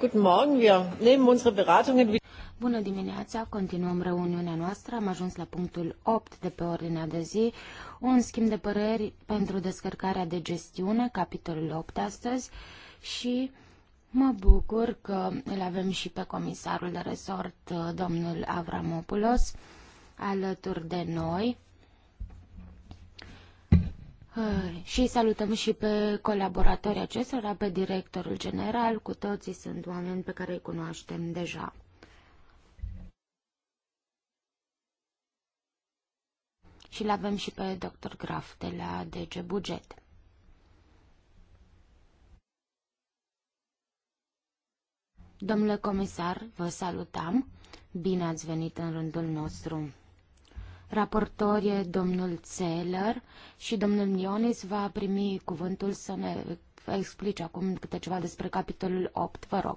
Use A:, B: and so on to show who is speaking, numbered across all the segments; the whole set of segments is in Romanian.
A: Guten Morgen, wir nehmen unsere Beratungen Bună dimineața, continuăm reuniunea noastră, am ajuns la punctul 8 de pe ordinea de zi, un schimb de păreri pentru descărcarea de gestiune, capitolul 8 astăzi și mă bucur că îl avem și pe comisarul de resort, domnul Avramopoulos, alături de noi. Și salutăm și pe colaboratorii acestora, pe directorul general, cu toții sunt oameni pe care îi cunoaștem deja. Și l-avem și pe dr. Graf de la DG Buget. Domnule comisar, vă salutăm. Bine ați venit în rândul nostru. Raportor domnul Zeller și domnul Mionis va primi cuvântul să ne explice acum câte ceva despre capitolul 8. Vă rog.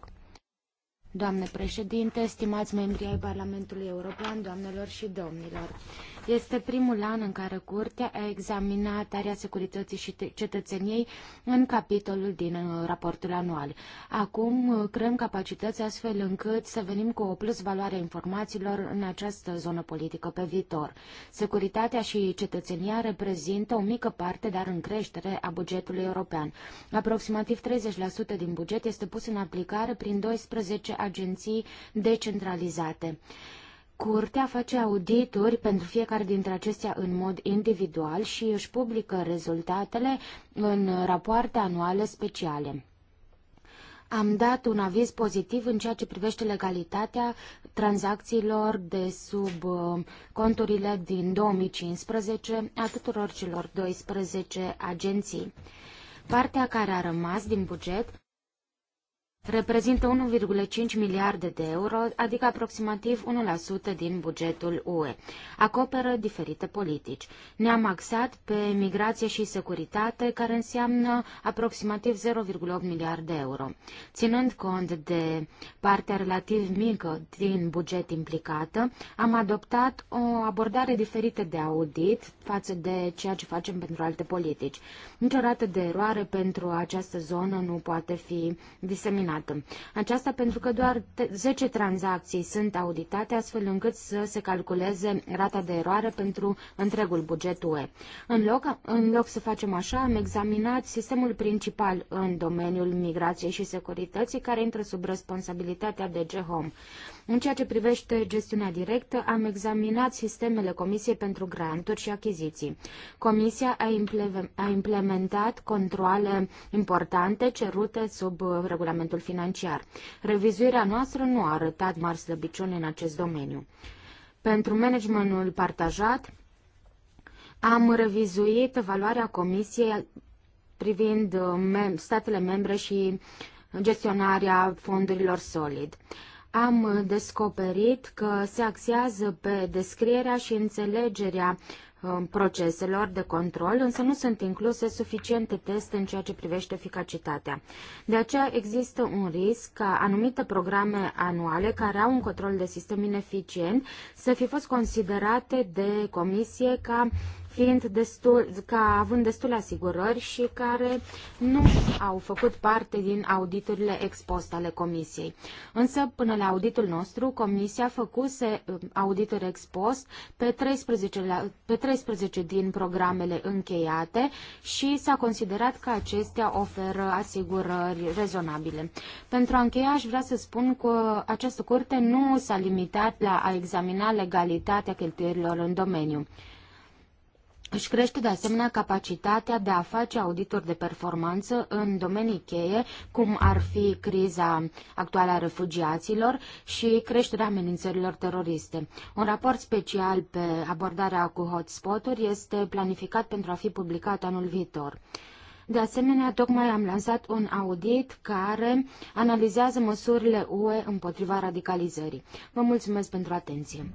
A: Doamne președinte, stimați membri ai Parlamentului European, doamnelor și domnilor, este primul an în care Curtea a examinat area securității și cetățeniei în capitolul din uh, raportul anual. Acum uh, creăm capacități astfel încât să venim cu o plus valoare a informațiilor în această zonă politică pe viitor. Securitatea și cetățenia reprezintă o mică parte, dar în creștere, a bugetului european. Aproximativ 30% din buget este pus în aplicare prin 12 agenții decentralizate. Curtea face audituri pentru fiecare dintre acestea în mod individual și își publică rezultatele în rapoarte anuale speciale. Am dat un aviz pozitiv în ceea ce privește legalitatea tranzacțiilor de sub uh, conturile din 2015 a tuturor celor 12 agenții. Partea care a rămas din buget reprezintă 1,5 miliarde de euro, adică aproximativ 1% din bugetul UE. Acoperă diferite politici. Ne-am axat pe migrație și securitate, care înseamnă aproximativ 0,8 miliarde de euro. Ținând cont de partea relativ mică din buget implicată, am adoptat o abordare diferită de audit față de ceea ce facem pentru alte politici. Nicio rată de eroare pentru această zonă nu poate fi diseminată semnată. Aceasta pentru că doar 10 tranzacții sunt auditate, astfel încât să se calculeze rata de eroare pentru întregul buget UE. În loc, în loc să facem așa, am examinat sistemul principal în domeniul migrației și securității, care intră sub responsabilitatea de Home. În ceea ce privește gestiunea directă, am examinat sistemele Comisiei pentru granturi și achiziții. Comisia a implementat controle importante cerute sub regulamentul financiar. Revizuirea noastră nu a arătat mari slăbiciuni în acest domeniu. Pentru managementul partajat, am revizuit evaluarea Comisiei privind statele membre și gestionarea fondurilor solid am descoperit că se axează pe descrierea și înțelegerea um, proceselor de control, însă nu sunt incluse suficiente teste în ceea ce privește eficacitatea. De aceea există un risc ca anumite programe anuale care au un control de sistem ineficient să fi fost considerate de comisie ca fiind destul, ca având destul asigurări și care nu au făcut parte din auditurile expost ale comisiei. Însă, până la auditul nostru, comisia făcuse um, auditul expost pe 13, la, pe 13 din programele încheiate și s-a considerat că acestea oferă asigurări rezonabile. Pentru a încheia, aș vrea să spun că această curte nu s-a limitat la a examina legalitatea cheltuierilor în domeniu. Își crește de asemenea capacitatea de a face audituri de performanță în domenii cheie, cum ar fi criza actuală a refugiaților și creșterea amenințărilor teroriste. Un raport special pe abordarea cu hotspot-uri este planificat pentru a fi publicat anul viitor. De asemenea, tocmai am lansat un audit care analizează măsurile UE împotriva radicalizării. Vă mulțumesc pentru atenție!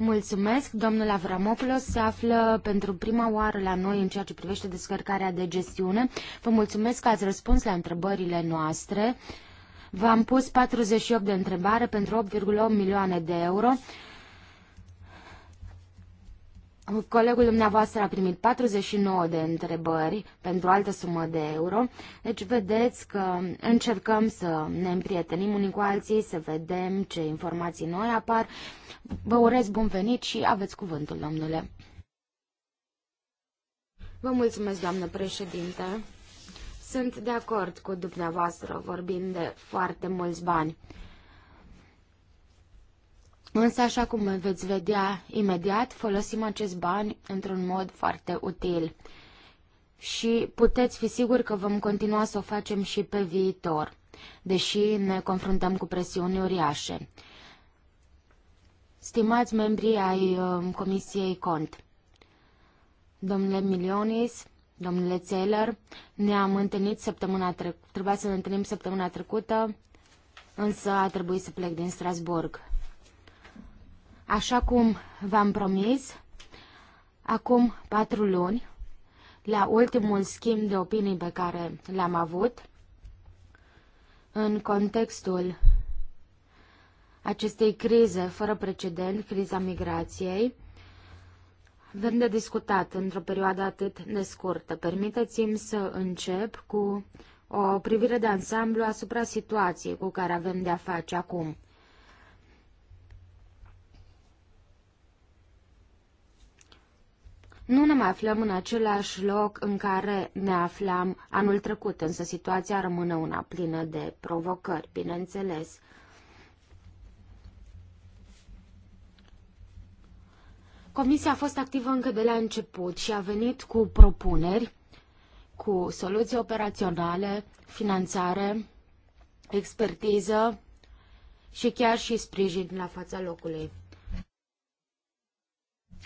A: Mulțumesc, domnul Avramopoulos se află pentru prima oară la noi în ceea ce privește descărcarea de gestiune. Vă mulțumesc că ați răspuns la întrebările noastre. V-am pus 48 de întrebare pentru 8,8 milioane de euro. Colegul dumneavoastră a primit 49 de întrebări pentru altă sumă de euro, deci vedeți că încercăm să ne împrietenim unii cu alții, să vedem ce informații noi apar. Vă urez bun venit și aveți cuvântul, domnule. Vă mulțumesc, doamnă președinte. Sunt de acord cu dumneavoastră, vorbim de foarte mulți bani. Însă, așa cum veți vedea imediat, folosim acești bani într-un mod foarte util. Și puteți fi siguri că vom continua să o facem și pe viitor, deși ne confruntăm cu presiuni uriașe. Stimați membrii ai uh, Comisiei Cont, domnule Milionis, domnule Taylor, ne-am întâlnit săptămâna trecută, trebuia să ne întâlnim săptămâna trecută, însă a trebuit să plec din Strasburg. Așa cum v-am promis, acum patru luni, la ultimul schimb de opinii pe care l-am avut, în contextul acestei crize fără precedent, criza migrației, avem de discutat într-o perioadă atât de scurtă. Permiteți-mi să încep cu o privire de ansamblu asupra situației cu care avem de-a face acum. Nu ne mai aflăm în același loc în care ne aflam anul trecut, însă situația rămâne una plină de provocări, bineînțeles. Comisia a fost activă încă de la început și a venit cu propuneri, cu soluții operaționale, finanțare, expertiză și chiar și sprijin la fața locului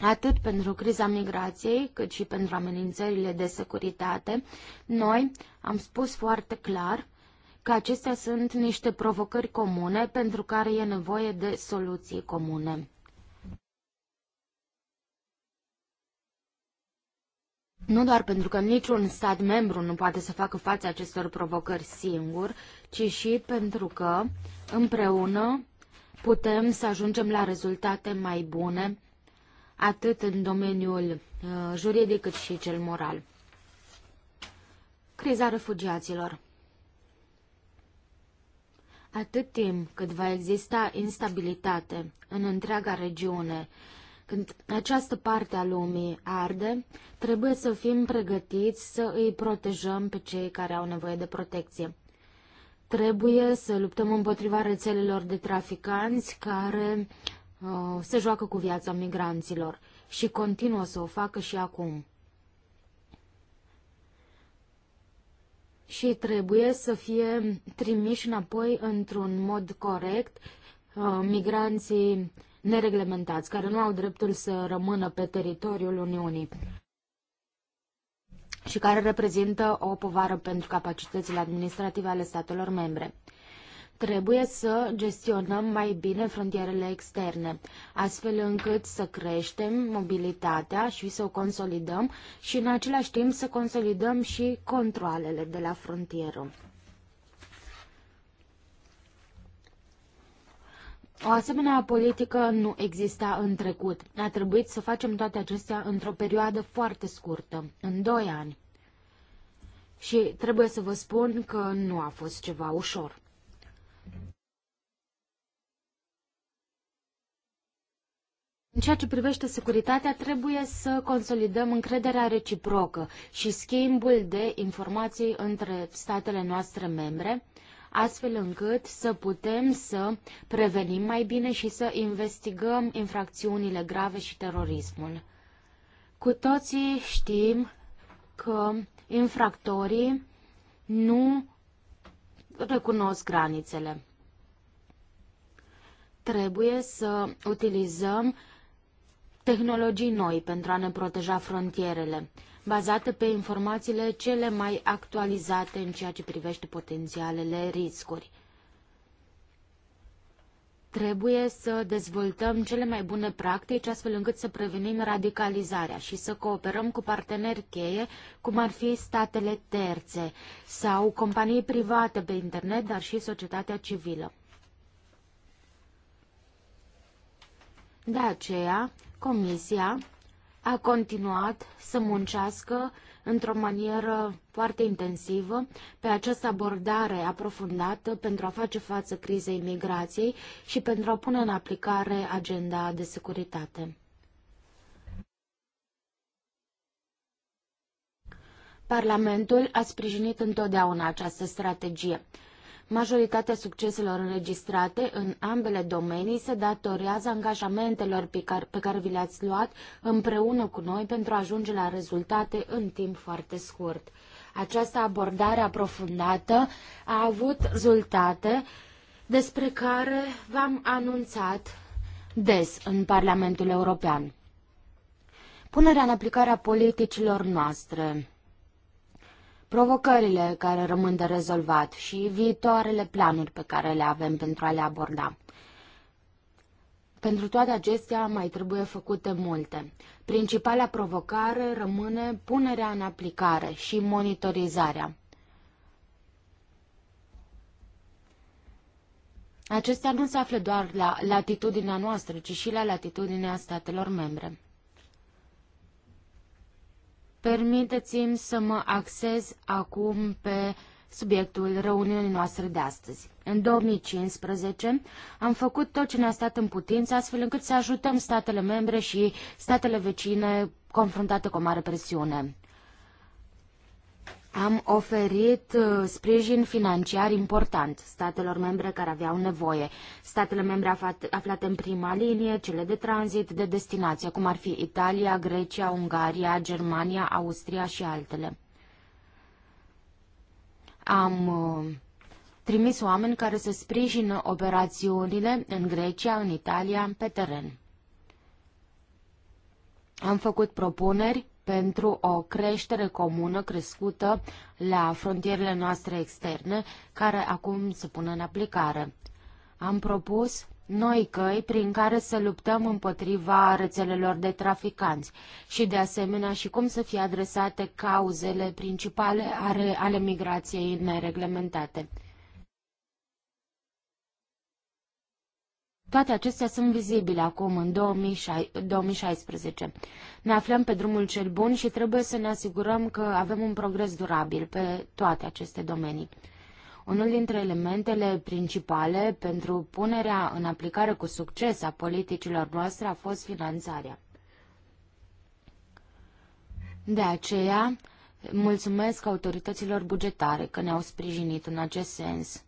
A: atât pentru criza migrației, cât și pentru amenințările de securitate, noi am spus foarte clar că acestea sunt niște provocări comune pentru care e nevoie de soluții comune. Nu doar pentru că niciun stat membru nu poate să facă față acestor provocări singur, ci și pentru că împreună putem să ajungem la rezultate mai bune atât în domeniul uh, juridic cât și cel moral. Criza refugiaților Atât timp cât va exista instabilitate în întreaga regiune, când această parte a lumii arde, trebuie să fim pregătiți să îi protejăm pe cei care au nevoie de protecție. Trebuie să luptăm împotriva rețelelor de traficanți care Uh, se joacă cu viața migranților și continuă să o facă și acum. Și trebuie să fie trimiși înapoi într-un mod corect uh, migranții nereglementați, care nu au dreptul să rămână pe teritoriul Uniunii și care reprezintă o povară pentru capacitățile administrative ale statelor membre. Trebuie să gestionăm mai bine frontierele externe, astfel încât să creștem mobilitatea și să o consolidăm și în același timp să consolidăm și controlele de la frontieră. O asemenea politică nu exista în trecut. A trebuit să facem toate acestea într-o perioadă foarte scurtă, în 2 ani. Și trebuie să vă spun că nu a fost ceva ușor. În ceea ce privește securitatea, trebuie să consolidăm încrederea reciprocă și schimbul de informații între statele noastre membre, astfel încât să putem să prevenim mai bine și să investigăm infracțiunile grave și terorismul. Cu toții știm că infractorii nu recunosc granițele. Trebuie să utilizăm tehnologii noi pentru a ne proteja frontierele, bazate pe informațiile cele mai actualizate în ceea ce privește potențialele riscuri. Trebuie să dezvoltăm cele mai bune practici astfel încât să prevenim radicalizarea și să cooperăm cu parteneri cheie, cum ar fi statele terțe sau companii private pe internet, dar și societatea civilă. De aceea, Comisia a continuat să muncească într-o manieră foarte intensivă pe această abordare aprofundată pentru a face față crizei migrației și pentru a pune în aplicare agenda de securitate. Parlamentul a sprijinit întotdeauna această strategie. Majoritatea succeselor înregistrate în ambele domenii se datorează angajamentelor pe care, pe care vi le-ați luat împreună cu noi pentru a ajunge la rezultate în timp foarte scurt. Această abordare aprofundată a avut rezultate despre care v-am anunțat des în Parlamentul European. Punerea în aplicare a politicilor noastre provocările care rămân de rezolvat și viitoarele planuri pe care le avem pentru a le aborda. Pentru toate acestea mai trebuie făcute multe. Principala provocare rămâne punerea în aplicare și monitorizarea. Acestea nu se află doar la latitudinea noastră, ci și la latitudinea statelor membre. Permiteți-mi să mă axez acum pe subiectul reuniunii noastre de astăzi. În 2015 am făcut tot ce ne-a stat în putință astfel încât să ajutăm statele membre și statele vecine confruntate cu o mare presiune. Am oferit uh, sprijin financiar important statelor membre care aveau nevoie. Statele membre aflate în prima linie, cele de tranzit, de destinație, cum ar fi Italia, Grecia, Ungaria, Germania, Austria și altele. Am uh, trimis oameni care să sprijină operațiunile în Grecia, în Italia, pe teren. Am făcut propuneri pentru o creștere comună crescută la frontierele noastre externe, care acum se pune în aplicare. Am propus noi căi prin care să luptăm împotriva rețelelor de traficanți și, de asemenea, și cum să fie adresate cauzele principale ale, ale migrației nereglementate. Toate acestea sunt vizibile acum, în 2016. Ne aflăm pe drumul cel bun și trebuie să ne asigurăm că avem un progres durabil pe toate aceste domenii. Unul dintre elementele principale pentru punerea în aplicare cu succes a politicilor noastre a fost finanțarea. De aceea, mulțumesc autorităților bugetare că ne-au sprijinit în acest sens.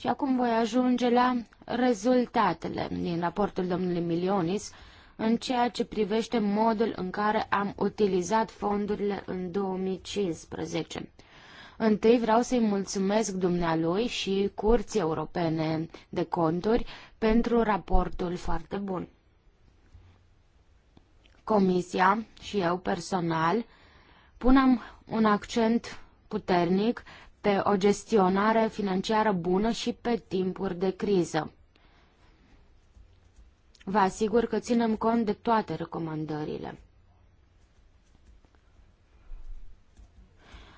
A: Și acum voi ajunge la rezultatele din raportul domnului Milionis în ceea ce privește modul în care am utilizat fondurile în 2015. Întâi vreau să-i mulțumesc dumnealui și Curții Europene de Conturi pentru raportul foarte bun. Comisia și eu personal punem un accent puternic pe o gestionare financiară bună și pe timpuri de criză. Vă asigur că ținem cont de toate recomandările.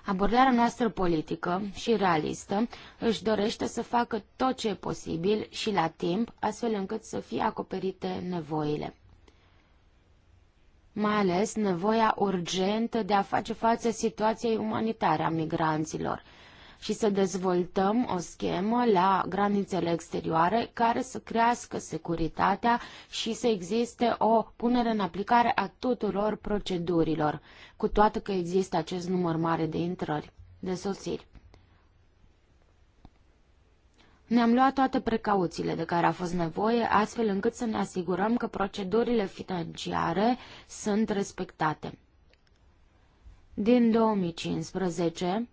A: Abordarea noastră politică și realistă își dorește să facă tot ce e posibil și la timp, astfel încât să fie acoperite nevoile. Mai ales nevoia urgentă de a face față situației umanitare a migranților – și să dezvoltăm o schemă la granițele exterioare care să crească securitatea și să existe o punere în aplicare a tuturor procedurilor, cu toate că există acest număr mare de intrări, de sosiri. Ne-am luat toate precauțiile de care a fost nevoie, astfel încât să ne asigurăm că procedurile financiare sunt respectate. Din 2015,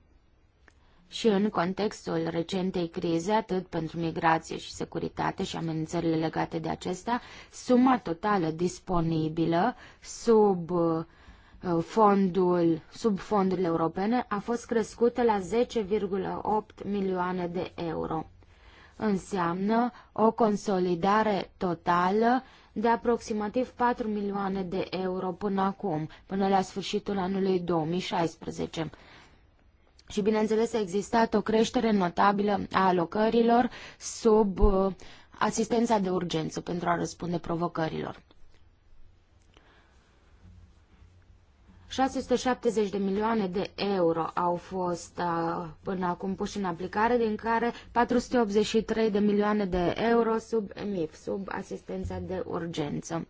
A: și în contextul recentei crize, atât pentru migrație și securitate și amenințările legate de acesta, suma totală disponibilă sub uh, fondul, sub fondurile europene a fost crescută la 10,8 milioane de euro. Înseamnă o consolidare totală de aproximativ 4 milioane de euro până acum, până la sfârșitul anului 2016 și, bineînțeles, a existat o creștere notabilă a alocărilor sub uh, asistența de urgență pentru a răspunde provocărilor. 670 de milioane de euro au fost uh, până acum puși în aplicare, din care 483 de milioane de euro sub MIF, sub asistența de urgență.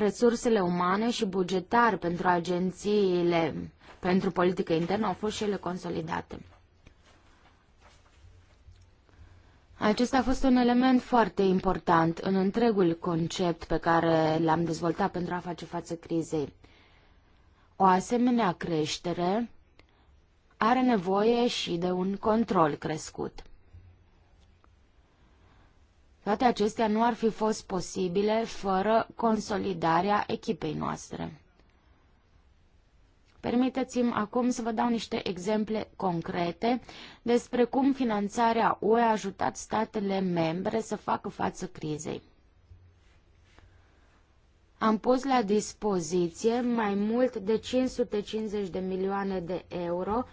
A: resursele umane și bugetare pentru agențiile pentru politică internă au fost și ele consolidate. Acesta a fost un element foarte important în întregul concept pe care l-am dezvoltat pentru a face față crizei. O asemenea creștere are nevoie și de un control crescut. Toate acestea nu ar fi fost posibile fără consolidarea echipei noastre. Permiteți-mi acum să vă dau niște exemple concrete despre cum finanțarea UE a ajutat statele membre să facă față crizei. Am pus la dispoziție mai mult de 550 de milioane de euro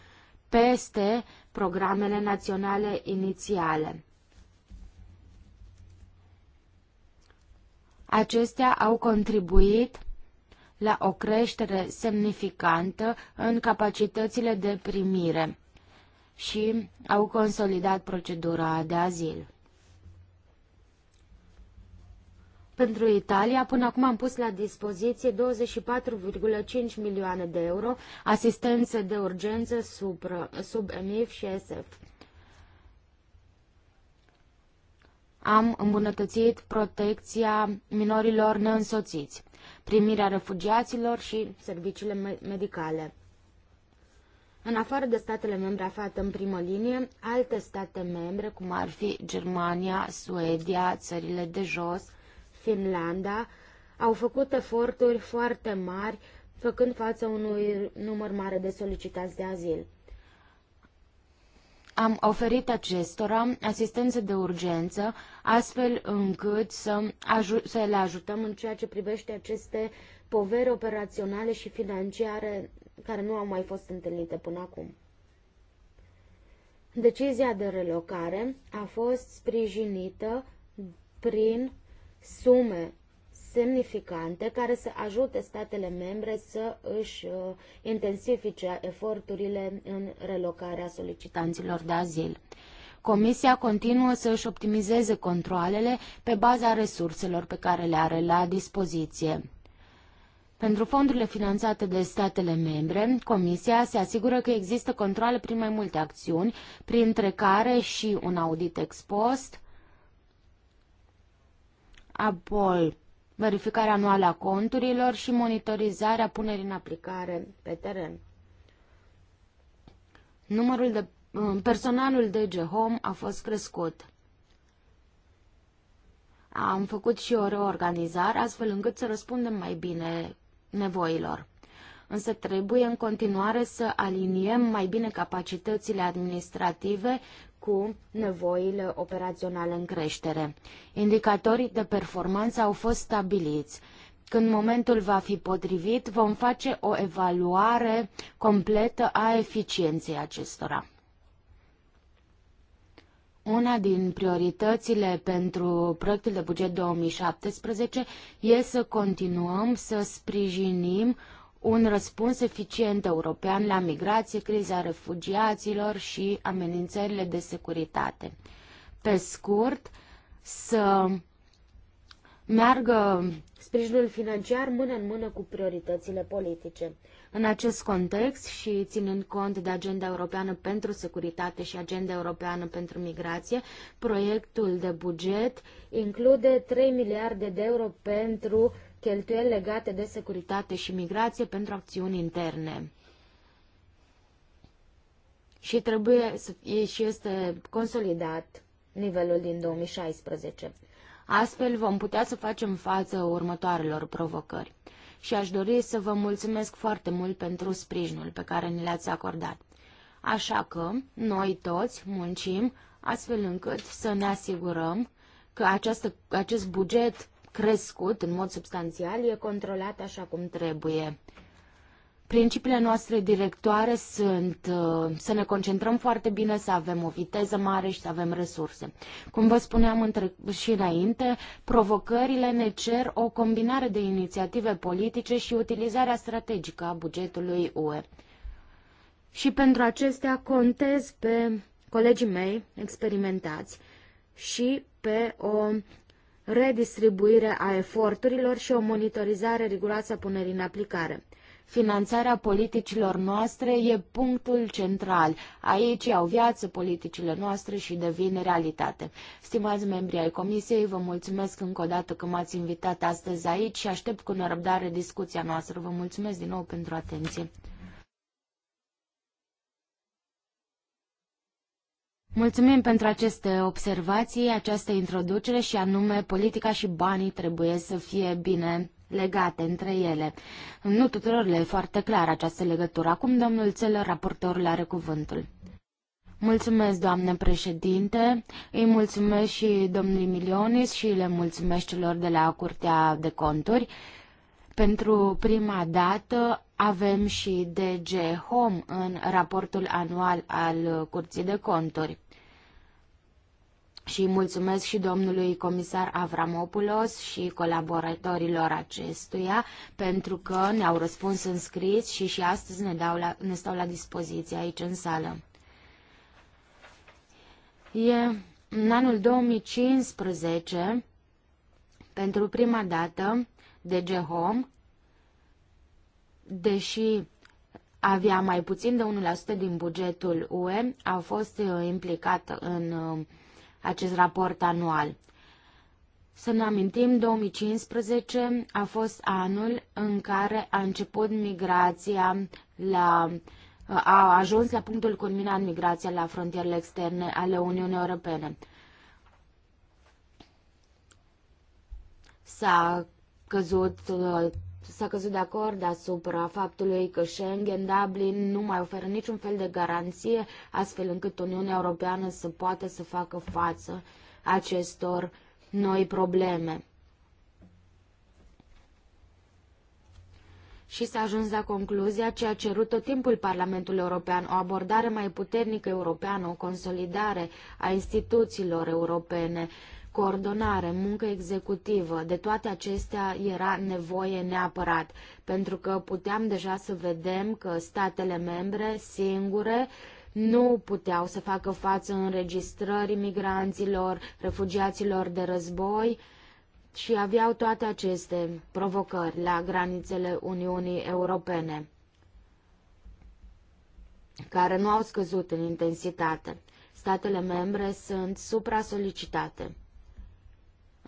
A: peste programele naționale inițiale. Acestea au contribuit la o creștere semnificantă în capacitățile de primire și au consolidat procedura de azil. Pentru Italia, până acum am pus la dispoziție 24,5 milioane de euro asistență de urgență sub, sub EMIF și SF. am îmbunătățit protecția minorilor neînsoțiți, primirea refugiaților și serviciile medicale. În afară de statele membre aflate în primă linie, alte state membre, cum ar fi Germania, Suedia, țările de jos, Finlanda, au făcut eforturi foarte mari, făcând față unui număr mare de solicitanți de azil am oferit acestora asistență de urgență, astfel încât să, să le ajutăm în ceea ce privește aceste poveri operaționale și financiare care nu au mai fost întâlnite până acum. Decizia de relocare a fost sprijinită prin sume semnificante care să ajute statele membre să își uh, intensifice eforturile în relocarea solicitanților de azil. Comisia continuă să își optimizeze controlele pe baza resurselor pe care le are la dispoziție. Pentru fondurile finanțate de statele membre, Comisia se asigură că există controle prin mai multe acțiuni, printre care și un audit expost, apoi verificarea anuală a conturilor și monitorizarea punerii în aplicare pe teren. Numărul de uh, personalul de Home a fost crescut. Am făcut și o reorganizare astfel încât să răspundem mai bine nevoilor. Însă trebuie în continuare să aliniem mai bine capacitățile administrative cu nevoile operaționale în creștere. Indicatorii de performanță au fost stabiliți. Când momentul va fi potrivit, vom face o evaluare completă a eficienței acestora. Una din prioritățile pentru proiectul de buget 2017 este să continuăm să sprijinim un răspuns eficient european la migrație, criza refugiaților și amenințările de securitate. Pe scurt, să
B: meargă
A: sprijinul financiar mână în mână cu prioritățile politice. În acest context și ținând cont de Agenda Europeană pentru Securitate și Agenda Europeană pentru Migrație, proiectul de buget include 3 miliarde de euro pentru cheltuieli legate de securitate și migrație pentru acțiuni interne. Și trebuie să fie și este consolidat nivelul din 2016. Astfel vom putea să facem față următoarelor provocări. Și aș dori să vă mulțumesc foarte mult pentru sprijinul pe care ne l-ați acordat. Așa că noi toți muncim astfel încât să ne asigurăm că această, acest buget crescut în mod substanțial, e controlat așa cum trebuie. Principiile noastre directoare sunt uh, să ne concentrăm foarte bine, să avem o viteză mare și să avem resurse. Cum vă spuneam între, și înainte, provocările ne cer o combinare de inițiative politice și utilizarea strategică a bugetului UE. Și pentru acestea contez pe colegii mei experimentați și pe o redistribuire a eforturilor și o monitorizare riguroasă a punerii în aplicare. Finanțarea politicilor noastre e punctul central. Aici au viață politicile noastre și devin realitate. Stimați membri ai Comisiei, vă mulțumesc încă o dată că m-ați invitat astăzi aici și aștept cu nerăbdare discuția noastră. Vă mulțumesc din nou pentru atenție. Mulțumim pentru aceste observații, această introducere și anume politica și banii trebuie să fie bine legate între ele. Nu tuturor le e foarte clar această legătură. Acum domnul Țelă, raportorul, are cuvântul. Mulțumesc, doamnă președinte, îi mulțumesc și domnului Milionis și le mulțumesc celor de la Curtea de Conturi. Pentru prima dată avem și DG Home în raportul anual al Curții de Conturi și mulțumesc și domnului comisar Avramopoulos și colaboratorilor acestuia pentru că ne-au răspuns în scris și și astăzi ne, dau la, ne stau la dispoziție aici în sală. E în anul 2015, pentru prima dată, de Home, deși avea mai puțin de 1% din bugetul UE, a fost uh, implicat în uh, acest raport anual. Să ne amintim, 2015 a fost anul în care a început migrația la a ajuns la punctul culminant migrația la frontierele externe ale Uniunii Europene. S-a căzut uh, s-a căzut de acord asupra faptului că Schengen, Dublin nu mai oferă niciun fel de garanție, astfel încât Uniunea Europeană să poată să facă față acestor noi probleme. și s-a ajuns la concluzia ce a cerut tot timpul Parlamentul European, o abordare mai puternică europeană, o consolidare a instituțiilor europene coordonare, muncă executivă, de toate acestea era nevoie neapărat, pentru că puteam deja să vedem că statele membre singure nu puteau să facă față înregistrării migranților, refugiaților de război și aveau toate aceste provocări la granițele Uniunii Europene, care nu au scăzut în intensitate. Statele membre sunt supra-solicitate.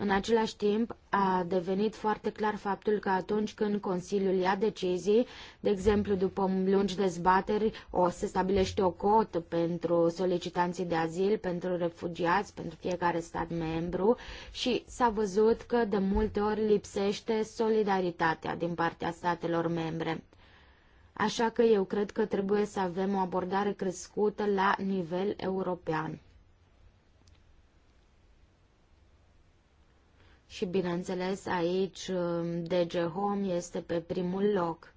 A: În același timp, a devenit foarte clar faptul că atunci când Consiliul ia decizii, de exemplu după lungi dezbateri, o se stabilește o cotă pentru solicitanții de azil, pentru refugiați, pentru fiecare stat membru și s-a văzut că de multe ori lipsește solidaritatea din partea statelor membre. Așa că eu cred că trebuie să avem o abordare crescută la nivel european. Și bineînțeles aici um, DG Home este pe primul loc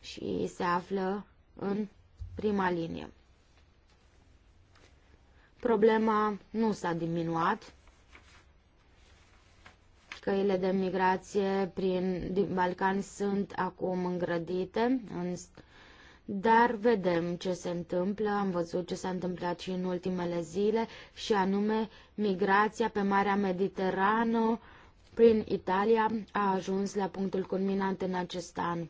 A: și se află în prima linie. Problema nu s-a diminuat. Căile de migrație prin Balcani sunt acum îngrădite, în, dar vedem ce se întâmplă. Am văzut ce s-a întâmplat și în ultimele zile și anume migrația pe Marea Mediterană prin Italia a ajuns la punctul culminant în acest an.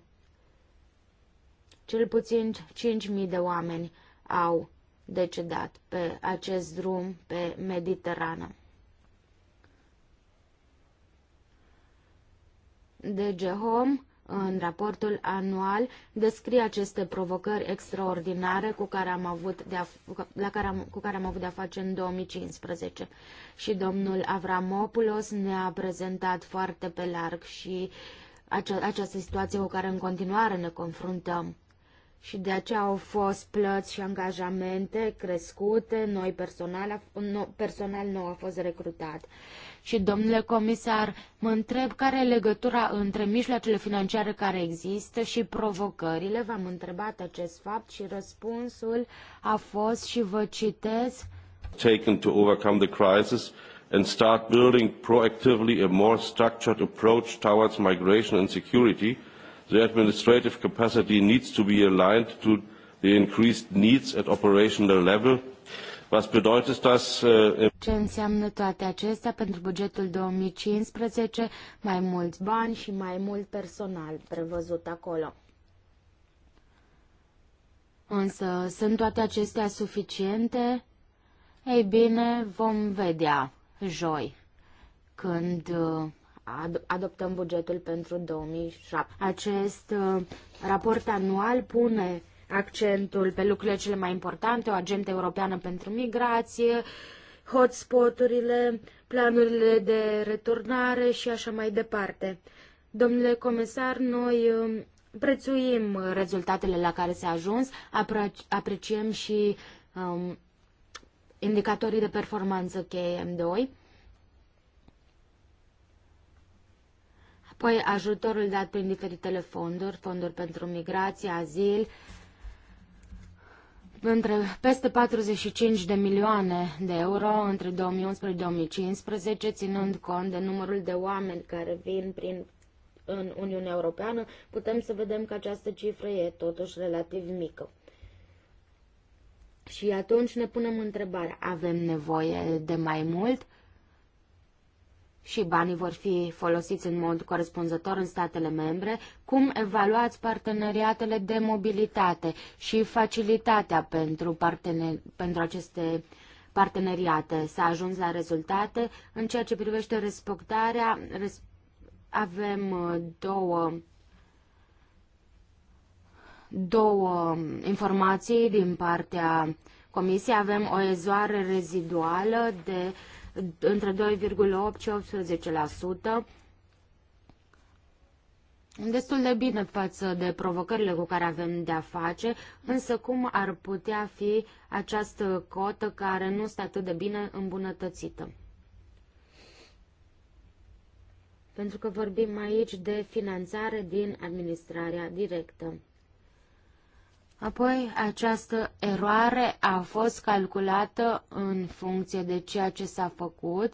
A: Cel puțin 5.000 de oameni au decedat pe acest drum pe Mediterană. DG Home în raportul anual descrie aceste provocări extraordinare cu care am avut de a, la care am, cu care am avut de-a face în 2015. Și domnul Avramopoulos ne-a prezentat foarte pe larg și acea, această situație cu care în continuare ne confruntăm. Și de aceea au fost plăți și angajamente crescute, noi personal, personal nou a fost recrutat. Și, domnule comisar, mă întreb care e legătura între mijloacele financiare care există și provocările. V-am întrebat acest fapt și răspunsul a fost și vă citesc. Taken to overcome the crisis and start building proactively a more structured
C: approach towards migration and security, the administrative capacity needs to be aligned to the increased needs at operational level Was bedeutet das? Äh, Ce
A: înseamnă toate acestea pentru bugetul 2015? Mai mulți bani și mai mult personal prevăzut acolo. Însă, sunt toate acestea suficiente? Ei bine, vom vedea joi, când uh, ad adoptăm bugetul pentru 2007. Acest uh, raport anual pune accentul pe lucrurile cele mai importante, o agentă europeană pentru migrație, hotspoturile, planurile de returnare și așa mai departe. Domnule comisar, noi um, prețuim rezultatele la care s-a ajuns, apreciem și um, indicatorii de performanță cheie M2. Apoi ajutorul dat prin diferitele fonduri, fonduri pentru migrație, azil, între peste 45 de milioane de euro între 2011-2015, ținând cont de numărul de oameni care vin prin în Uniunea Europeană, putem să vedem că această cifră e totuși relativ mică. Și atunci ne punem întrebarea, avem nevoie de mai mult? și banii vor fi folosiți în mod corespunzător în statele membre, cum evaluați parteneriatele de mobilitate și facilitatea pentru, partener, pentru aceste parteneriate? să ajungi la rezultate în ceea ce privește respectarea. Res, avem uh, două două informații din partea Comisiei. Avem o ezoare reziduală de uh, între 2,8 și 18%, destul de bine față de provocările cu care avem de-a face, însă cum ar putea fi această cotă care nu este atât de bine îmbunătățită? Pentru că vorbim aici de finanțare din administrarea directă. Apoi, această eroare a fost calculată în funcție de ceea ce s-a făcut,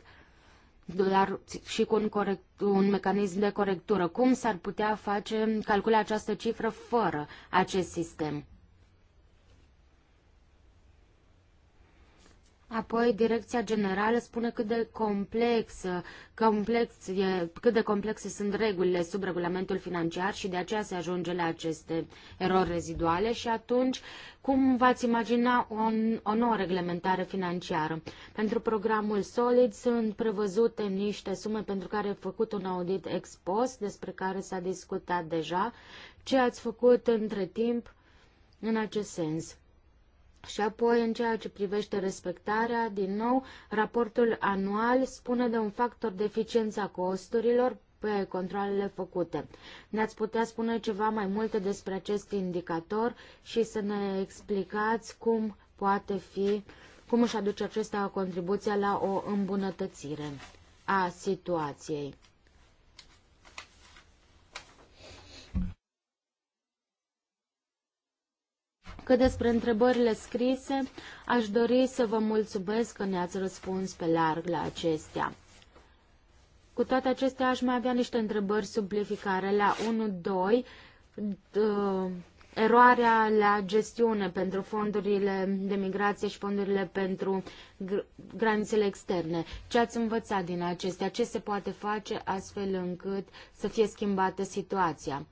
A: dar și cu un, corect, un mecanism de corectură. Cum s-ar putea face calcula această cifră fără acest sistem? Apoi, Direcția Generală spune cât de complexă, complex e, cât de complexe sunt regulile sub regulamentul financiar și de aceea se ajunge la aceste erori reziduale și atunci cum v-ați imagina o, o nouă reglementare financiară? Pentru programul SOLID sunt prevăzute niște sume pentru care a făcut un audit ex despre care s-a discutat deja. Ce ați făcut între timp în acest sens? Și apoi, în ceea ce privește respectarea, din nou, raportul anual spune de un factor de eficiență a costurilor pe controlele făcute. Ne-ați putea spune ceva mai multe despre acest indicator și să ne explicați cum poate fi, cum își aduce acesta contribuția la o îmbunătățire a situației. Cât despre întrebările scrise, aș dori să vă mulțumesc că ne-ați răspuns pe larg la acestea. Cu toate acestea, aș mai avea niște întrebări simplificare la 1, 2, uh, eroarea la gestiune pentru fondurile de migrație și fondurile pentru granițele externe. Ce ați învățat din acestea? Ce se poate face astfel încât să fie schimbată situația?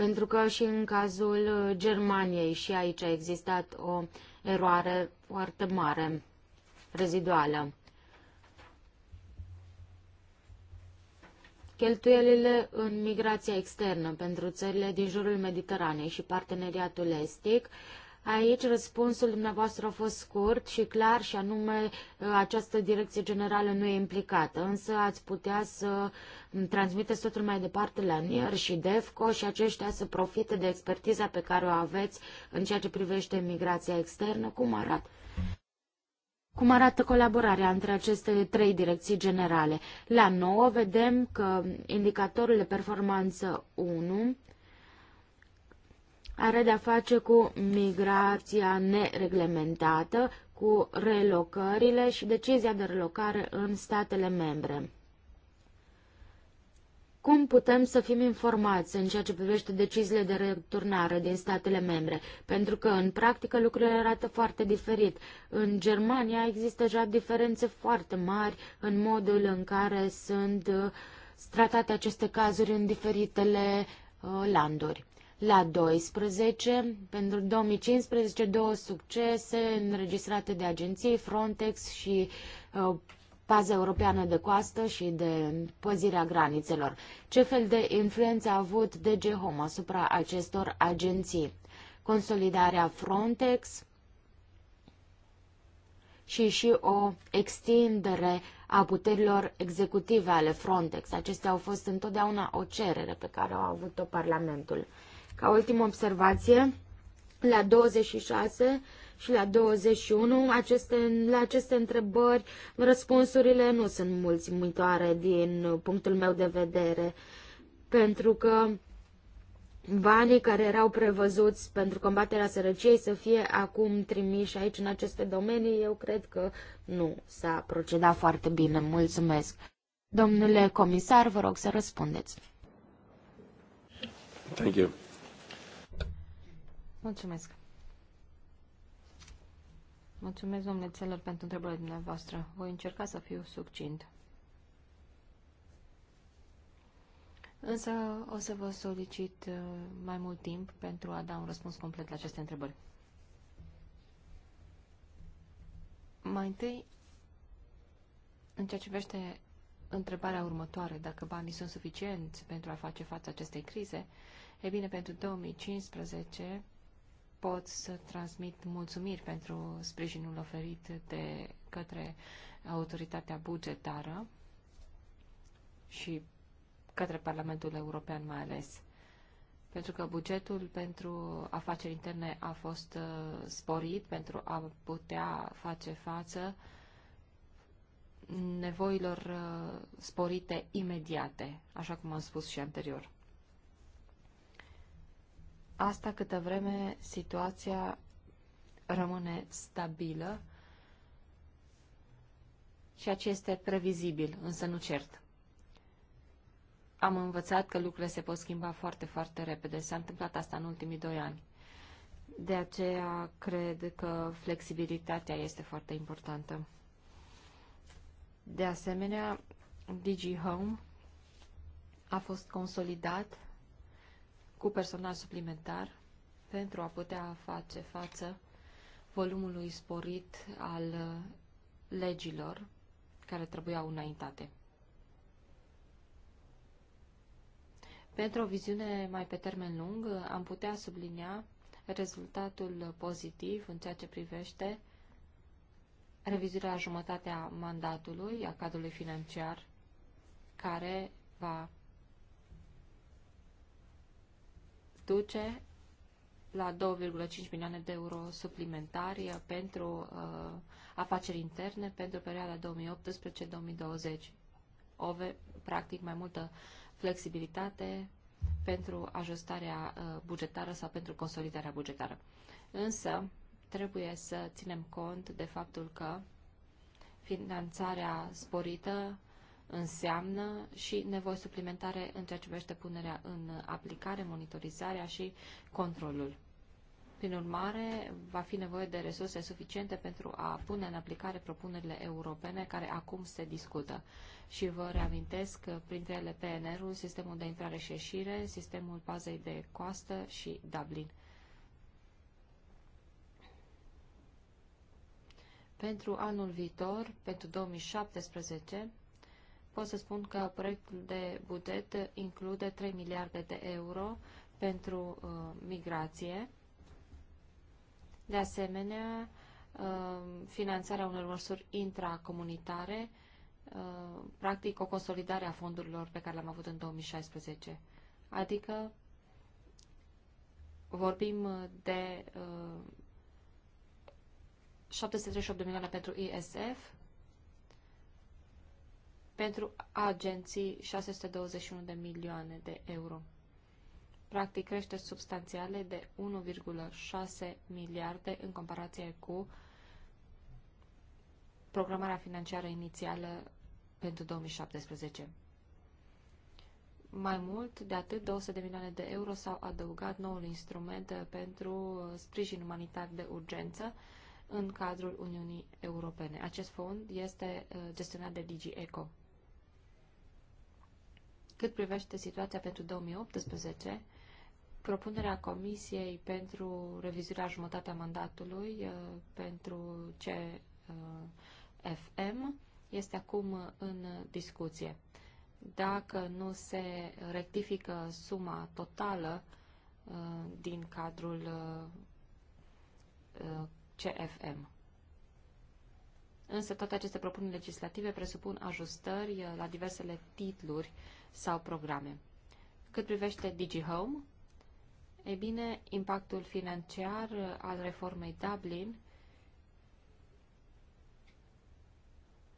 A: pentru că și în cazul uh, Germaniei și aici a existat o eroare foarte mare, reziduală. Cheltuielile în migrația externă pentru țările din jurul Mediteranei și parteneriatul estic Aici răspunsul dumneavoastră a fost scurt și clar și anume uh, această direcție generală nu e implicată, însă ați putea să um, transmiteți totul mai departe la NIR și DEFCO și aceștia să profite de expertiza pe care o aveți în ceea ce privește migrația externă, cum arată. Cum arată colaborarea între aceste trei direcții generale? La 9 vedem că indicatorul de performanță 1 are de-a face cu migrația nereglementată, cu relocările și decizia de relocare în statele membre. Cum putem să fim informați în ceea ce privește deciziile de returnare din statele membre? Pentru că, în practică, lucrurile arată foarte diferit. În Germania există deja diferențe foarte mari în modul în care sunt uh, tratate aceste cazuri în diferitele uh, landuri la 12. Pentru 2015, două succese înregistrate de agenții Frontex și uh, paza europeană de coastă și de păzirea granițelor. Ce fel de influență a avut DG Home asupra acestor agenții? Consolidarea Frontex și și o extindere a puterilor executive ale Frontex. Acestea au fost întotdeauna o cerere pe care au avut-o Parlamentul. Ca ultimă observație, la 26 și la 21, aceste, la aceste întrebări, răspunsurile nu sunt mulțumitoare din punctul meu de vedere, pentru că banii care erau prevăzuți pentru combaterea sărăciei să fie acum trimiși aici în aceste domenii, eu cred că nu s-a procedat foarte bine. Mulțumesc. Domnule comisar, vă rog să răspundeți.
C: Thank you. Mulțumesc. Mulțumesc, domnule Țelăr, pentru întrebările dumneavoastră. Voi încerca să fiu succint. Însă o să vă solicit uh, mai mult timp pentru a da un răspuns complet la aceste întrebări. Mai întâi, în ceea ce privește întrebarea următoare, dacă banii sunt suficienți pentru a face față acestei crize, e bine, pentru 2015 pot să transmit mulțumiri pentru sprijinul oferit de către autoritatea bugetară și către Parlamentul European mai ales. Pentru că bugetul pentru afaceri interne a fost uh, sporit pentru a putea face față nevoilor uh, sporite imediate, așa cum am spus și anterior. Asta câtă vreme situația rămâne stabilă ceea ce este previzibil, însă nu cert. Am învățat că lucrurile se pot schimba foarte, foarte repede. S-a întâmplat asta în ultimii doi ani. De aceea cred că flexibilitatea este foarte importantă. De asemenea, DigiHome a fost consolidat cu personal suplimentar pentru a putea face față volumului sporit al uh, legilor care trebuiau înaintate. Pentru o viziune mai pe termen lung, am putea sublinia rezultatul pozitiv în ceea ce privește revizuirea jumătatea mandatului a cadrului financiar, care va duce la 2,5 milioane de euro suplimentari uh, pentru uh, afaceri interne pentru perioada 2018-2020. OVE, practic, mai multă flexibilitate pentru ajustarea uh, bugetară sau pentru consolidarea bugetară. Însă, trebuie să ținem cont de faptul că finanțarea sporită înseamnă și nevoi suplimentare în ceea ce privește punerea în aplicare, monitorizarea și controlul. Prin urmare, va fi nevoie de resurse suficiente pentru a pune în aplicare propunerile europene care acum se discută. Și vă reamintesc că printre ele PNR-ul, sistemul de intrare și ieșire, sistemul bazei de coastă și Dublin. Pentru anul viitor, pentru 2017, pot să spun că proiectul de buget include 3 miliarde de euro pentru uh, migrație. De asemenea, uh, finanțarea unor măsuri intracomunitare, uh, practic o consolidare a fondurilor pe care le-am avut în 2016. Adică vorbim de uh, 738 de milioane pentru ISF, pentru agenții 621 de milioane de euro. Practic crește substanțiale de 1,6 miliarde în comparație cu programarea financiară inițială pentru 2017. Mai mult de atât, 200 de milioane de euro s-au adăugat noul instrument pentru sprijin umanitar de urgență în cadrul Uniunii Europene. Acest fond este uh, gestionat de DG ECO. Cât privește situația pentru 2018, propunerea Comisiei pentru revizuirea jumătatea mandatului uh, pentru CFM este acum în discuție. Dacă nu se rectifică suma totală uh, din cadrul uh, CFM. Însă toate aceste propuneri legislative presupun ajustări uh, la diversele titluri sau programe. Cât privește DigiHome, e bine, impactul financiar uh, al reformei Dublin,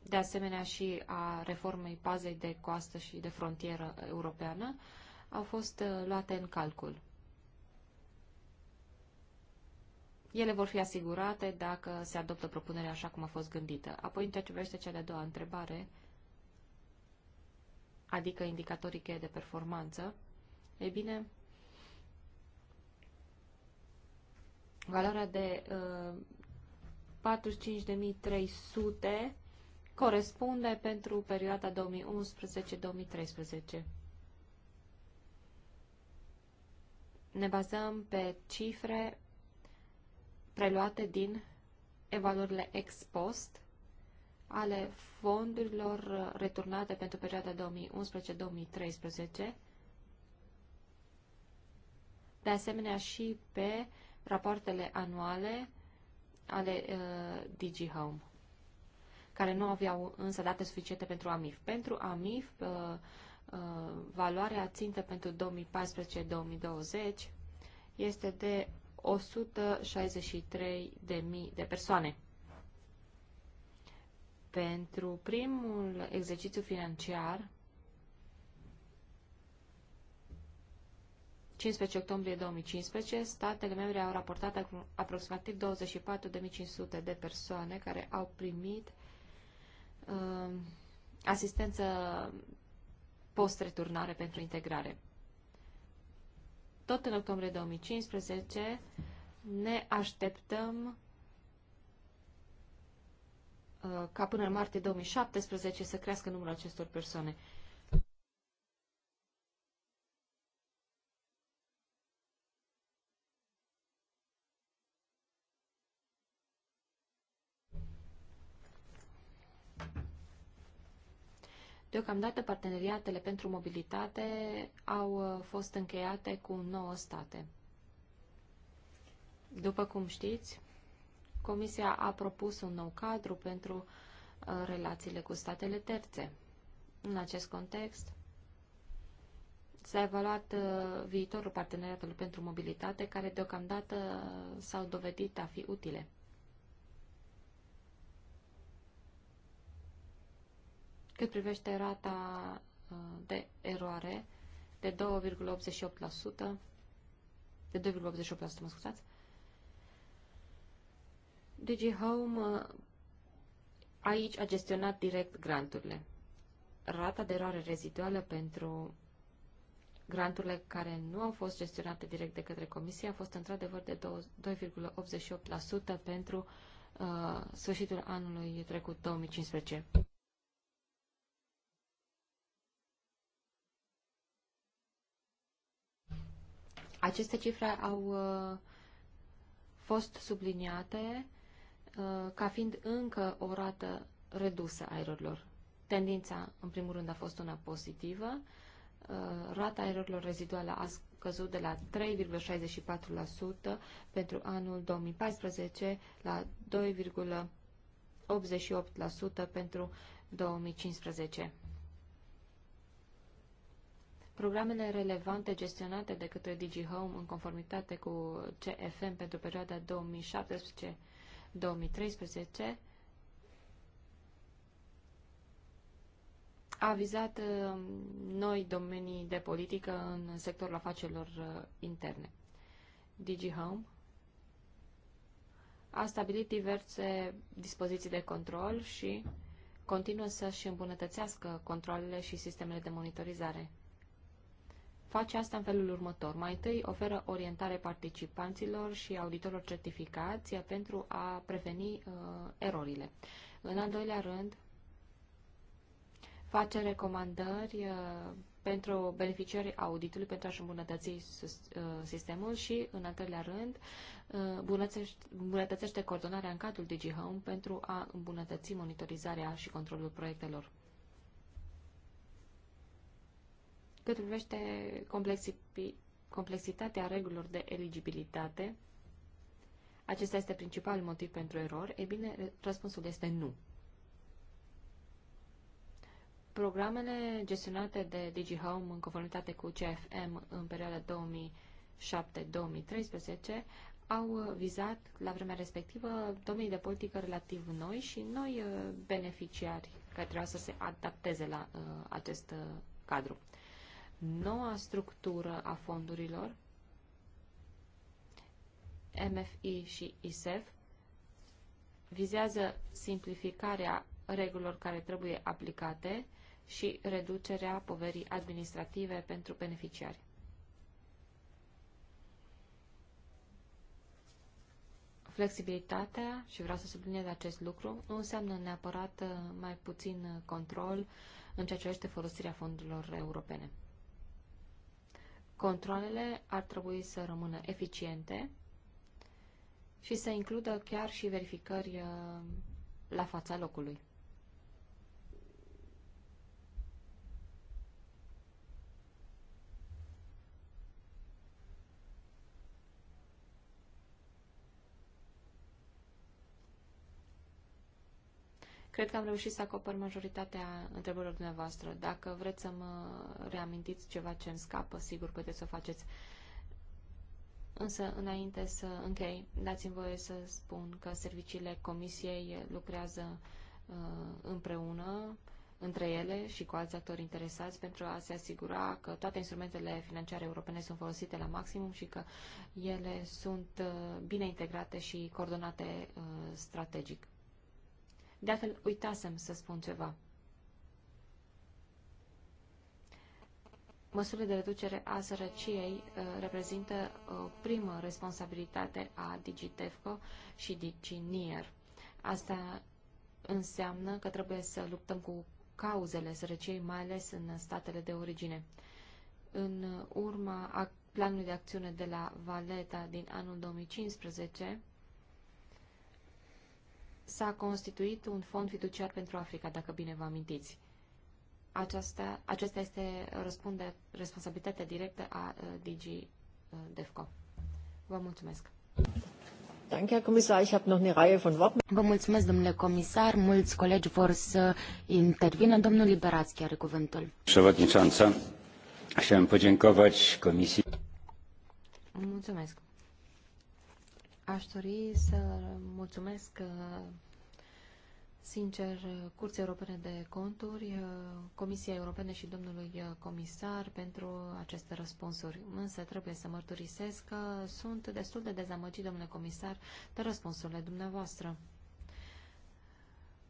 C: de asemenea și a reformei pazei de coastă și de frontieră europeană, au fost uh, luate în calcul. Ele vor fi asigurate dacă se adoptă propunerea așa cum a fost gândită. Apoi, în ceea ce privește cea de-a doua întrebare, adică indicatorii cheie de performanță, e bine, valoarea de uh, 45.300 corespunde pentru perioada 2011-2013. Ne bazăm pe cifre preluate din evaluările ex post ale fondurilor returnate pentru perioada 2011-2013, de asemenea și pe rapoartele anuale ale uh, DigiHome, care nu aveau însă date suficiente pentru AMIF. Pentru AMIF, uh, uh, valoarea țintă pentru 2014-2020 este de 163.000 de persoane. Pentru primul exercițiu financiar, 15 octombrie 2015, statele membre au raportat aproximativ 24.500 de persoane care au primit uh, asistență post-returnare pentru integrare tot în octombrie 2015, ne așteptăm uh, ca până în martie 2017 să crească numărul acestor persoane. Deocamdată, parteneriatele pentru mobilitate au uh, fost încheiate cu 9 state. După cum știți, Comisia a propus un nou cadru pentru uh, relațiile cu statele terțe. În acest context, s-a evaluat uh, viitorul parteneriatului pentru mobilitate, care deocamdată s-au dovedit a fi utile. Cât privește rata uh, de eroare de 2,88%, de 2,88%, mă scuzați, DigiHome uh, aici a gestionat direct granturile. Rata de eroare reziduală pentru granturile care nu au fost gestionate direct de către comisie a fost într-adevăr de 2,88% pentru uh, sfârșitul anului trecut 2015. Aceste cifre au uh, fost subliniate uh, ca fiind încă o rată redusă a erorilor. Tendința, în primul rând, a fost una pozitivă. Uh, rata erorilor reziduale a scăzut de la 3,64% pentru anul 2014 la 2,88% pentru 2015. Programele relevante gestionate de către DigiHome în conformitate cu CFM pentru perioada 2017 2013 a vizat uh, noi domenii de politică în sectorul afacerilor uh, interne. DigiHome a stabilit diverse dispoziții de control și continuă să-și îmbunătățească controlele și sistemele de monitorizare face asta în felul următor. Mai întâi oferă orientare participanților și auditorilor certificați pentru a preveni uh, erorile. În al doilea rând, face recomandări uh, pentru beneficiarii auditului pentru a-și îmbunătăți uh, sistemul și, în al treilea rând, uh, îmbunătățește coordonarea în cadrul DigiHome pentru a îmbunătăți monitorizarea și controlul proiectelor. Cât privește complexitatea regulilor de eligibilitate, acesta este principalul motiv pentru erori, e bine, răspunsul este nu. Programele gestionate de DigiHome în conformitate cu CFM în perioada 2007-2013 au vizat la vremea respectivă domenii de politică relativ noi și noi uh, beneficiari care trebuia să se adapteze la uh, acest uh, cadru noua structură a fondurilor, MFI și ISEF, vizează simplificarea regulilor care trebuie aplicate și reducerea poverii administrative pentru beneficiari. Flexibilitatea, și vreau să subliniez acest lucru, nu înseamnă neapărat uh, mai puțin uh, control în ceea ce este folosirea fondurilor europene. Controlele ar trebui să rămână eficiente și să includă chiar și verificări uh, la fața locului. Cred că am reușit să acopăr majoritatea întrebărilor dumneavoastră. Dacă vreți să mă reamintiți ceva ce îmi scapă, sigur puteți să o faceți. Însă, înainte să închei, dați-mi voie să spun că serviciile comisiei lucrează uh, împreună între ele și cu alți actori interesați pentru a se asigura că toate instrumentele financiare europene sunt folosite la maximum și că ele sunt uh, bine integrate și coordonate uh, strategic. De altfel, uitasem să spun ceva. Măsurile de reducere a sărăciei uh, reprezintă o uh, primă responsabilitate a Digitefco și Diginier. Asta înseamnă că trebuie să luptăm cu cauzele sărăciei, mai ales în statele de origine. În urma planului de acțiune de la Valeta din anul 2015, s-a constituit un fond fiduciar pentru Africa, dacă bine vă amintiți. Aceasta, acesta este răspunde, responsabilitatea directă a uh, DG uh, DEFCO. Vă mulțumesc.
B: Vă
A: mulțumesc, domnule comisar. Mulți colegi vor să intervină. Domnul Liberați chiar cuvântul.
B: Przewodnicząca, chciałem podziękować Komisji.
C: Mulțumesc. Aș dori să mulțumesc uh, sincer Curții Europene de Conturi, uh, Comisia Europene și domnului uh, comisar pentru aceste răspunsuri. Însă trebuie să mărturisesc că sunt destul de dezamăgit, domnule comisar, de răspunsurile dumneavoastră.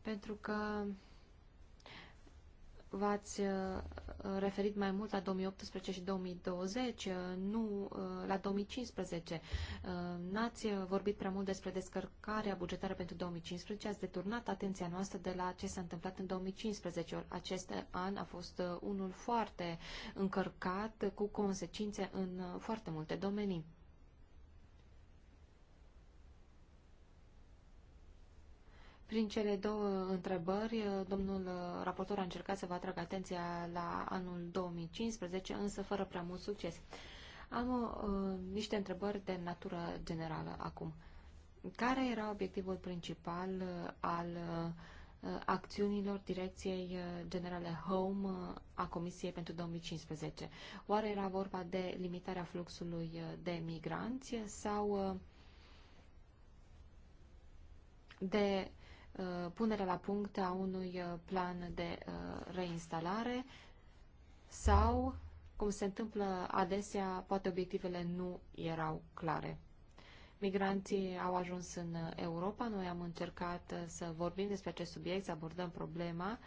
C: Pentru că v-ați uh, referit mai mult la 2018 și 2020, uh, nu uh, la 2015. N-ați vorbit prea mult despre descărcarea bugetară pentru 2015, ați deturnat atenția noastră de la ce s-a întâmplat în 2015. Acest an a fost unul foarte încărcat, cu consecințe în foarte multe domenii. Prin cele două întrebări, domnul raportor a încercat să vă atragă atenția la anul 2015, însă fără prea mult succes. Am uh, niște întrebări de natură generală acum. Care era obiectivul principal uh, al uh, acțiunilor Direcției uh, Generale Home uh, a Comisiei pentru 2015? Oare era vorba de limitarea fluxului de migranți sau uh, de Uh, punerea la punct a unui uh, plan de uh, reinstalare sau, cum se întâmplă adesea, poate obiectivele nu erau clare. Migranții au ajuns în Europa, noi am încercat să vorbim despre acest subiect, să abordăm problema.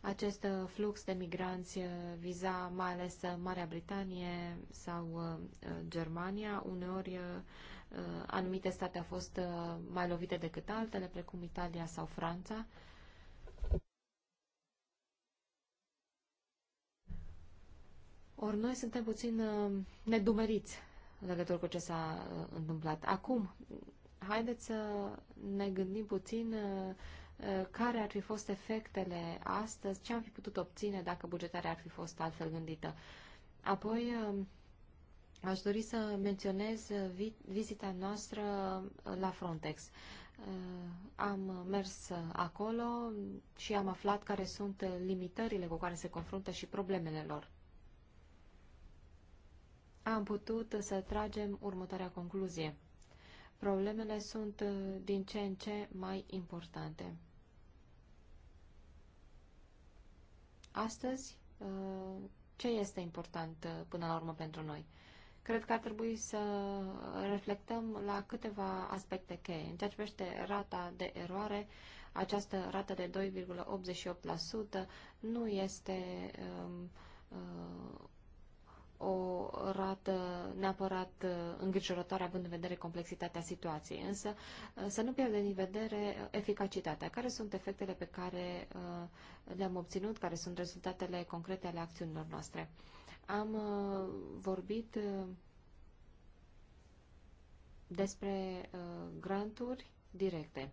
C: Acest flux de migranți viza mai ales Marea Britanie sau Germania, uneori Uh, anumite state au fost uh, mai lovite decât altele, precum Italia sau Franța. Ori noi suntem puțin uh, nedumeriți în legătură cu ce s-a întâmplat. Acum, haideți să ne gândim puțin care ar fi fost efectele astăzi, ce am fi putut obține dacă bugetarea ar fi fost altfel gândită. Apoi, Aș dori să menționez uh, vizita noastră uh, la Frontex. Uh, am mers acolo și am aflat care sunt limitările cu care se confruntă și problemele lor. Am putut să tragem următoarea concluzie. Problemele sunt din ce în ce mai importante. Astăzi, ce este important până la urmă pentru noi? Cred că ar trebui să reflectăm la câteva aspecte cheie. În ceea ce privește rata de eroare, această rată de 2,88% nu este um, uh, o rată neapărat uh, îngrijorătoare având în vedere complexitatea situației, însă uh, să nu pierdem din vedere uh, eficacitatea. Care sunt efectele pe care le-am obținut, care sunt rezultatele concrete ale acțiunilor noastre? am uh, vorbit uh, despre uh, granturi directe.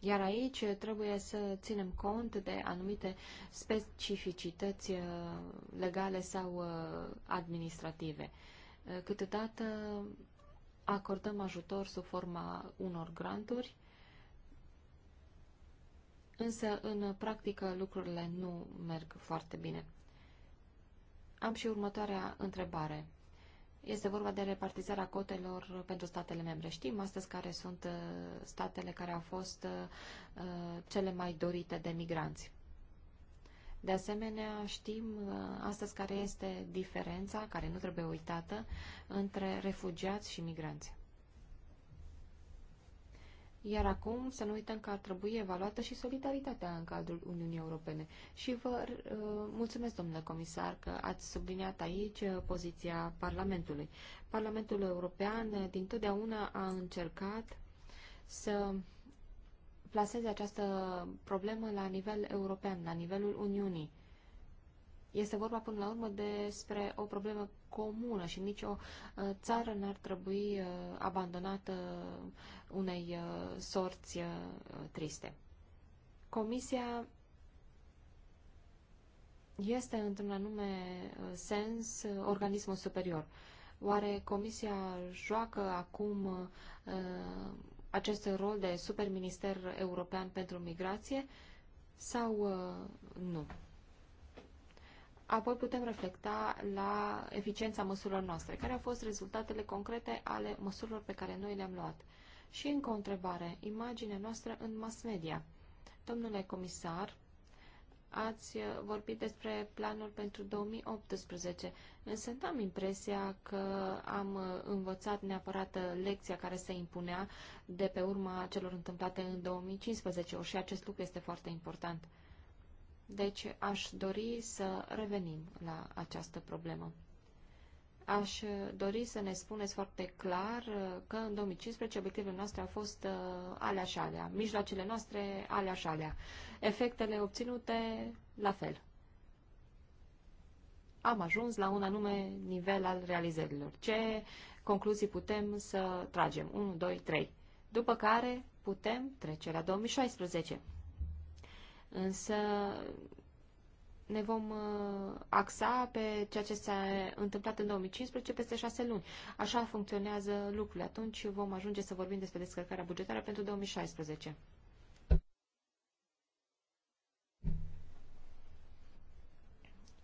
C: Iar aici trebuie să ținem cont de anumite specificități legale sau administrative. Câteodată acordăm ajutor sub forma unor granturi, însă în practică lucrurile nu merg foarte bine. Am și următoarea întrebare. Este vorba de repartizarea cotelor pentru statele membre. Știm astăzi care sunt uh, statele care au fost uh, uh, cele mai dorite de migranți. De asemenea, știm astăzi care este diferența, care nu trebuie uitată, între refugiați și migranți. Iar acum să nu uităm că ar trebui evaluată și solidaritatea în cadrul Uniunii Europene. Și vă uh, mulțumesc, domnule comisar, că ați subliniat aici uh, poziția Parlamentului. Parlamentul European uh, din totdeauna a încercat să plaseze această problemă la nivel european, la nivelul Uniunii. Este vorba până la urmă despre o problemă comună și nicio uh, țară n-ar trebui uh, abandonată uh, unei sorți triste. Comisia este, într-un anume sens, organismul superior. Oare Comisia joacă acum acest rol de superminister european pentru migrație sau nu? Apoi putem reflecta la eficiența măsurilor noastre, care au fost rezultatele concrete ale măsurilor pe care noi le-am luat. Și încă o întrebare, imaginea noastră în mass media. Domnule comisar, ați vorbit despre planul pentru 2018, însă n-am impresia că am învățat neapărat lecția care se impunea de pe urma celor întâmplate în 2015, și acest lucru este foarte important. Deci aș dori să revenim la această problemă. Aș dori să ne spuneți foarte clar uh, că în 2015 obiectivele noastre au fost uh, alea și alea, mijloacele noastre alea și alea, efectele obținute la fel. Am ajuns la un anume nivel al realizărilor. Ce concluzii putem să tragem? 1, 2, 3. După care putem trece la 2016. Însă ne vom uh, axa pe ceea ce s-a întâmplat în 2015 peste șase luni. Așa funcționează lucrurile. Atunci vom ajunge să vorbim despre descărcarea bugetară pentru 2016.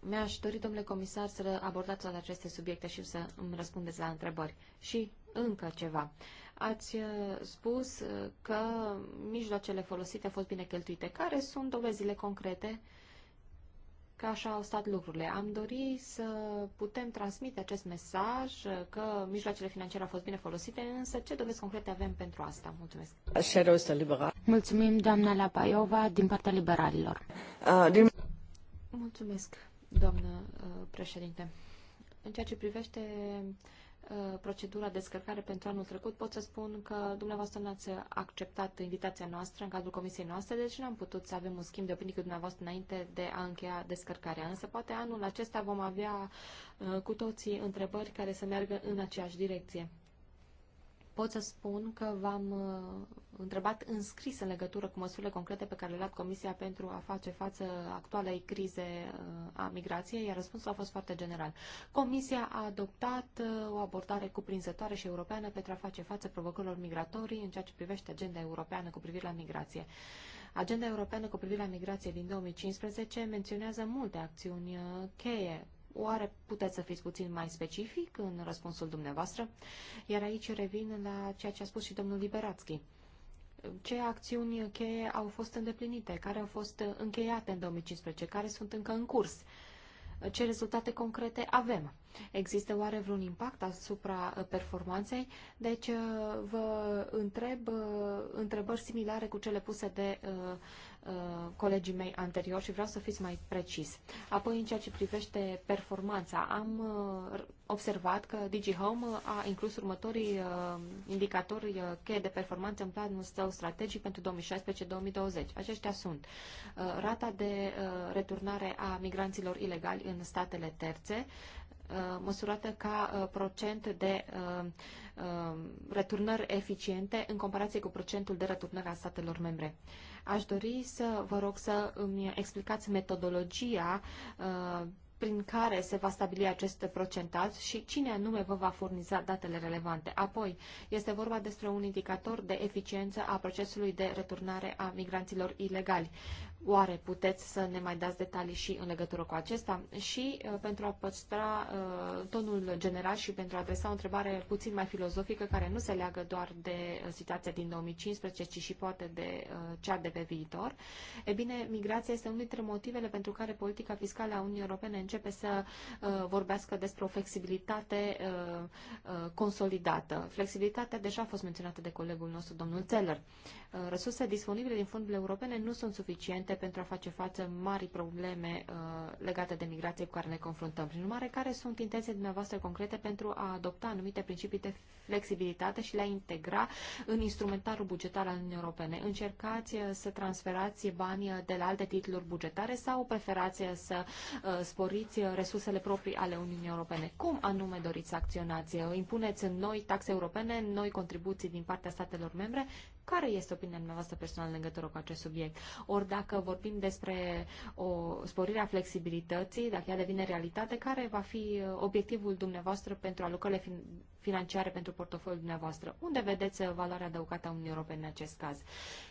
C: Mi-aș dori, domnule comisar, să abordați toate aceste subiecte și să îmi răspundeți la întrebări. Și încă ceva. Uh, Ați uh, spus uh, că mijloacele folosite au fost bine cheltuite. Care sunt dovezile concrete că așa au stat lucrurile? Am dorit să putem transmite acest mesaj uh, că mijloacele financiare au fost bine folosite, însă ce dovezi concrete avem pentru asta? Mulțumesc.
A: Mulțumim, doamna Lapaiova, din partea liberalilor.
B: Ah,
C: Mulțumesc, doamnă președinte. În ceea ce privește uh, Uh, procedura de descărcare pentru anul trecut, pot să spun că dumneavoastră n-ați acceptat invitația noastră în cadrul comisiei noastre, deci n-am putut să avem un schimb de opinii cu dumneavoastră înainte de a încheia descărcarea. Însă poate anul acesta vom avea uh, cu toții întrebări care să meargă în aceeași direcție pot să spun că v-am uh, întrebat în scris în legătură cu măsurile concrete pe care le-a luat Comisia pentru a face față actualei crize uh, a migrației, iar răspunsul a fost foarte general. Comisia a adoptat uh, o abordare cuprinzătoare și europeană pentru a face față provocărilor migratorii în ceea ce privește agenda europeană cu privire la migrație. Agenda europeană cu privire la migrație din 2015 menționează multe acțiuni cheie Oare puteți să fiți puțin mai specific în răspunsul dumneavoastră? Iar aici revin la ceea ce a spus și domnul Liberațchi. Ce acțiuni cheie au fost îndeplinite? Care au fost încheiate în 2015? Care sunt încă în curs? Ce rezultate concrete avem? Există oare vreun impact asupra performanței? Deci vă întreb întrebări similare cu cele puse de uh, Uh, colegii mei anterior și vreau să fiți mai precis. Apoi, în ceea ce privește performanța, am uh, observat că DigiHome a inclus următorii uh, indicatori cheie de performanță în planul său strategic pentru 2016-2020. Aceștia sunt rata de returnare a migranților ilegali în statele terțe, Uh, măsurată ca uh, procent de uh, returnări eficiente în comparație cu procentul de returnări a statelor membre. Aș dori să vă rog să îmi explicați metodologia prin care se va stabili acest procentaj și cine anume vă va furniza datele relevante. Apoi, este vorba despre un indicator de eficiență a procesului de returnare a migranților ilegali. Oare puteți să ne mai dați detalii și în legătură cu acesta? Și uh, pentru a păstra uh, tonul general și pentru a adresa o întrebare puțin mai filozofică, care nu se leagă doar de uh, situația din 2015, ci și poate de cea de pe viitor, e bine, migrația este unul dintre motivele pentru care politica fiscală a Uniunii Europene începe să vorbească despre o flexibilitate consolidată. Flexibilitatea deja a fost menționată de colegul nostru, domnul Teller. Resursele disponibile din fondurile europene nu sunt suficiente suficiente pentru a face față mari probleme uh, legate de migrație cu care ne confruntăm. Prin urmare, care sunt intențiile dumneavoastră concrete pentru a adopta anumite principii de flexibilitate și le-a integra în instrumentarul bugetar al Uniunii Europene? Încercați uh, să transferați bani uh, de la alte titluri bugetare sau preferați uh, să uh, sporiți resursele proprii ale Uniunii Europene? Cum anume doriți să acționați? Impuneți noi taxe europene, noi contribuții din partea statelor membre? Care este opinia dumneavoastră personală legătură cu acest subiect? Ori dacă vorbim despre o sporire a flexibilității, dacă ea devine realitate, care va fi uh, obiectivul dumneavoastră pentru alocările financiare pentru portofoliul dumneavoastră. Unde vedeți valoarea adăugată a Uniunii Europene în acest caz?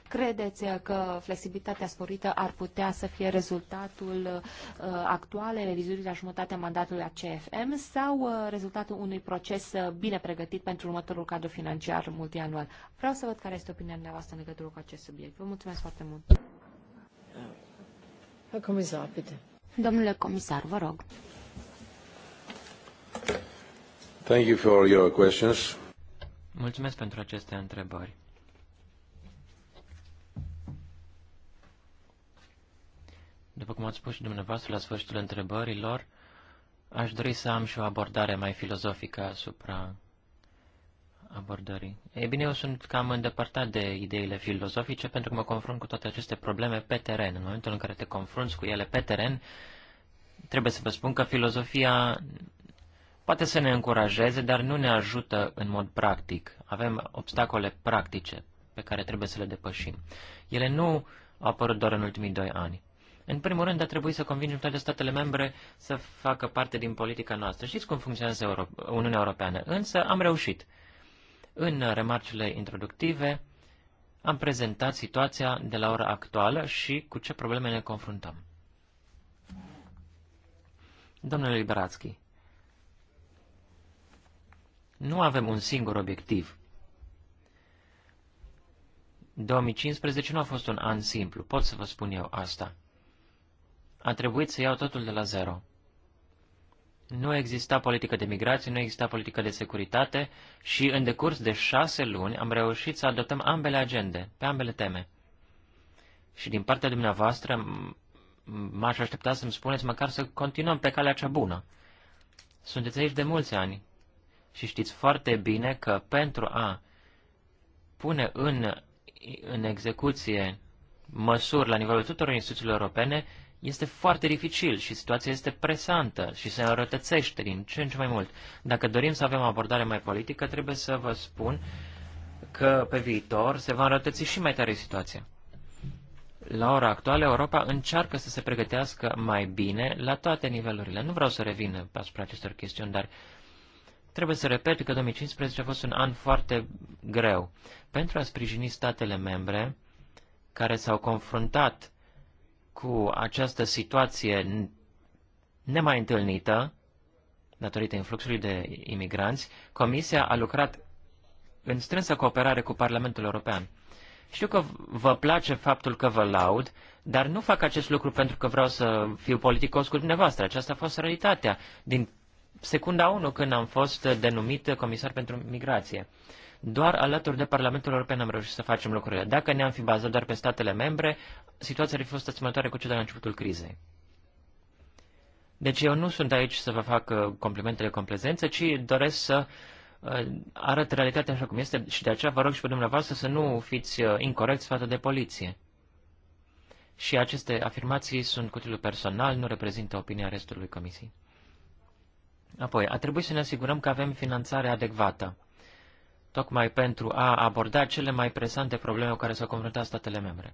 C: Credeți că flexibilitatea sporită ar putea să fie rezultatul uh, actualei revizuirii la jumătatea mandatului a CFM sau uh, rezultatul unui proces uh, bine pregătit pentru următorul cadru financiar multianual? Vreau să văd care este opinia dumneavoastră în legătură cu acest subiect. Vă mulțumesc foarte mult. Comisar,
A: Domnule comisar, vă rog.
C: Thank you for your questions.
B: Mulțumesc pentru aceste întrebări. După cum ați spus și dumneavoastră la sfârșitul întrebărilor, aș dori să am și o abordare mai filozofică asupra abordării. Ei bine, eu sunt cam îndepărtat de ideile filozofice pentru că mă confrunt cu toate aceste probleme pe teren. În momentul în care te confrunți cu ele pe teren, trebuie să vă spun că filozofia poate să ne încurajeze, dar nu ne ajută în mod practic. Avem obstacole practice pe care trebuie să le depășim. Ele nu au apărut doar în ultimii doi ani. În primul rând, a trebuit să convingem toate statele membre să facă parte din politica noastră. Știți cum funcționează Euro- Uniunea Europeană, însă am reușit. În remarcile introductive am prezentat situația de la ora actuală și cu ce probleme ne confruntăm. Domnule Liberațchi, nu avem un singur obiectiv. 2015 nu a fost un an simplu, pot să vă spun eu asta. A trebuit să iau totul de la zero. Nu exista politică de migrație, nu exista politică de securitate și în decurs de șase luni am reușit să adoptăm ambele agende, pe ambele teme. Și din partea dumneavoastră m-aș aștepta să-mi spuneți măcar să continuăm pe calea cea bună. Sunteți aici de mulți ani. Și știți foarte bine că pentru a pune în, în execuție măsuri la nivelul tuturor instituțiilor europene, este foarte dificil și situația este presantă și se înrătățește din ce în ce mai mult. Dacă dorim să avem o abordare mai politică, trebuie să vă spun că pe viitor se va înrătăți și mai tare situația. La ora actuală, Europa încearcă să se pregătească mai bine la toate nivelurile. Nu vreau să revin asupra acestor chestiuni, dar uh, Trebuie să repet că 2015 a fost un an foarte greu pentru a sprijini statele membre care s-au confruntat cu această situație nemai întâlnită datorită influxului de imigranți, Comisia a lucrat în strânsă cooperare cu Parlamentul European. Știu că vă place faptul că vă laud, dar nu fac acest lucru pentru că vreau să fiu politicos cu dumneavoastră. Aceasta a fost realitatea. Din secunda 1 când am fost denumit comisar pentru migrație. Doar alături de Parlamentul European am reușit să facem lucrurile. Dacă ne-am fi bazat doar pe statele membre, situația ar fi fost asemănătoare cu cea de la începutul crizei. Deci eu nu sunt aici să vă fac uh, complimentele complezențe, ci doresc să uh, arăt realitatea așa cum este și de aceea vă rog și pe dumneavoastră să nu fiți uh, incorrecți față de poliție. Și aceste afirmații sunt cu titlu personal, nu reprezintă opinia restului comisiei. Apoi, a trebuit să ne asigurăm că avem finanțare adecvată, tocmai pentru a aborda cele mai presante probleme cu care s-au confruntat statele membre.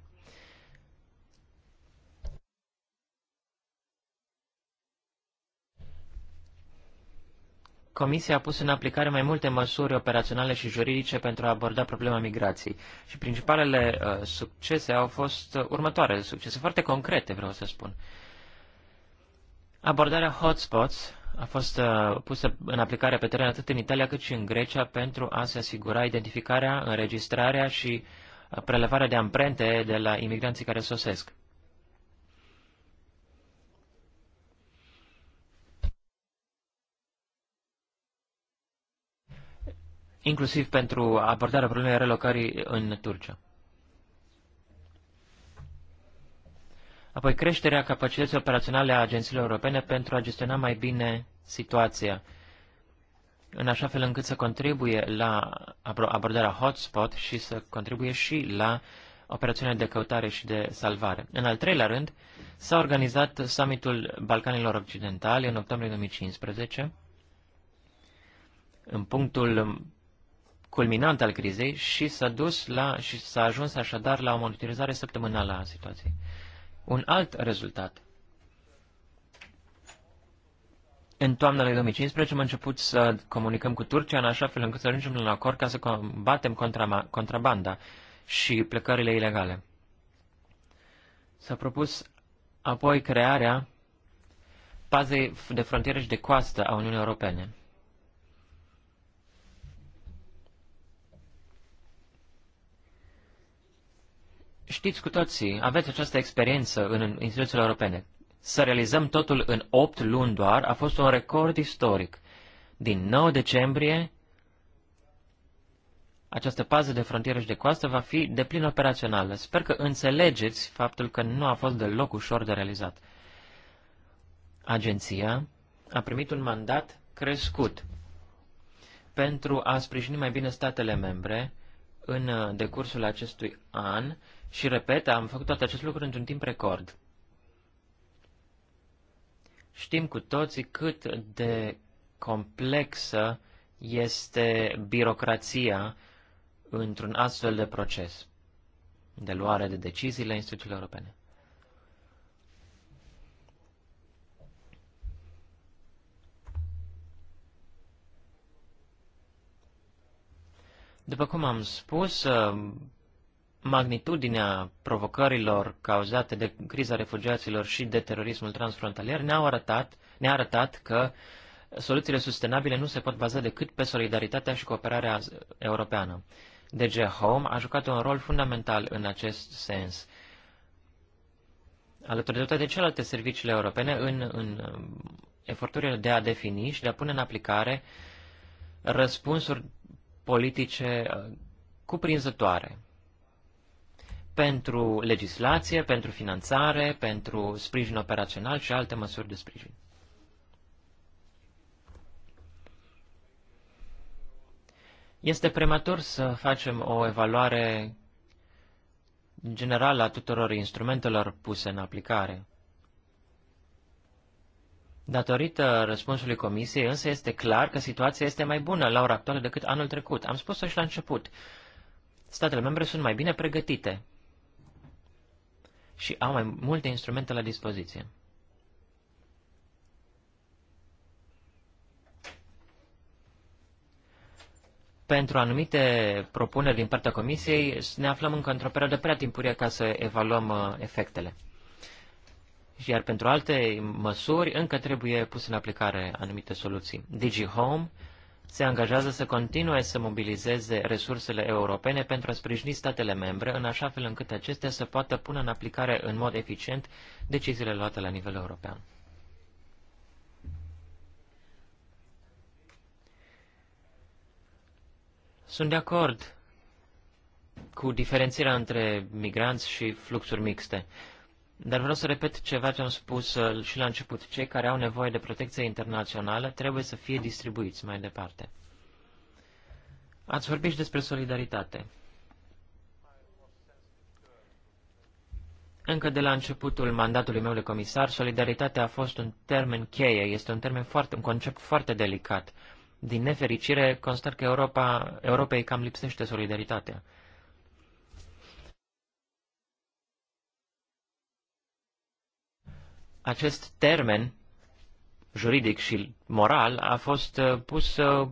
B: Comisia a pus în aplicare mai multe măsuri operaționale și juridice pentru a aborda problema migrației și principalele uh, succese au fost următoarele succese, foarte concrete, vreau să spun. Abordarea hotspots a fost uh, pusă în aplicare pe teren atât în Italia cât și în Grecia pentru a se asigura identificarea, înregistrarea și uh, prelevarea de amprente de la imigranții care sosesc. inclusiv pentru abordarea problemei relocării în Turcia. Apoi creșterea capacității operaționale a agențiilor europene pentru a gestiona mai bine situația, în așa fel încât să contribuie la abordarea hotspot și să contribuie și la operațiunile de căutare și de salvare. În al treilea rând, s-a organizat summitul Balcanilor Occidentali în octombrie 2015, în punctul culminant al crizei și s-a dus la și s-a ajuns așadar la o monitorizare săptămânală a situației un alt rezultat. În toamna lui 2015 am început să comunicăm cu Turcia în așa fel încât să ajungem la un acord ca să combatem contra, contrabanda și plecările ilegale. S-a propus apoi crearea pazei de frontieră și de coastă a Uniunii Europene. știți cu toții, aveți această experiență în instituțiile europene. Să realizăm totul în 8 luni doar a fost un record istoric. Din 9 decembrie, această pază de frontieră și de coastă va fi deplin operațională. Sper că înțelegeți faptul că nu a fost deloc ușor de realizat. Agenția a primit un mandat crescut pentru a sprijini mai bine statele membre în decursul acestui an și repet, am făcut toate acest lucru într-un timp record. Știm cu toții cât de complexă este birocrația într-un astfel de proces de luare de deciziile instituțiile europene. După cum am spus, magnitudinea provocărilor cauzate de criza refugiaților și de terorismul transfrontalier ne-au arătat, ne-a arătat că soluțiile sustenabile nu se pot baza decât pe solidaritatea și cooperarea europeană. DG Home a jucat un rol fundamental în acest sens. Alături de toate celelalte serviciile europene, în, în eforturile de a defini și de a pune în aplicare răspunsuri politice uh, cuprinzătoare pentru legislație, pentru finanțare, pentru sprijin operațional și alte măsuri de sprijin. Este prematur să facem o evaluare generală a tuturor instrumentelor puse în aplicare. Datorită răspunsului comisiei, însă este clar că situația este mai bună la ora actuală decât anul trecut. Am spus-o și la început. Statele membre sunt mai bine pregătite și au mai multe instrumente la dispoziție. Pentru anumite propuneri din partea Comisiei, ne aflăm încă într-o perioadă prea timpurie ca să evaluăm uh, efectele. Iar pentru alte măsuri, încă trebuie pus în aplicare anumite soluții. DigiHome se angajează să continue să mobilizeze resursele europene pentru a sprijini statele membre, în așa fel încât acestea să poată pune în aplicare în mod eficient deciziile luate la nivel european. Sunt de acord cu diferențierea între migranți și fluxuri mixte. Dar vreau să repet ceva ce am spus uh, și la început. Cei care au nevoie de protecție internațională trebuie să fie distribuiți mai departe. Ați vorbit și despre solidaritate. Încă de la începutul mandatului meu de comisar, solidaritatea a fost un termen cheie, este un termen foarte, un concept foarte delicat. Din nefericire, constat că Europa, Europei cam lipsește solidaritatea. acest termen juridic și moral a fost uh, pus uh,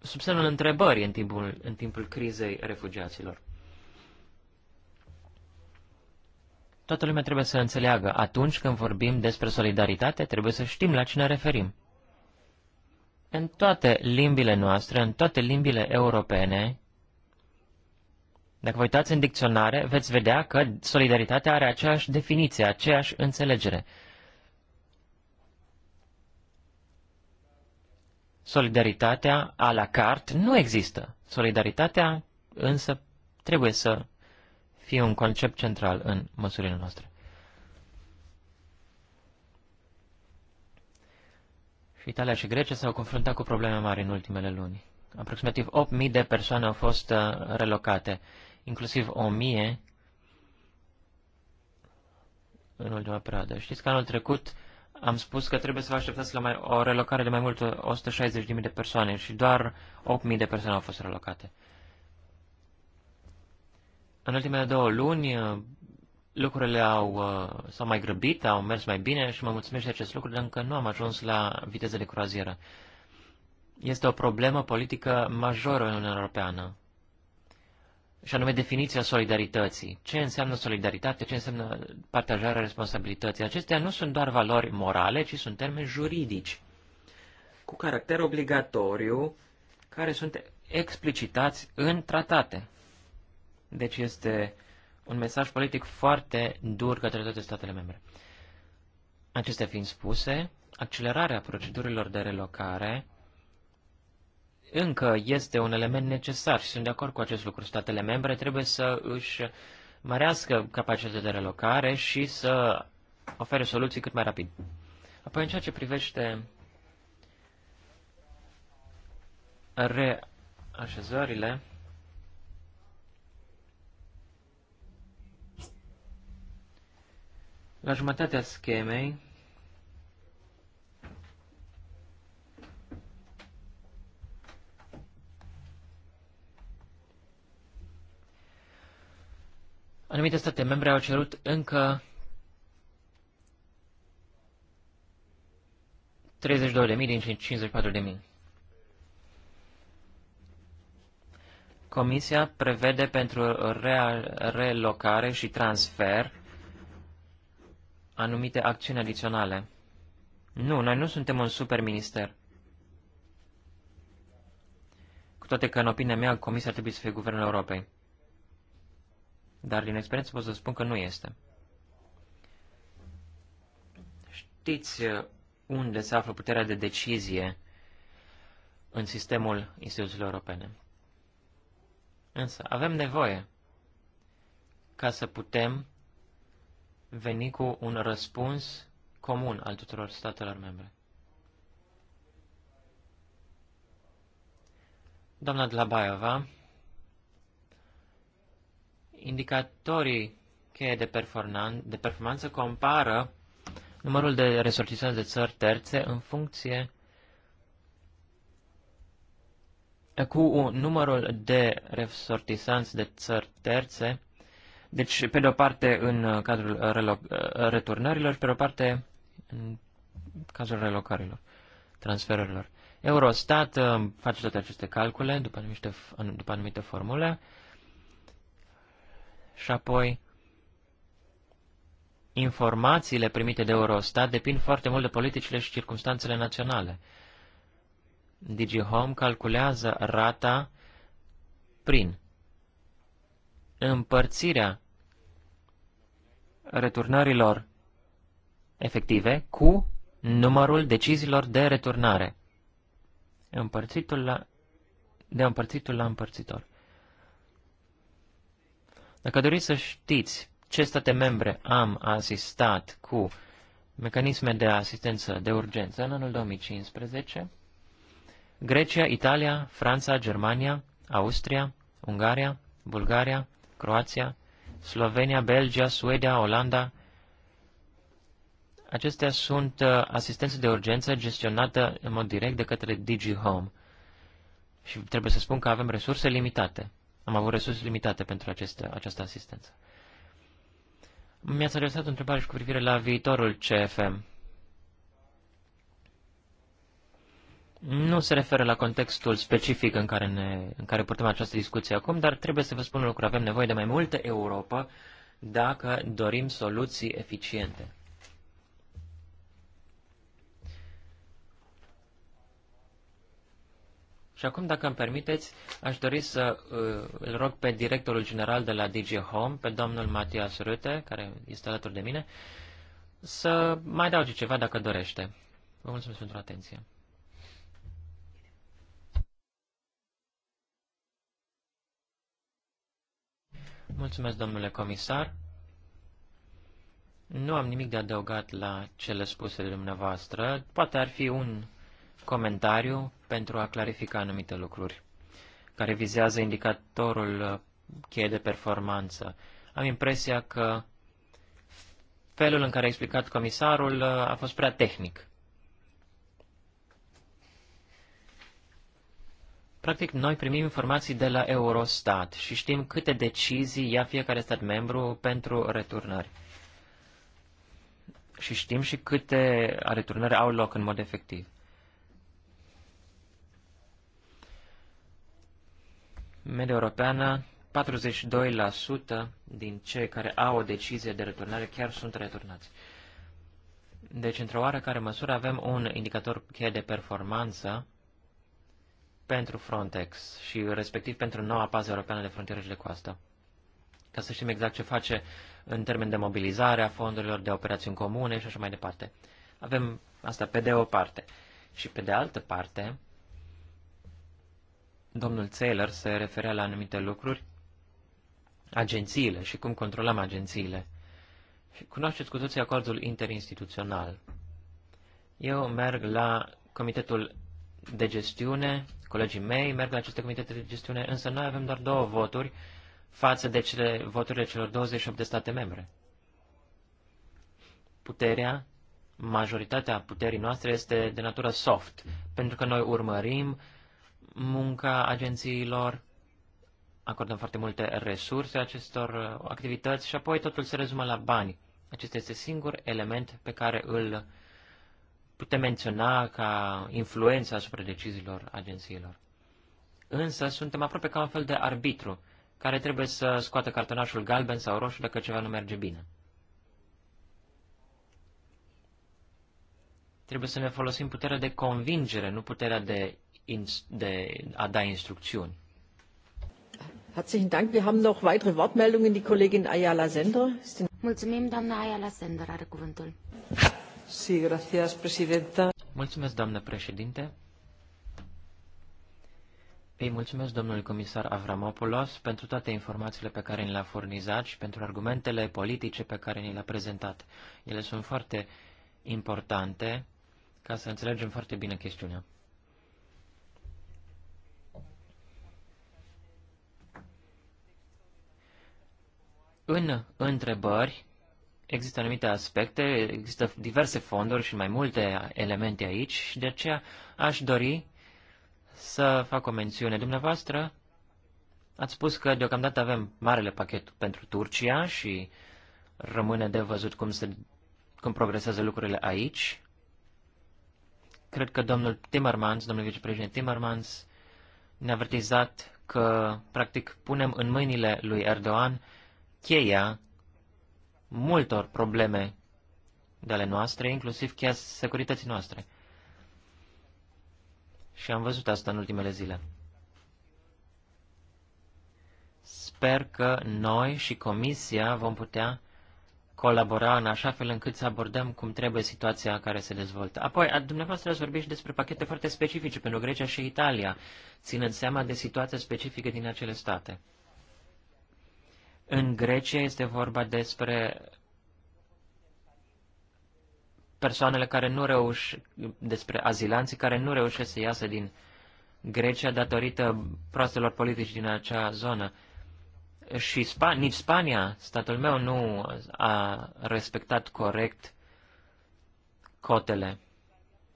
B: sub semnul întrebării în timpul, în timpul crizei refugiaților. Toată lumea trebuie să înțeleagă, atunci când vorbim despre solidaritate, trebuie să știm la cine referim. În toate limbile noastre, în toate limbile europene, dacă vă uitați în dicționare, veți vedea că solidaritatea are aceeași definiție, aceeași înțelegere. Solidaritatea a la carte nu există. Solidaritatea însă trebuie să fie un concept central în măsurile noastre. Și Italia și Grecia s-au confruntat cu probleme mari în ultimele luni. Aproximativ 8.000 de persoane au fost uh, relocate, inclusiv 1.000 în ultima perioadă. Știți că anul trecut am spus că trebuie să vă așteptați la mai, o relocare de mai mult 160.000 de persoane și doar 8.000 de persoane au fost relocate. În ultimele două luni, uh, lucrurile au, uh, s-au mai grăbit, au mers mai bine și mă mulțumesc de acest lucru, dar încă nu am ajuns la viteză de croazieră. Este o problemă politică majoră în Uniunea Europeană și anume definiția solidarității. Ce înseamnă solidaritate, ce înseamnă partajarea responsabilității. Acestea nu sunt doar valori morale, ci sunt termeni juridici, cu caracter obligatoriu, care sunt explicitați în tratate. Deci este un mesaj politic foarte dur către toate statele membre. Acestea fiind spuse, accelerarea procedurilor de relocare încă este un element necesar și sunt de acord cu acest lucru. Statele membre trebuie să își mărească capacitatea de relocare și să ofere soluții cât mai rapid. Apoi, în ceea ce privește reașezările, la jumătatea schemei, Anumite state membre au cerut încă 32.000 din 54.000. Comisia prevede pentru relocare și transfer anumite acțiuni adiționale. Nu, noi nu suntem un superminister. Cu toate că, în opinia mea, Comisia ar trebui să fie Guvernul Europei dar din experiență pot să spun că nu este. Știți uh, unde se află puterea de decizie în sistemul instituțiilor europene. Însă, avem nevoie ca să putem veni cu un răspuns comun al tuturor statelor membre. Doamna Dlabaeva indicatorii cheie de, performan- de performanță compară numărul de resortisanți de țări terțe în funcție cu un numărul de resortizanți de țări terțe, deci pe de o parte în cadrul relo- returnărilor pe de o parte în cazul relocărilor, transferurilor. Eurostat uh, face toate aceste calcule după anumite, după anumite formule și apoi informațiile primite de Eurostat depind foarte mult de politicile și circumstanțele naționale. DigiHome calculează rata prin împărțirea returnărilor efective cu numărul deciziilor de returnare, împărțitul la, de împărțitul la împărțitor. Dacă doriți să știți ce state membre am asistat cu mecanisme de asistență de urgență în anul 2015, Grecia, Italia, Franța, Germania, Austria, Ungaria, Bulgaria, Croația, Slovenia, Belgia, Suedia, Olanda. Acestea sunt uh, asistență de urgență gestionată în mod direct de către DigiHome. Și trebuie să spun că avem resurse limitate. Am avut resurse limitate pentru aceste, această asistență. Mi-ați adresat o întrebare și cu privire la viitorul CFM. Nu se referă la contextul specific în care, ne, în care purtăm această discuție acum, dar trebuie să vă spun un lucru. Avem nevoie de mai multă Europa dacă dorim soluții eficiente. Și acum, dacă îmi permiteți, aș dori să uh, îl rog pe directorul general de la DG Home, pe domnul Matias Rute, care este alături de mine, să mai adauge ceva dacă dorește. Vă mulțumesc pentru atenție. Mulțumesc, domnule comisar. Nu am nimic de adăugat la cele spuse de dumneavoastră. Poate ar fi un comentariu pentru a clarifica anumite lucruri care vizează indicatorul uh, cheie de performanță. Am impresia că felul în care a explicat comisarul uh, a fost prea tehnic. Practic, noi primim informații de la Eurostat și știm câte decizii ia fiecare stat membru pentru returnări. Și știm și câte returnări au loc în mod efectiv. media europeană, 42% din cei care au o decizie de returnare chiar sunt returnați. Deci, într-o oarecare măsură, avem un indicator cheie de performanță pentru Frontex și respectiv pentru noua pază europeană de frontieră și de coastă. Ca să știm exact ce face în termen de mobilizare a fondurilor de operațiuni comune și așa mai departe. Avem asta pe de o parte. Și pe de altă parte, Domnul Taylor se referea la anumite lucruri, agențiile și cum controlăm agențiile. cunoașteți cu toții acordul interinstituțional. Eu merg la comitetul de gestiune, colegii mei merg la aceste comitete de gestiune, însă noi avem doar două voturi față de cele, voturile celor 28 de state membre. Puterea, majoritatea puterii noastre este de natură soft, pentru că noi urmărim uh, munca agențiilor, acordăm foarte multe resurse acestor uh, activități și apoi totul se rezumă la bani. Acesta este singur element pe care îl putem menționa ca influență asupra deciziilor agențiilor. Însă suntem aproape ca un fel de arbitru care trebuie să scoată cartonașul galben sau roșu dacă ceva nu merge bine. Trebuie să ne folosim puterea de convingere, nu puterea de de a da instrucțiuni. Herzlichen Dank. Wir haben noch weitere
A: Wortmeldungen. Die Kollegin Ayala Sender. Mulțumim, doamna Ayala Sender are cuvântul.
B: Sí, gracias, presidenta. Mulțumesc, doamnă președinte. Îi mulțumesc domnului comisar Avramopoulos pentru toate informațiile pe care ni le-a furnizat și pentru argumentele politice pe care ni le-a prezentat. Ele sunt foarte importante ca să înțelegem foarte bine chestiunea. În întrebări există anumite aspecte, există diverse fonduri și mai multe elemente aici și de aceea aș dori să fac o mențiune. Dumneavoastră ați spus că deocamdată avem marele pachet pentru Turcia și rămâne de văzut cum, se, cum progresează lucrurile aici. Cred că domnul Timmermans, domnul vicepreședinte Timmermans, ne-a avertizat că, practic, punem în mâinile lui Erdogan cheia multor probleme de ale noastre, inclusiv cheia securității noastre. Și am văzut asta în ultimele zile. Sper că noi și Comisia vom putea colabora în așa fel încât să abordăm cum trebuie situația care se dezvoltă. Apoi, dumneavoastră ați vorbit și despre pachete foarte specifice pentru Grecia și Italia, ținând seama de situația specifică din acele state. În Grecia este vorba despre persoanele care nu reuș, despre azilanții care nu reușesc să iasă din Grecia datorită proastelor politici din acea zonă. Și Sp- nici Spania, statul meu, nu a respectat corect cotele.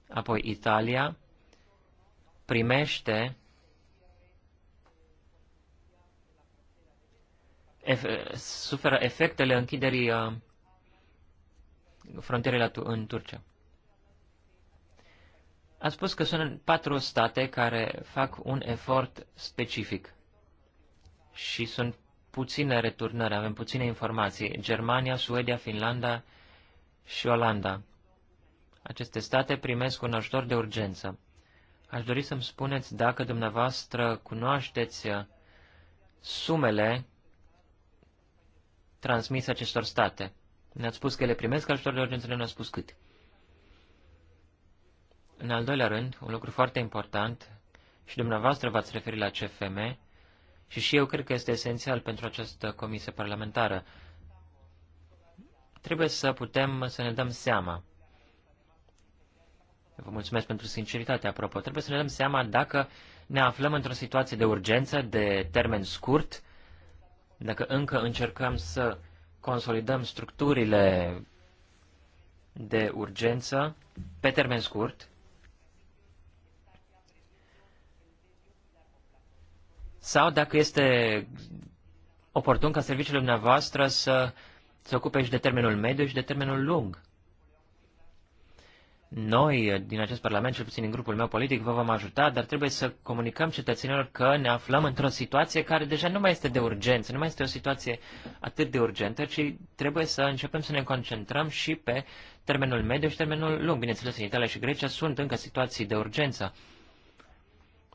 B: Apoi Italia primește suferă efectele închiderii uh, frontierei în Turcia. A spus că sunt patru state care fac un efort specific și sunt puține returnări, avem puține informații. Germania, Suedia, Finlanda și Olanda. Aceste state primesc un ajutor de urgență. Aș dori să-mi spuneți dacă dumneavoastră cunoașteți uh, sumele transmis acestor state. Ne-ați spus că le primesc ajutorul de urgență, nu ne-ați spus cât. În al doilea rând, un lucru foarte important, și dumneavoastră v-ați referit la CFM, și și eu cred că este esențial pentru această comisie parlamentară. Trebuie să putem să ne dăm seama. Vă mulțumesc pentru sinceritate, apropo. Trebuie să ne dăm seama dacă ne aflăm într-o situație de urgență, de termen scurt, dacă încă încercăm să consolidăm structurile de urgență pe termen scurt, sau dacă este oportun ca serviciile dumneavoastră să se ocupe și de termenul mediu și de termenul lung. Noi, eh, din acest Parlament, cel puțin din grupul meu politic, vă vom ajuta, dar trebuie să comunicăm cetățenilor că ne aflăm într-o situație care deja nu mai este de urgență, nu mai este o situație atât de urgentă, ci trebuie să începem să ne concentrăm și pe termenul mediu și termenul lung. Bineînțeles, în Italia și Grecia sunt încă situații de urgență,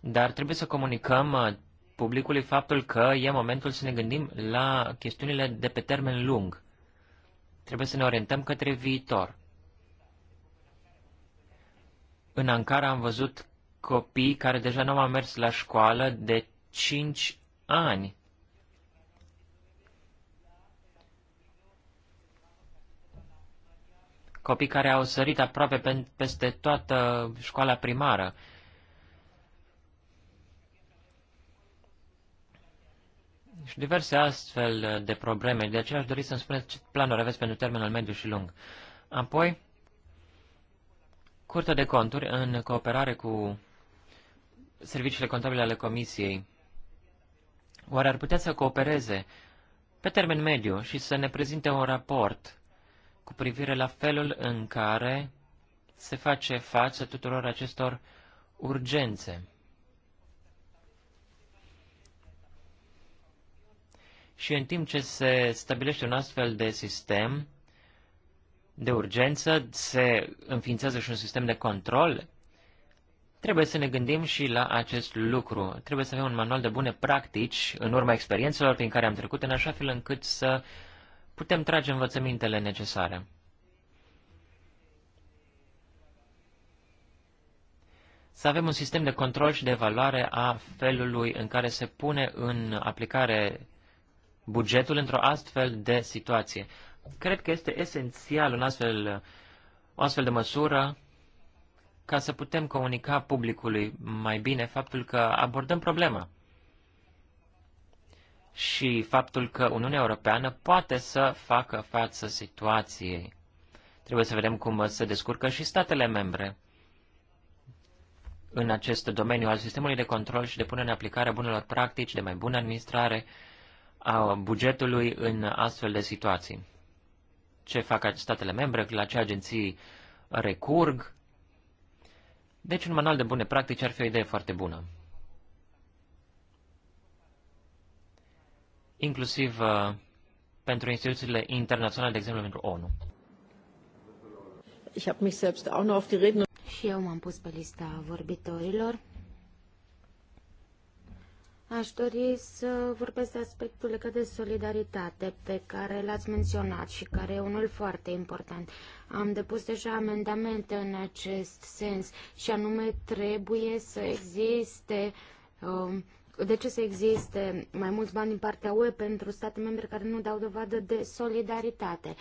B: dar trebuie să comunicăm eh, publicului faptul că e momentul să ne gândim la chestiunile de pe termen lung. Trebuie să ne orientăm către viitor. În Ankara am văzut copii care deja nu au mers la școală de 5 ani. Copii care au sărit aproape peste toată școala primară. și diverse astfel de probleme. De aceea aș dori să-mi spuneți ce planuri aveți pentru termenul mediu și lung. Apoi, Curtea de conturi, în cooperare cu serviciile contabile ale Comisiei, oare ar putea să coopereze pe termen mediu și să ne prezinte un raport cu privire la felul în care se face față tuturor acestor urgențe. Și în timp ce se stabilește un astfel de sistem, de urgență, se înființează și un sistem de control, trebuie să ne gândim și la acest lucru. Trebuie să avem un manual de bune practici în urma experiențelor prin care am trecut, în așa fel încât să putem trage învățămintele necesare. Să avem un sistem de control și de evaluare a felului în care se pune în aplicare bugetul într-o astfel de situație. Cred că este esențial un astfel, o astfel de măsură ca să putem comunica publicului mai bine faptul că abordăm problema și faptul că Uniunea Europeană poate să facă față situației. Trebuie să vedem cum se descurcă și statele membre în acest domeniu al sistemului de control și de punere în aplicare a bunelor practici, de mai bună administrare a bugetului în astfel de situații ce fac statele membre, la ce agenții recurg. Deci un manual de bune practici ar fi o idee foarte bună. Inclusiv uh, pentru instituțiile internaționale, de exemplu pentru ONU. Ich
A: mich auch noch auf die Redner. Și eu m-am pus pe lista vorbitorilor. Aș dori să vorbesc de aspectul legat de solidaritate pe care l-ați menționat și care e unul foarte important. Am depus deja amendamente în acest sens și anume trebuie să existe um, de ce să existe mai mulți bani din partea UE pentru state membre care nu dau dovadă de solidaritate?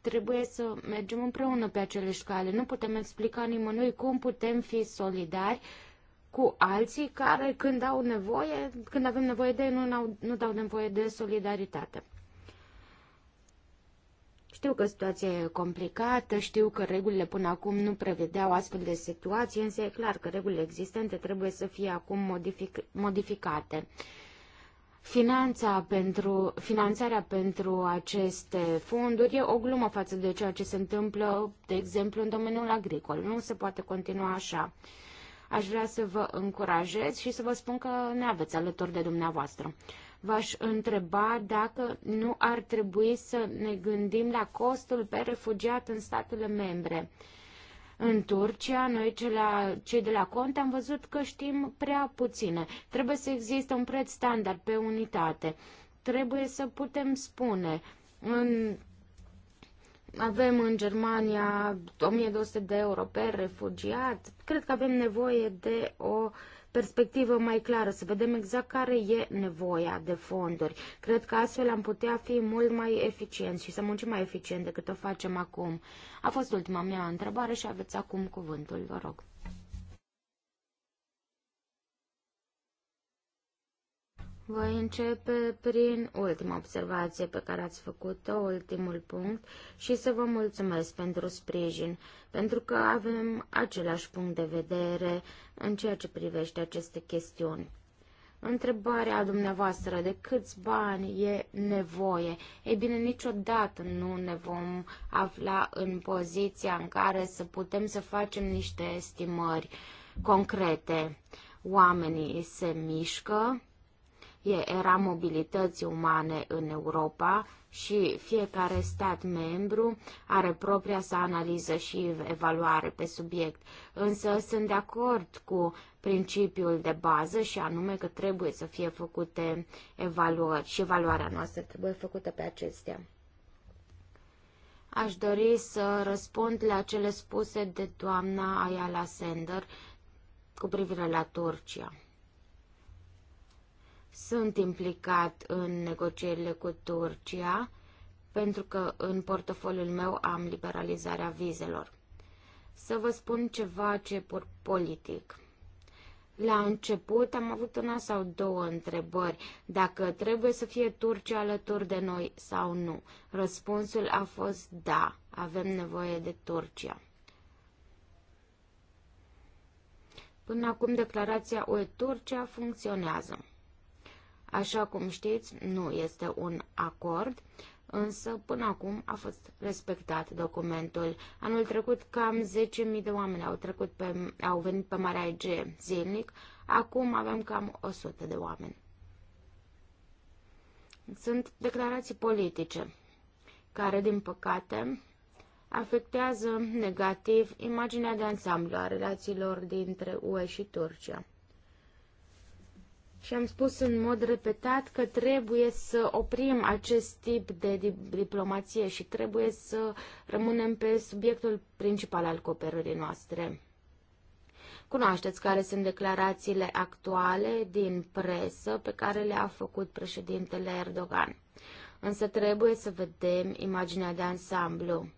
A: Trebuie să mergem împreună pe acele cale. Nu putem explica nimănui cum putem fi solidari uh, cu alții care când au nevoie, când avem nevoie de ei, nu, nu dau nevoie de solidaritate. Știu că situația e complicată, știu că regulile până acum nu prevedeau astfel de situații, însă e clar că regulile existente trebuie să fie acum modific modificate. Finanța pentru, finanțarea pentru aceste fonduri e o glumă față de ceea ce se întâmplă, de exemplu, în domeniul agricol. Nu se poate continua așa. Aș vrea să vă încurajez și să vă spun că ne aveți alături de dumneavoastră. V-aș întreba dacă nu ar trebui să ne gândim la costul pe refugiat în statele membre. În Turcia, noi la, cei de la Conte am văzut că știm prea puține. Trebuie să existe un preț standard pe unitate. Trebuie să putem spune în avem în Germania 1200 de euro per refugiat. Cred că avem nevoie de o perspectivă mai clară, să vedem exact care e nevoia de fonduri. Cred că astfel am putea fi mult mai eficienți și să muncim mai eficient decât o facem acum. A fost ultima mea întrebare și aveți acum cuvântul, vă rog. Voi începe prin ultima observație pe care ați făcut-o, ultimul punct, și să vă mulțumesc pentru sprijin, pentru că avem același punct de vedere în ceea ce privește aceste chestiuni. Întrebarea dumneavoastră de câți bani e nevoie. Ei bine, niciodată nu ne vom afla în poziția în care să putem să facem niște estimări concrete. Oamenii se mișcă, era mobilității umane în Europa și fiecare stat membru are propria sa analiză și evaluare pe subiect. Însă sunt de acord cu principiul de bază și anume că trebuie să fie făcute evaluări și evaluarea noastră trebuie făcută pe acestea. Aș dori să răspund la cele spuse de doamna Ayala Sender cu privire la Turcia sunt implicat în negocierile cu Turcia, pentru că în portofoliul meu am liberalizarea vizelor. Să vă spun ceva ce pur politic. La început am avut una sau două întrebări, dacă trebuie să fie Turcia alături de noi sau nu. Răspunsul a fost da, avem nevoie de Turcia. Până acum declarația UE Turcia funcționează. Așa cum știți, nu este un acord, însă până acum a fost respectat documentul. Anul trecut cam 10.000 de oameni au, trecut pe, au venit pe Marea Ege zilnic, acum avem cam 100 de oameni. Sunt declarații politice, care, din păcate, afectează negativ imaginea de ansamblu a relațiilor dintre UE și Turcia și am spus în mod repetat că trebuie să oprim acest tip de diplomație și trebuie să rămânem pe subiectul principal al cooperării noastre. Cunoașteți care sunt declarațiile actuale din presă pe care le-a făcut președintele Erdogan. Însă trebuie să vedem imaginea de ansamblu.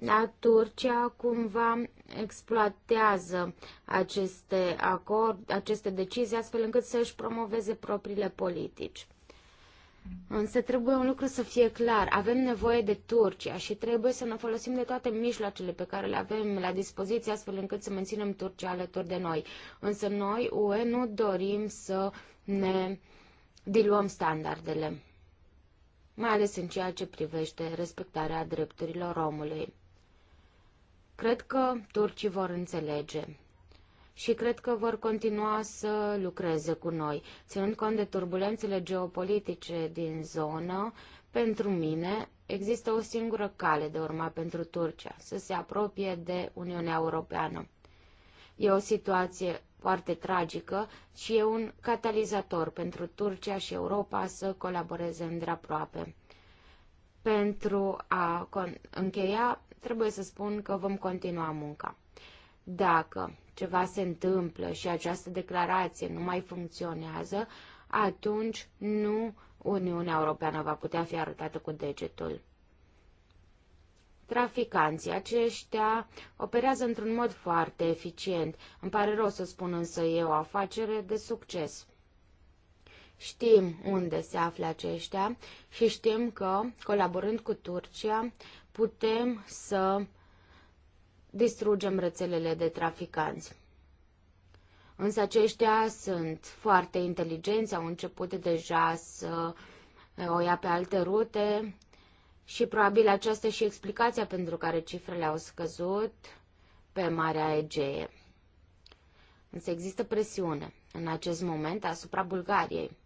A: La Turcia cumva exploatează aceste, acord, aceste decizii astfel încât să își promoveze propriile politici. Însă trebuie un lucru să fie clar. Avem nevoie de Turcia și trebuie să ne folosim de toate mijloacele pe care le avem la dispoziție astfel încât să menținem Turcia alături de noi. Însă noi, UE, nu dorim să ne diluăm standardele, mai ales în ceea ce privește respectarea drepturilor omului. Cred că turcii vor înțelege și cred că vor continua să lucreze cu noi. Ținând cont de turbulențele geopolitice din zonă, pentru mine există o singură cale de urma pentru Turcia, să se apropie de Uniunea Europeană. E o situație foarte tragică și e un catalizator pentru Turcia și Europa să colaboreze îndreaproape. Pentru a încheia, trebuie să spun că vom continua munca. Dacă ceva se întâmplă și această declarație nu mai funcționează, atunci nu Uniunea Europeană va putea fi arătată cu degetul. Traficanții aceștia operează într-un mod foarte eficient. Îmi pare rău să spun însă e o afacere de succes. Știm unde se află aceștia și știm că, colaborând cu Turcia, putem să distrugem rețelele de traficanți. Însă aceștia sunt foarte inteligenți, au început deja să o ia pe alte rute și probabil aceasta și explicația pentru care cifrele au scăzut pe Marea Egee. Însă există presiune în acest moment asupra Bulgariei.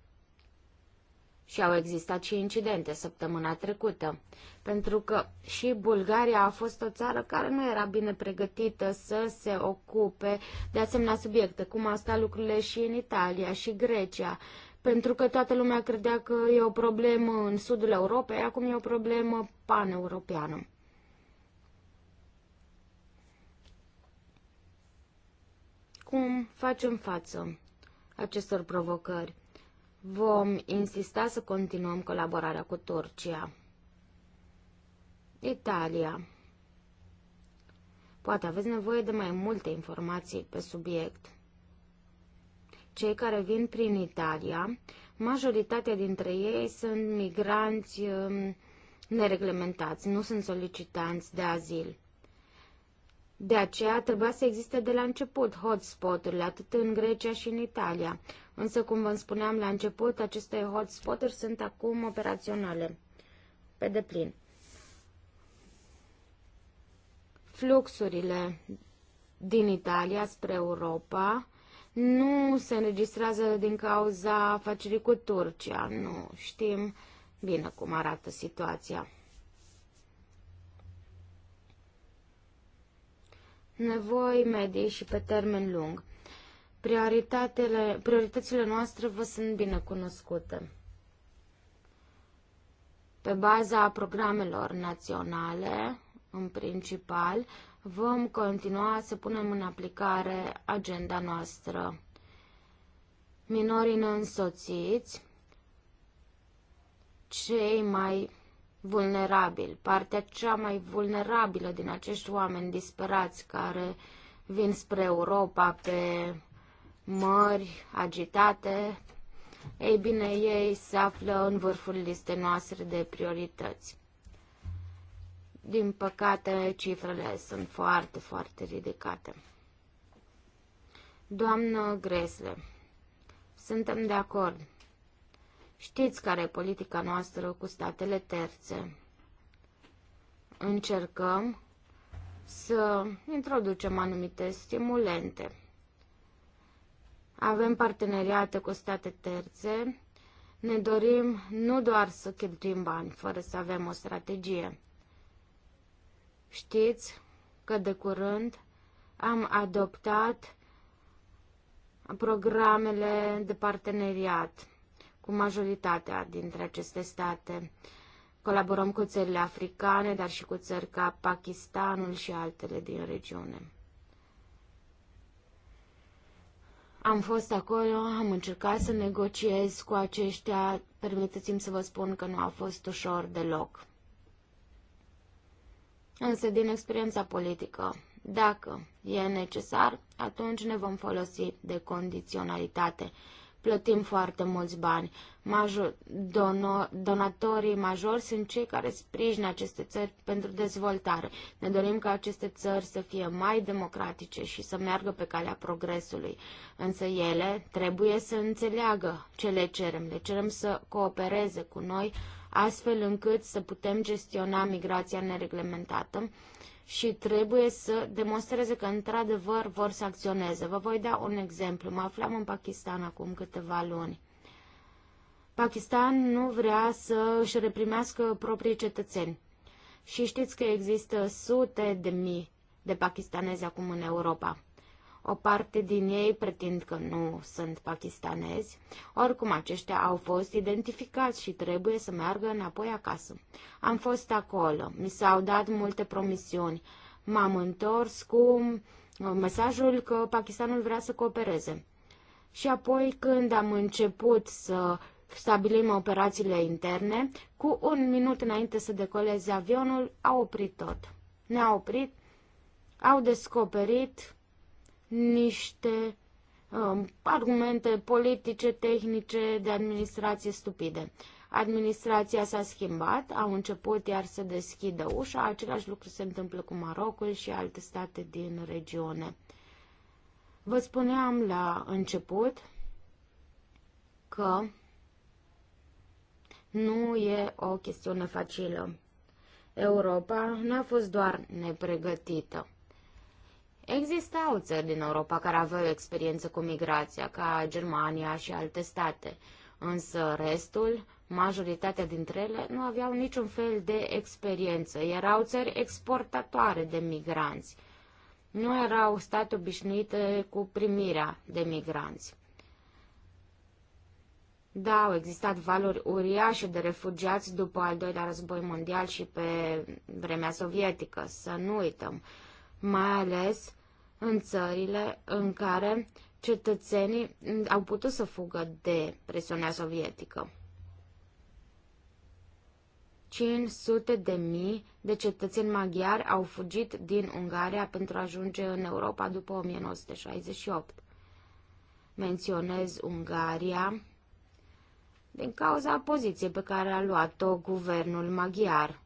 A: Și au existat și incidente săptămâna trecută, pentru că și Bulgaria a fost o țară care nu era bine pregătită să se ocupe de asemenea subiecte, cum au stat lucrurile și în Italia și Grecia pentru că toată lumea credea că e o problemă în sudul Europei, acum e o problemă paneuropeană. Cum facem față acestor provocări? Vom insista să continuăm colaborarea cu Turcia. Italia. Poate aveți nevoie de mai multe informații pe subiect. Cei care vin prin Italia, majoritatea dintre ei sunt migranți um, nereglementați, nu sunt solicitanți de azil. De aceea trebuia să existe de la început hotspot-urile atât în Grecia și în Italia. Însă, cum vă spuneam la început, aceste hotspot-uri sunt acum operaționale, pe deplin. Fluxurile din Italia spre Europa nu se înregistrează din cauza afacerii cu Turcia. Nu știm bine cum arată situația. Nevoi medii și pe termen lung. Prioritatele, prioritățile noastre vă sunt bine cunoscute. Pe baza programelor naționale, în principal, vom continua să punem în aplicare agenda noastră. Minorii neînsoțiți, cei mai vulnerabili, partea cea mai vulnerabilă din acești oameni disperați care vin spre Europa pe mări agitate, ei bine, ei se află în vârful listei noastre de priorități. Din păcate, cifrele sunt foarte, foarte ridicate. Doamnă Gresle, suntem de acord. Știți care e politica noastră cu statele terțe. Încercăm să introducem anumite stimulente. Avem parteneriate cu state terțe. Ne dorim nu doar să cheltuim bani fără să avem o strategie. Știți că de curând am adoptat programele de parteneriat cu majoritatea dintre aceste state. Colaborăm cu țările africane, dar și cu țări ca Pakistanul și altele din regiune. Am fost acolo, am încercat să negociez cu aceștia. Permiteți-mi să vă spun că nu a fost ușor deloc. Însă, din experiența politică, dacă e necesar, atunci ne vom folosi de condiționalitate plătim foarte mulți bani. Major, dono, donatorii majori sunt cei care sprijină aceste țări pentru dezvoltare. Ne dorim ca aceste țări să fie mai democratice și să meargă pe calea progresului. Însă ele trebuie să înțeleagă ce le cerem. Le cerem să coopereze cu noi astfel încât să putem gestiona migrația nereglementată și trebuie să demonstreze că într-adevăr vor să acționeze. Vă voi da un exemplu. Mă aflam în Pakistan acum câteva luni. Pakistan nu vrea să își reprimească proprii cetățeni. Și știți că există sute de mii de pakistanezi acum în Europa. O parte din ei pretind că nu sunt pakistanezi. Oricum, aceștia au fost identificați și trebuie să meargă înapoi acasă. Am fost acolo, mi s-au dat multe promisiuni. M-am întors cu uh, mesajul că Pakistanul vrea să coopereze. Și apoi, când am început să stabilim operațiile interne, cu un minut înainte să decoleze avionul, a oprit tot. Ne-a oprit, au descoperit niște um, argumente politice, tehnice, de administrație stupide. Administrația s-a schimbat, au început iar să deschidă ușa, același lucru se întâmplă cu Marocul și alte state din regiune. Vă spuneam la început că nu e o chestiune facilă. Europa n-a fost doar nepregătită. Existau țări din Europa care aveau experiență cu migrația, ca Germania și alte state, însă restul, majoritatea dintre ele, nu aveau niciun fel de experiență. Erau țări exportatoare de migranți. Nu erau state obișnuite cu primirea de migranți. Da, au existat valuri uriașe de refugiați după al doilea război mondial și pe vremea sovietică, să nu uităm. Mai ales în țările în care cetățenii au putut să fugă de presiunea sovietică. 500 de mii de cetățeni maghiari au fugit din Ungaria pentru a ajunge în Europa după 1968. Menționez Ungaria din cauza poziției pe care a luat-o guvernul maghiar.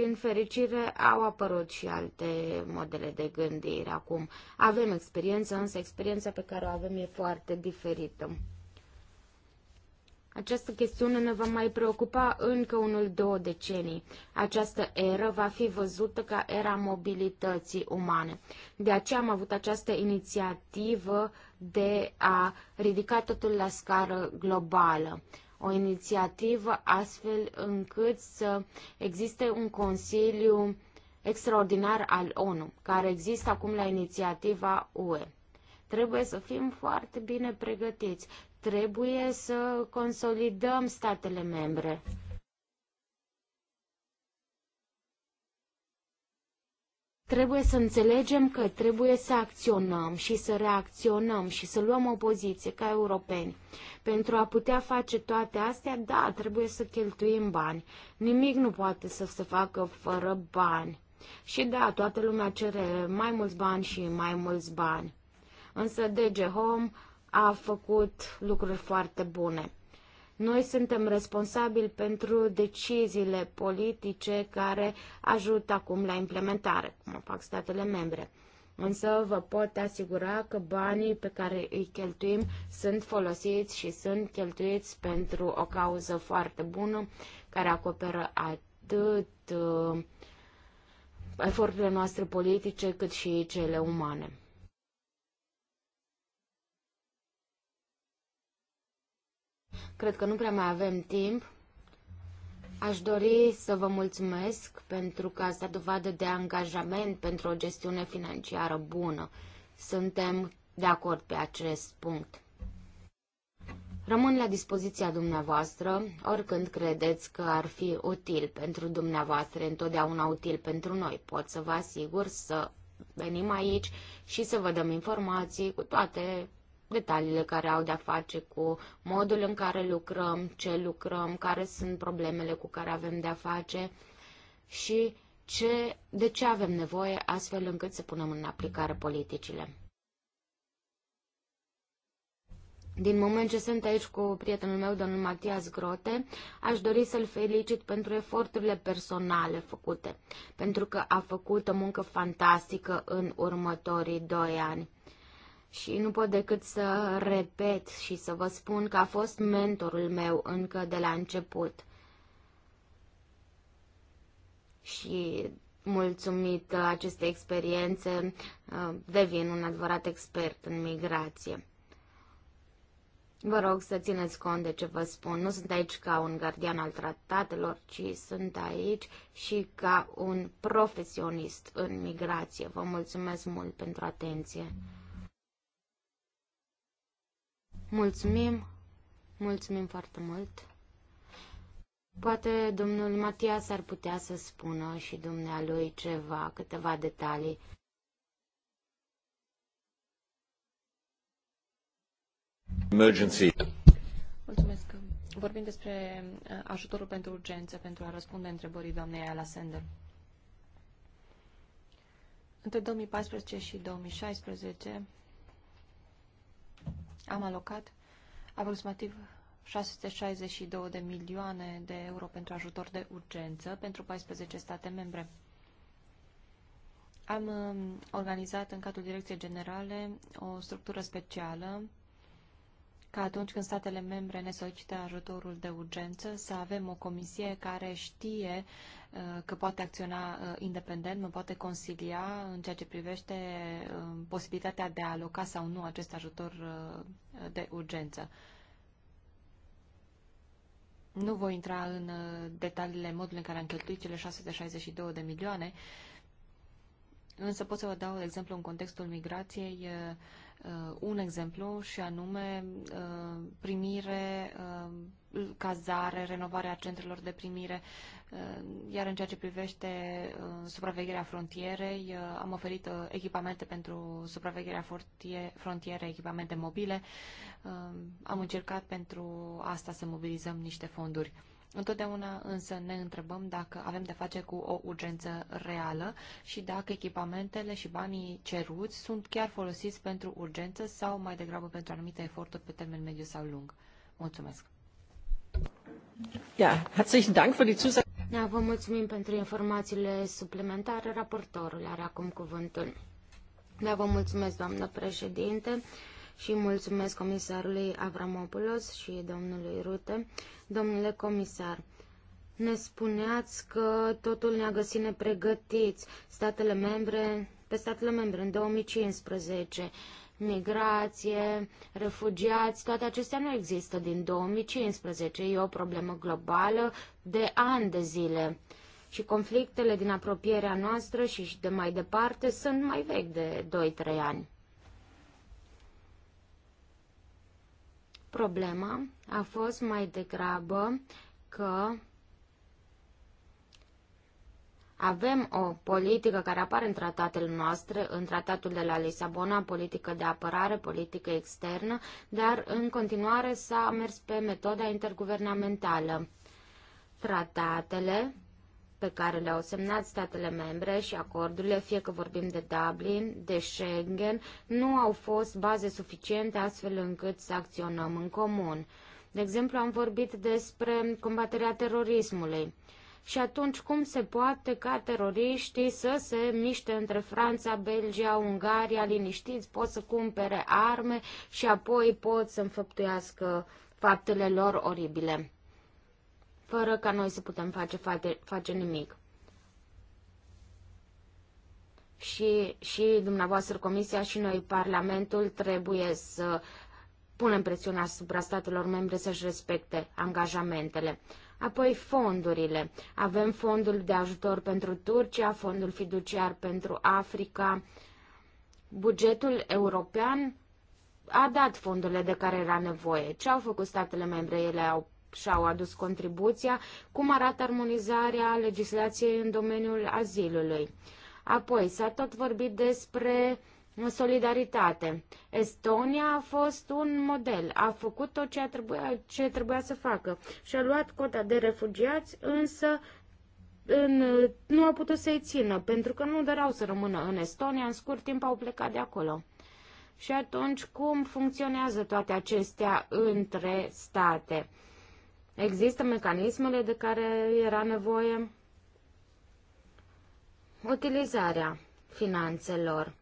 A: Din fericire, au apărut și alte modele de gândire acum. Avem experiență, însă experiența pe care o avem e foarte diferită. Această chestiune ne va mai preocupa încă unul două decenii. Această eră va fi văzută ca era mobilității umane. De aceea am avut această inițiativă de a ridica totul la scară globală o inițiativă astfel încât să existe un Consiliu extraordinar al ONU, care există acum la inițiativa UE. Trebuie să fim foarte bine pregătiți. Trebuie să consolidăm statele membre. Trebuie să înțelegem că trebuie să acționăm și să reacționăm și să luăm o poziție ca europeni. Pentru a putea face toate astea, da, trebuie să cheltuim bani. Nimic nu poate să se facă fără bani. Și da, toată lumea cere mai mulți bani și mai mulți bani. Însă DG Home a făcut lucruri foarte bune. Noi suntem responsabili pentru deciziile politice care ajută acum la implementare, cum o fac statele membre. Însă vă pot asigura că banii pe care îi cheltuim sunt folosiți și sunt cheltuiți pentru o cauză foarte bună care acoperă atât uh, eforturile noastre politice cât și cele umane. Cred că nu prea mai avem timp. Aș dori să vă mulțumesc pentru că ați dat dovadă de angajament pentru o gestiune financiară bună. Suntem de acord pe acest punct. Rămân la dispoziția dumneavoastră, oricând credeți că ar fi util pentru dumneavoastră, întotdeauna util pentru noi. Pot să vă asigur să venim aici și să vă dăm informații cu toate detaliile care au de-a face cu modul în care lucrăm, ce lucrăm, care sunt problemele cu care avem de-a face și ce, de ce avem nevoie astfel încât să punem în aplicare politicile. Din moment ce sunt aici cu prietenul meu, domnul Matias Grote, aș dori să-l felicit pentru eforturile personale făcute, pentru că a făcut o muncă fantastică în următorii doi ani și nu pot decât să repet și să vă spun că a fost mentorul meu încă de la început. Și mulțumită acestei experiențe uh, devin un adevărat expert în migrație. Vă rog să țineți cont de ce vă spun. Nu sunt aici ca un gardian al tratatelor, ci sunt aici și ca un profesionist în migrație. Vă mulțumesc mult pentru atenție. Mulțumim! Mulțumim foarte mult! Poate domnul Matias ar putea să spună și dumnealui ceva, câteva detalii.
B: Emergency.
C: Mulțumesc. Vorbim despre uh, ajutorul pentru urgențe pentru a răspunde întrebării doamnei Ala Sender. Între 2014 și 2016 am alocat aproximativ 662 de milioane de euro pentru ajutor de urgență pentru 14 state membre. Am um, organizat în cadrul Direcției Generale o structură specială ca atunci când statele membre ne solicită ajutorul de urgență să avem o comisie care știe uh, că poate acționa uh, independent, mă poate consilia în ceea ce privește uh, posibilitatea de a aloca sau nu acest ajutor de urgență. Nu voi intra în detaliile modului în care am cheltuit cele 662 de milioane, însă pot să vă dau, de exemplu, în contextul migrației, Uh, un exemplu și anume uh, primire, uh, cazare, renovarea centrelor de primire, iar în ceea ce privește supravegherea frontierei, am oferit echipamente pentru supravegherea frontierei, echipamente mobile. Am încercat pentru asta să mobilizăm niște fonduri. Întotdeauna însă ne întrebăm dacă avem de face cu o urgență reală și dacă echipamentele și banii ceruți sunt chiar folosiți pentru urgență sau mai degrabă pentru anumite eforturi pe termen mediu sau lung. Mulțumesc!
B: Ja, Da,
C: vă mulțumim
A: pentru informațiile suplimentare. Raportorul are acum cuvântul. Da, vă mulțumesc, doamnă președinte și mulțumesc comisarului Avramopoulos și domnului Rute. Domnule comisar, ne spuneați că totul ne-a găsit nepregătiți. Statele membre, pe statele membre în 2015 migrație, refugiați, toate acestea nu există din 2015. E o problemă globală de ani de zile. Și conflictele din apropierea noastră și de mai departe sunt mai vechi de 2-3 ani. Problema a fost mai degrabă că avem o politică care apare în tratatele noastre, în tratatul de la Lisabona, politică de apărare, politică externă, dar în continuare s-a mers pe metoda interguvernamentală. Tratatele pe care le-au semnat statele membre și acordurile, fie că vorbim de Dublin, de Schengen, nu au fost baze suficiente astfel încât să acționăm în comun. De exemplu, am vorbit despre combaterea terorismului. Și atunci cum se poate ca teroriștii să se miște între Franța, Belgia, Ungaria, liniștiți, pot să cumpere arme și apoi pot să înfăptuiască faptele lor oribile fără ca noi să putem face, face, face nimic. Și, și dumneavoastră Comisia și noi Parlamentul trebuie să punem presiune asupra statelor membre să-și respecte angajamentele. Apoi fondurile. Avem fondul de ajutor pentru Turcia, fondul fiduciar pentru Africa. Bugetul european a dat fondurile de care era nevoie. Ce au făcut statele membre? Ele au și-au adus contribuția, cum arată armonizarea legislației în domeniul azilului. Apoi s-a tot vorbit despre solidaritate. Estonia a fost un model, a făcut tot ce trebuia, ce trebuia să facă și a luat cota de refugiați, însă în, nu a putut să-i țină, pentru că nu doreau să rămână în Estonia, în scurt timp au plecat de acolo. Și atunci, cum funcționează toate acestea între state? Există mecanismele de care era nevoie? Utilizarea finanțelor.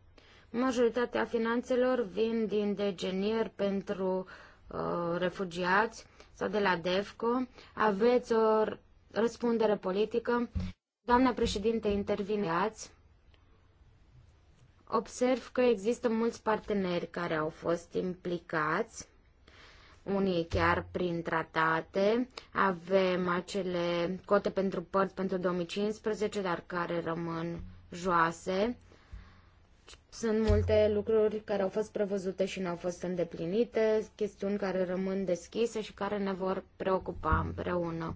A: Majoritatea finanțelor vin din degenier pentru uh, refugiați sau de la DEFCO. Aveți o răspundere politică. Doamna președinte, intervineați. Observ că există mulți parteneri care au fost implicați unii chiar prin tratate. Avem acele cote pentru părți pentru 2015, dar care rămân joase. Sunt multe lucruri care au fost prevăzute și nu au fost îndeplinite, chestiuni care rămân deschise și care ne vor preocupa împreună.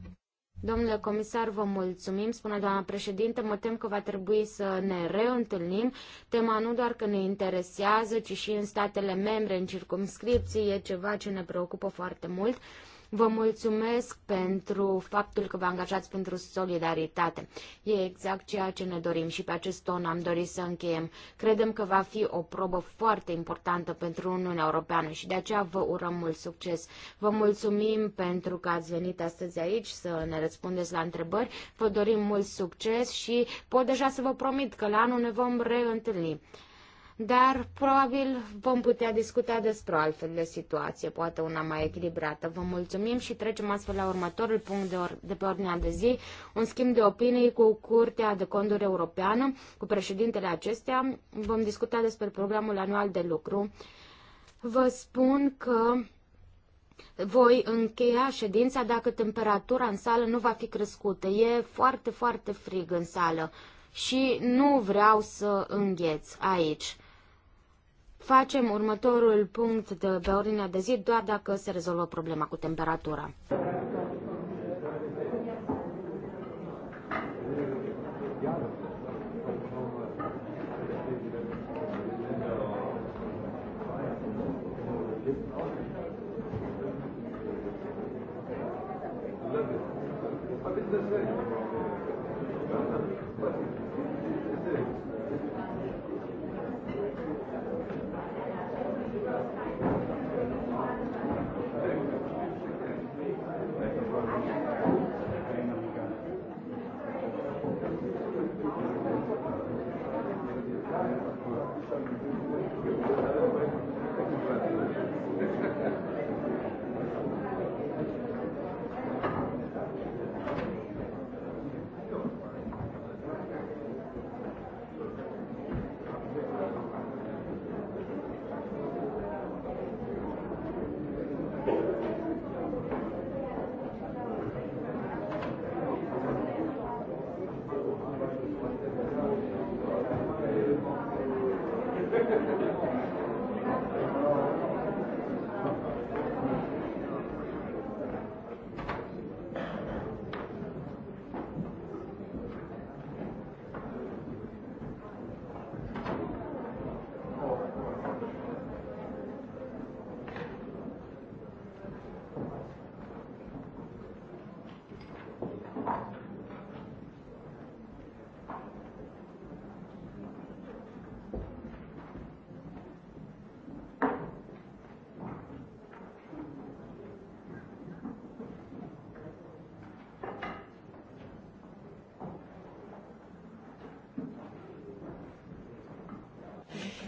A: Domnule comisar, vă mulțumim, spune doamna președinte, mă tem că va trebui să ne reîntâlnim. Tema nu doar că ne interesează, ci și în statele membre, în circumscripții, e ceva ce ne preocupă foarte mult. Vă mulțumesc pentru faptul că vă angajați pentru solidaritate. E exact ceea ce ne dorim și pe acest ton am dorit să încheiem. Credem că va fi o probă foarte importantă pentru Uniunea Europeană și de aceea vă urăm mult succes. Vă mulțumim pentru că ați venit astăzi aici să ne răspundeți la întrebări. Vă dorim mult succes și pot deja să vă promit că la anul ne vom reîntâlni dar probabil vom putea discuta despre o altfel de situație, poate una mai echilibrată. Vă mulțumim și trecem astfel la următorul punct de, or- de pe ordinea de zi, un schimb de opinii cu Curtea de Conduri Europeană, cu președintele acestea. Vom discuta despre programul anual de lucru. Vă spun că voi încheia ședința dacă temperatura în sală nu va fi crescută. E foarte, foarte frig în sală și nu vreau să îngheț aici. Facem următorul punct de pe ordinea de zi doar dacă se rezolvă problema cu temperatura.
B: Thank you.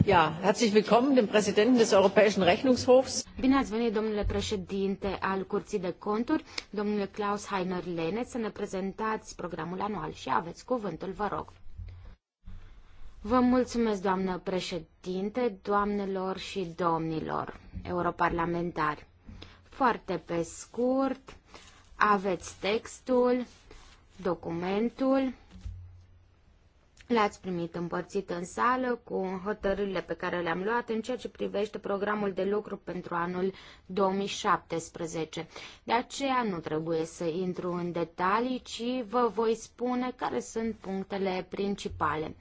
B: Ja, herzlich
A: willkommen dem Präsidenten des Europäischen Rechnungshofs. Bine ați venit, domnule președinte al Curții de Conturi, domnule Klaus Heiner Lene, să ne prezentați programul anual și aveți cuvântul, vă rog. Vă mulțumesc, doamnă președinte, doamnelor și domnilor europarlamentari. Foarte pe scurt, aveți textul, documentul, le-ați primit împărțit în sală cu hotărârile pe care le-am luat în ceea ce privește programul de lucru pentru anul 2017. De aceea nu trebuie să intru în detalii, ci vă voi spune care sunt punctele principale.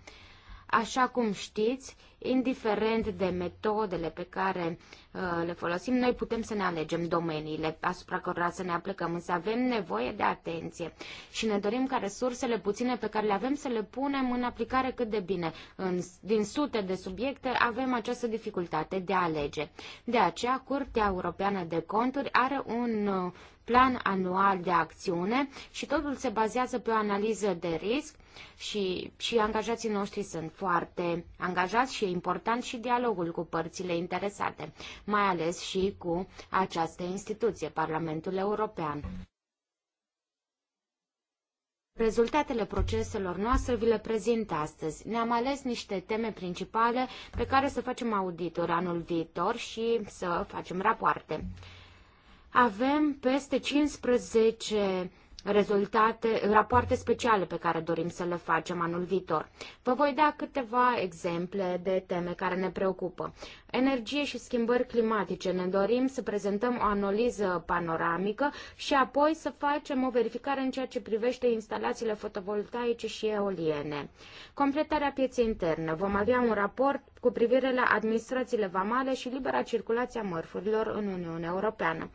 A: Așa cum știți, indiferent de metodele pe care uh, le folosim, noi putem să ne alegem domeniile asupra cărora să ne aplicăm, însă avem nevoie de atenție și ne dorim ca resursele puține pe care le avem să le punem în aplicare cât de bine. În, din sute de subiecte avem această dificultate de a alege. De aceea, Curtea Europeană de Conturi are un uh, plan anual de acțiune și totul se bazează pe o analiză de risc și, și angajații noștri sunt foarte angajați și e important și dialogul cu părțile interesate, mai ales și cu această instituție, Parlamentul European. Rezultatele proceselor noastre vi le prezint astăzi. Ne-am ales niște teme principale pe care să facem auditor anul viitor și să facem rapoarte. Avem peste 15 rezultate, rapoarte speciale pe care dorim să le facem anul viitor. Vă voi da câteva exemple de teme care ne preocupă. Energie și schimbări climatice. Ne dorim să prezentăm o analiză panoramică și apoi să facem o verificare în ceea ce privește instalațiile fotovoltaice și eoliene. Completarea pieței interne. Vom avea un raport cu privire la administrațiile vamale și libera circulație a mărfurilor în Uniunea Europeană.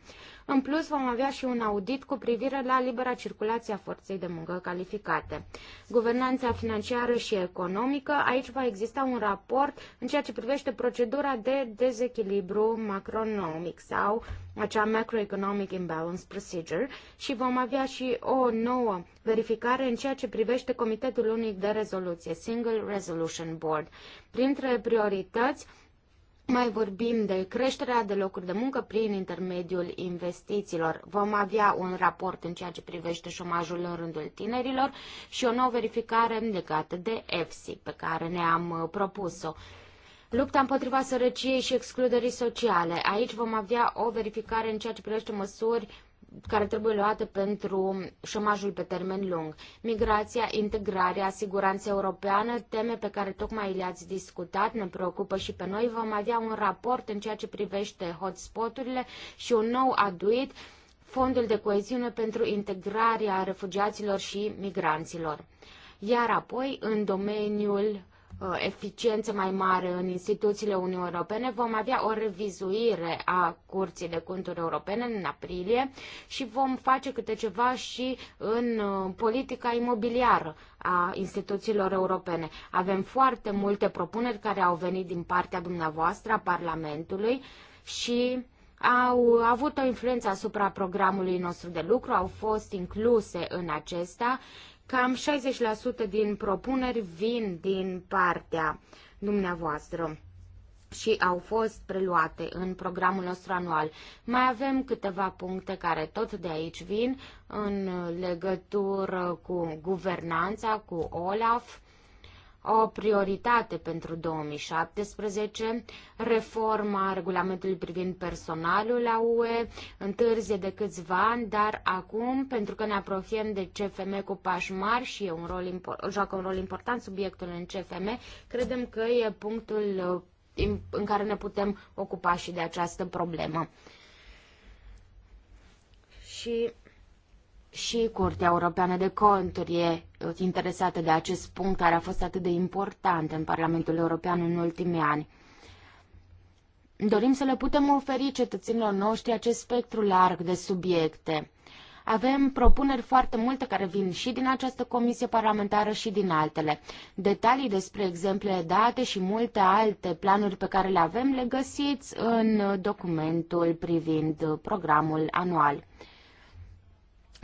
A: În plus, vom avea și un audit cu privire la libera circulație a forței de muncă calificate. Guvernanța financiară și economică, aici va exista un raport în ceea ce privește procedura de dezechilibru macroeconomic sau acea Macroeconomic Imbalance Procedure și vom avea și o nouă verificare în ceea ce privește Comitetul Unic de Rezoluție, Single Resolution Board. Printre priorități, mai vorbim de creșterea de locuri de muncă prin intermediul investițiilor. Vom avea un raport în ceea ce privește șomajul în rândul tinerilor și o nouă verificare legată de EFSI pe care ne-am uh, propus-o. Lupta împotriva sărăciei și excluderii sociale. Aici vom avea o verificare în ceea ce privește măsuri care trebuie luate pentru șomajul pe termen lung. Migrația, integrarea, siguranța europeană, teme pe care tocmai le-ați discutat, ne preocupă și pe noi. Vom avea un raport în ceea ce privește hotspoturile și un nou aduit, fondul de coeziune pentru integrarea refugiaților și migranților. Iar apoi, în domeniul Uh, eficiență mai mare în instituțiile Uniunii Europene, vom avea o revizuire a Curții de Conturi Europene în aprilie și vom face câte ceva și în uh, politica imobiliară a instituțiilor europene. Avem foarte multe propuneri care au venit din partea dumneavoastră a Parlamentului și au avut o influență asupra programului nostru de lucru, au fost incluse în acesta Cam 60% din propuneri vin din partea dumneavoastră și au fost preluate în programul nostru anual. Mai avem câteva puncte care tot de aici vin în legătură cu guvernanța, cu OLAF, o prioritate pentru 2017, reforma regulamentului privind personalul la UE, întârzie de câțiva ani, dar acum, pentru că ne apropiem de CFM cu pași mari și e un rol joacă un rol important subiectul în CFM, credem că e punctul uh, în care ne putem ocupa și de această problemă. Și și Curtea Europeană de Conturi e interesată de acest punct care a fost atât de important în Parlamentul European în ultimii ani. Dorim să le putem oferi cetățenilor noștri acest spectru larg de subiecte. Avem propuneri foarte multe care vin și din această comisie parlamentară și din altele. Detalii despre exemple date și multe alte planuri pe care le avem le găsiți în documentul privind programul anual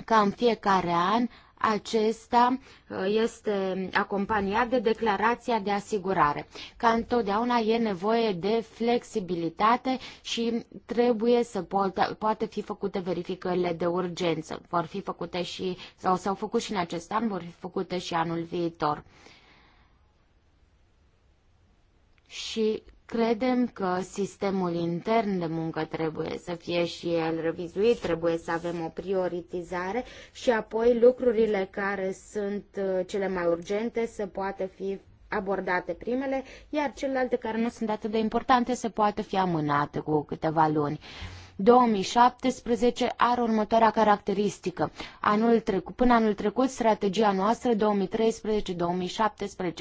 A: ca în fiecare an acesta uh, este acompaniat de declarația de asigurare. Ca întotdeauna e nevoie de flexibilitate și trebuie să poată, poate fi făcute verificările de urgență. Vor fi făcute și, sau s-au făcut și în acest an, vor fi făcute și anul viitor. Și Credem că sistemul intern de muncă trebuie să fie și el revizuit, trebuie să avem o prioritizare și apoi lucrurile care sunt uh, cele mai urgente să poată fi abordate primele, iar celelalte care nu sunt atât de importante se poate fi amânate cu câteva luni. 2017 are următoarea caracteristică. Anul trecut, până anul trecut, strategia noastră 2013-2017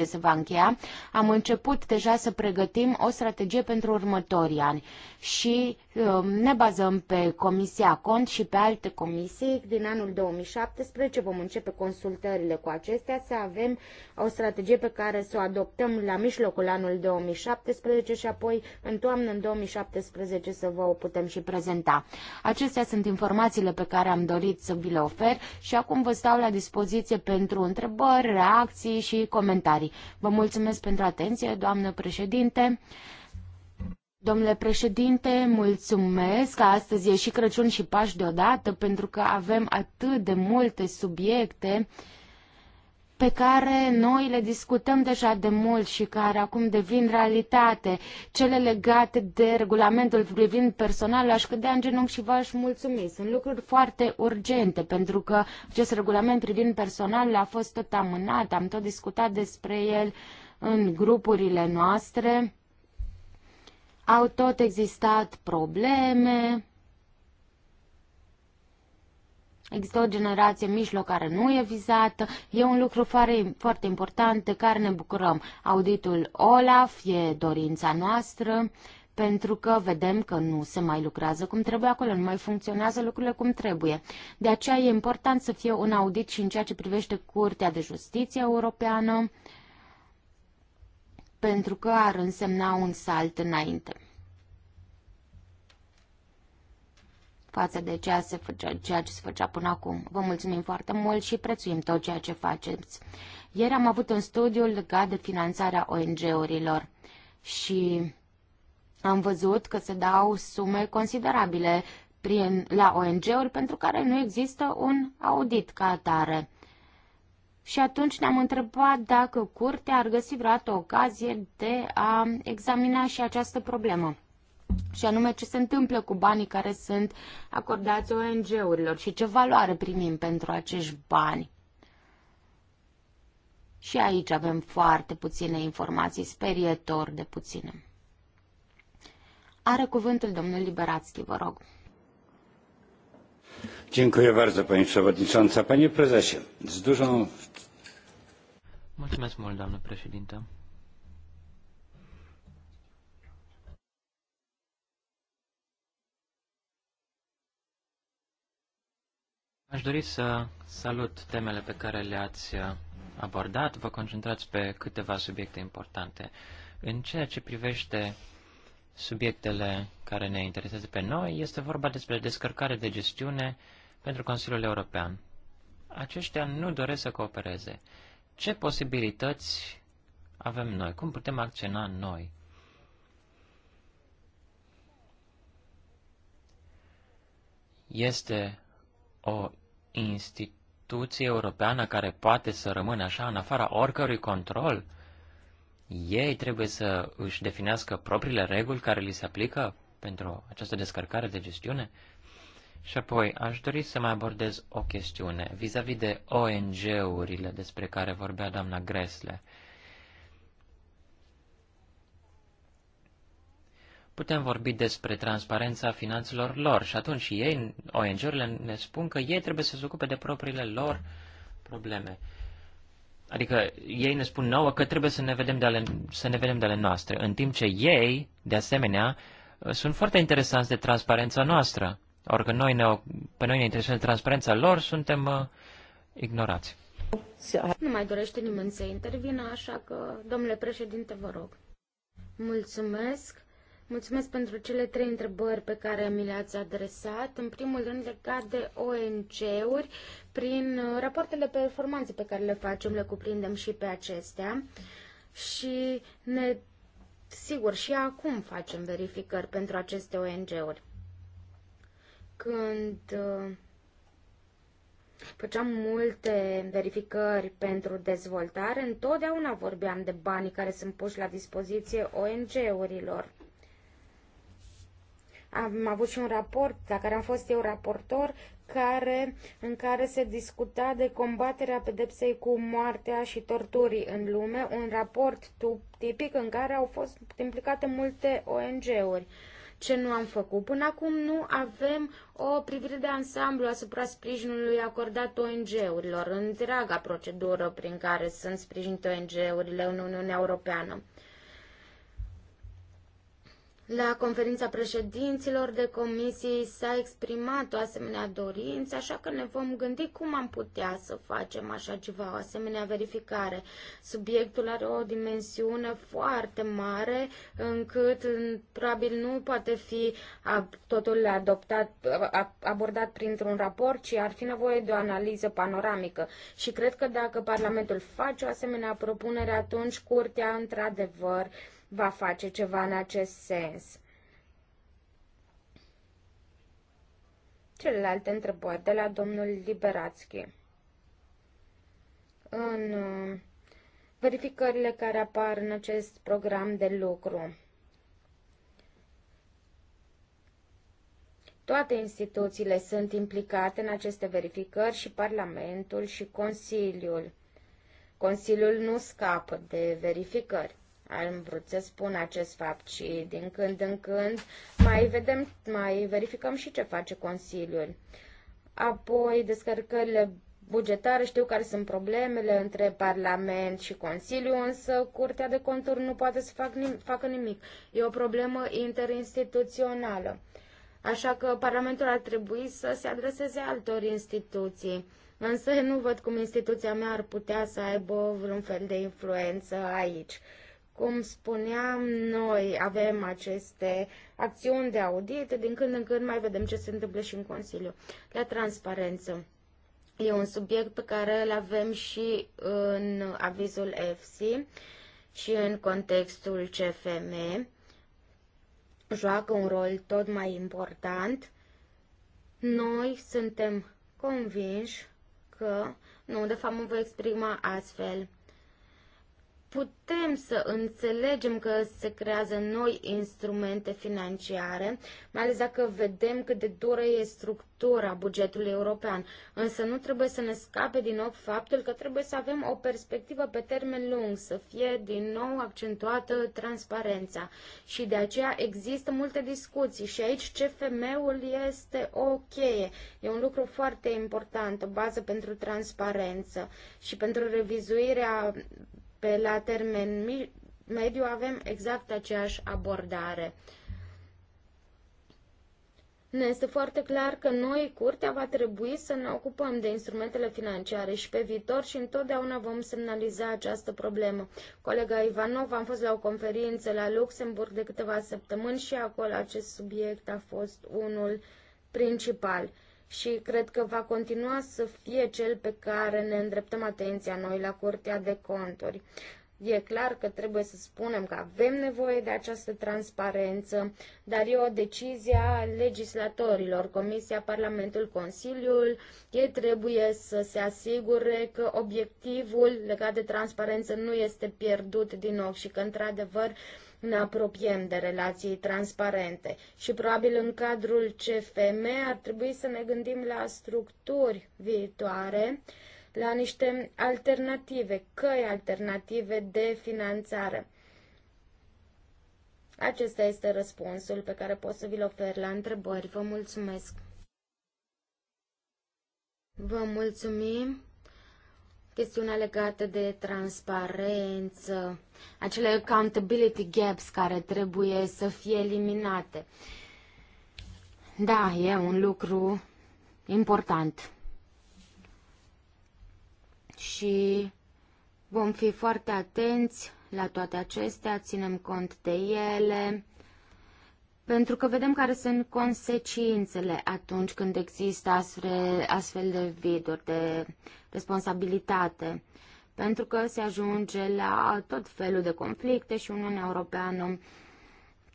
A: se va încheia. Am început deja să pregătim o strategie pentru următorii ani și Um, ne bazăm pe Comisia Cont și pe alte comisii. Din anul 2017 vom începe consultările cu acestea, să avem o strategie pe care să o adoptăm la mijlocul anul 2017 și apoi în toamnă în 2017 să vă o putem și prezenta. Acestea sunt informațiile pe care am dorit să vi le ofer și acum vă stau la dispoziție pentru întrebări, reacții și comentarii. Vă mulțumesc pentru atenție, doamnă președinte. Domnule președinte, mulțumesc. Astăzi e și Crăciun și Paș deodată, pentru că avem atât de multe subiecte pe care noi le discutăm deja de mult și care acum devin realitate. Cele legate de regulamentul privind personal, aș cădea în genunchi și v-aș mulțumi. Sunt lucruri foarte urgente, pentru că acest regulament privind personal a fost tot amânat, am tot discutat despre el în grupurile noastre. Au tot existat probleme. Există o generație mijloc care nu e vizată. E un lucru foarte, foarte important de care ne bucurăm. Auditul OLAF e dorința noastră pentru că vedem că nu se mai lucrează cum trebuie acolo, nu mai funcționează lucrurile cum trebuie. De aceea e important să fie un audit și în ceea ce privește Curtea de Justiție Europeană pentru că ar însemna un salt înainte. față de ceea, se făcea, ceea ce se făcea până acum. Vă mulțumim foarte mult și prețuim tot ceea ce faceți. Ieri am avut un studiu legat de finanțarea ONG-urilor și am văzut că se dau sume considerabile prin, la ONG-uri pentru care nu există un audit ca atare și atunci ne-am întrebat dacă curtea ar găsi vreodată ocazie de a examina și această problemă și anume ce se întâmplă cu banii care sunt acordați ONG-urilor și ce valoare primim pentru acești bani. Și aici avem foarte puține informații, sperietor de puține. Are cuvântul domnul Liberațchi, vă rog.
B: Dziękuję bardzo, pani przewodnicząca. Panie prezesie, z dużą... Mulțumesc mult, doamnă președintă. Aș dori să salut temele pe care le-ați abordat. Vă concentrați pe câteva subiecte importante. În ceea ce privește subiectele care ne interesează pe noi, este vorba despre descărcare de gestiune pentru Consiliul European. Aceștia nu doresc să coopereze. Ce posibilități avem noi? Cum putem acționa noi? Este o instituție europeană care poate să rămână așa în afara oricărui control? Ei trebuie să își definească propriile reguli care li se aplică pentru această descărcare de gestiune? Și apoi, aș dori să mai abordez o chestiune vis-a-vis -vis de ONG-urile despre care vorbea doamna Gresle. Putem vorbi despre transparența finanțelor lor și atunci ei, ONG-urile, ne spun că ei trebuie să se ocupe de propriile lor probleme. Adică ei ne spun nouă că trebuie să ne vedem de ale, să ne vedem de ale noastre, în timp ce ei, de asemenea, sunt foarte interesanți de transparența noastră. Ori noi ne, pe noi ne interesează transparența lor, suntem uh, ignorați.
A: Nu mai dorește nimeni să intervină, așa că, domnule președinte, vă rog. Mulțumesc. Mulțumesc pentru cele trei întrebări pe care mi le-ați adresat. În primul rând legat de ONG-uri, prin uh, rapoartele performanțe pe care le facem, le cuprindem și pe acestea. Și ne, sigur, și acum facem verificări pentru aceste ONG-uri. Când uh, făceam multe verificări pentru dezvoltare, întotdeauna vorbeam de banii care sunt puși la dispoziție ONG-urilor. Am avut și un raport la care am fost eu raportor, care, în care se discuta de combaterea pedepsei cu moartea și torturii în lume, un raport tipic în care au fost implicate multe ONG-uri. Uh, ce nu am făcut. Până acum nu avem o privire de ansamblu asupra sprijinului acordat ONG-urilor, întreaga procedură prin care sunt sprijinite ONG-urile în Uniunea Europeană. La conferința președinților de comisii s-a exprimat o asemenea dorință, așa că ne vom gândi cum am putea să facem așa ceva, o asemenea verificare. Subiectul are o dimensiune foarte mare, încât probabil nu poate fi totul adoptat, abordat printr-un raport, ci ar fi nevoie de o analiză panoramică. Și cred că dacă Parlamentul face o asemenea propunere, atunci Curtea, într-adevăr, va face ceva în acest sens. Celelalte întrebări de la domnul Liberațchi. În uh, verificările care apar în acest program de lucru. Toate instituțiile sunt implicate în aceste verificări și Parlamentul și Consiliul. Consiliul nu scapă de verificări. Am vrut să spun acest fapt și din când în când mai vedem, mai verificăm și ce face Consiliul. Apoi descărcările bugetare, știu care sunt problemele între Parlament și Consiliu, însă Curtea de Conturi nu poate să fac nim- facă nimic. E o problemă interinstituțională. Așa că Parlamentul ar trebui să se adreseze altor instituții. Însă nu văd cum instituția mea ar putea să aibă vreun fel de influență aici. Cum spuneam, noi avem aceste acțiuni de audit, din când în când mai vedem ce se întâmplă și în Consiliu. La transparență. E un subiect pe care îl avem și în avizul EFSI și în contextul CFM. Joacă un rol tot mai important. Noi suntem convinși că, nu, de fapt mă voi exprima astfel, putem să înțelegem că se creează noi instrumente financiare, mai ales dacă vedem cât de dură e structura bugetului european. Însă nu trebuie să ne scape din nou faptul că trebuie să avem o perspectivă pe termen lung, să fie din nou accentuată transparența. Și de aceea există multe discuții și aici CFM-ul este o cheie. E un lucru foarte important, o bază pentru transparență și pentru revizuirea pe la termen mediu avem exact aceeași abordare. Ne este foarte clar că noi, Curtea, va trebui să ne ocupăm de instrumentele financiare și pe viitor și întotdeauna vom semnaliza această problemă. Colega Ivanov, am fost la o conferință la Luxemburg de câteva săptămâni și acolo acest subiect a fost unul principal și cred că va continua să fie cel pe care ne îndreptăm atenția noi la Curtea de Conturi. E clar că trebuie să spunem că avem nevoie de această transparență, dar e o decizie a legislatorilor, Comisia, Parlamentul, Consiliul. Ei trebuie să se asigure că obiectivul legat de transparență nu este pierdut din ochi și că, într-adevăr, uh, ne apropiem de relații transparente și probabil în cadrul CFM ar trebui să ne gândim la structuri viitoare, la niște alternative, căi alternative de finanțare. Acesta este răspunsul pe care pot să vi-l ofer la întrebări. Vă mulțumesc! Vă mulțumim! chestiunea legată de transparență, acele accountability gaps care trebuie să fie eliminate. Da, e un lucru important. Și vom fi foarte atenți la toate acestea, ținem cont de ele pentru că vedem care sunt consecințele atunci când există astfel, astfel de viduri de responsabilitate, pentru că se ajunge la tot felul de conflicte și Uniunea Europeană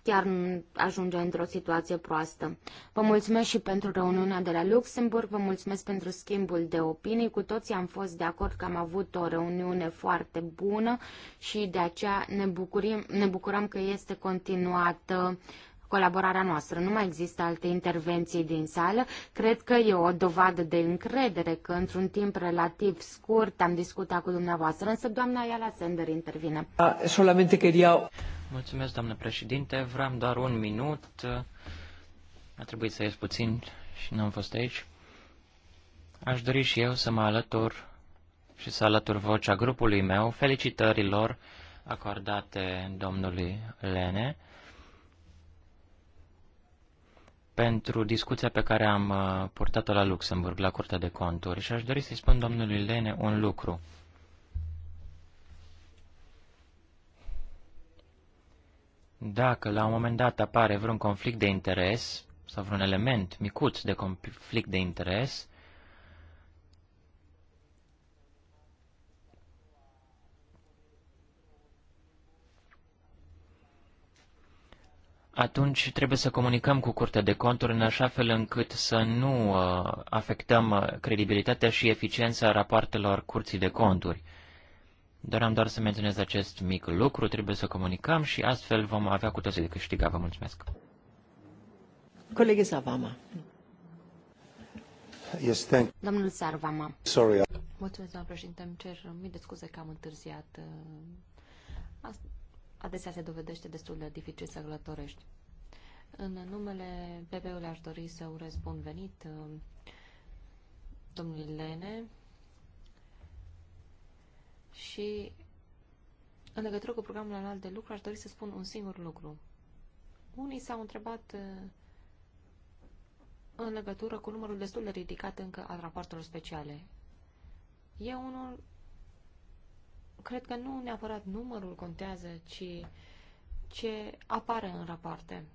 A: chiar ajunge într-o situație proastă. Vă mulțumesc și pentru reuniunea de la Luxemburg, vă mulțumesc pentru schimbul de opinii. Cu toții am fost de acord că am avut o reuniune foarte bună și de aceea ne, bucurim, ne bucurăm că este continuată colaborarea noastră. Nu mai există alte intervenții din sală. Cred că e o dovadă de încredere că într-un timp relativ scurt am discutat cu dumneavoastră, însă doamna Iala Sender intervine.
B: Ah, solamente queria... Mulțumesc, doamnă președinte. Vreau doar un minut. A trebuit să ies puțin și n-am fost aici. Aș dori și eu să mă alătur și să alătur vocea grupului meu felicitărilor acordate domnului Lene pentru discuția pe care am uh, purtat-o la Luxemburg, la Curtea de Conturi, și aș dori să-i spun domnului Lene un lucru. Dacă la un moment dat apare vreun conflict de interes sau vreun element micuț de conflict de interes, atunci trebuie să comunicăm cu Curtea de Conturi în așa fel încât să nu uh, afectăm uh, credibilitatea și eficiența rapoartelor Curții de Conturi. Dar am doar să menționez acest mic lucru, trebuie să comunicăm și astfel vom avea cu toții de câștigat. Vă mulțumesc. Colegii Savama. Yes, thank
C: Domnul Sarvama. Sorry. Mulțumesc, doamnă președinte. Îmi cer mii de scuze că am întârziat. Asta adesea se dovedește destul de dificil să călătorești. În numele PP-ului aș dori să urez bun venit uh, domnului Lene și în legătură cu programul anual de lucru aș dori să spun un singur lucru. Unii s-au întrebat uh, în legătură cu numărul destul de ridicat încă al rapoartelor speciale. Eu unul cred că nu neapărat numărul contează, ci ce apare în rapoarte.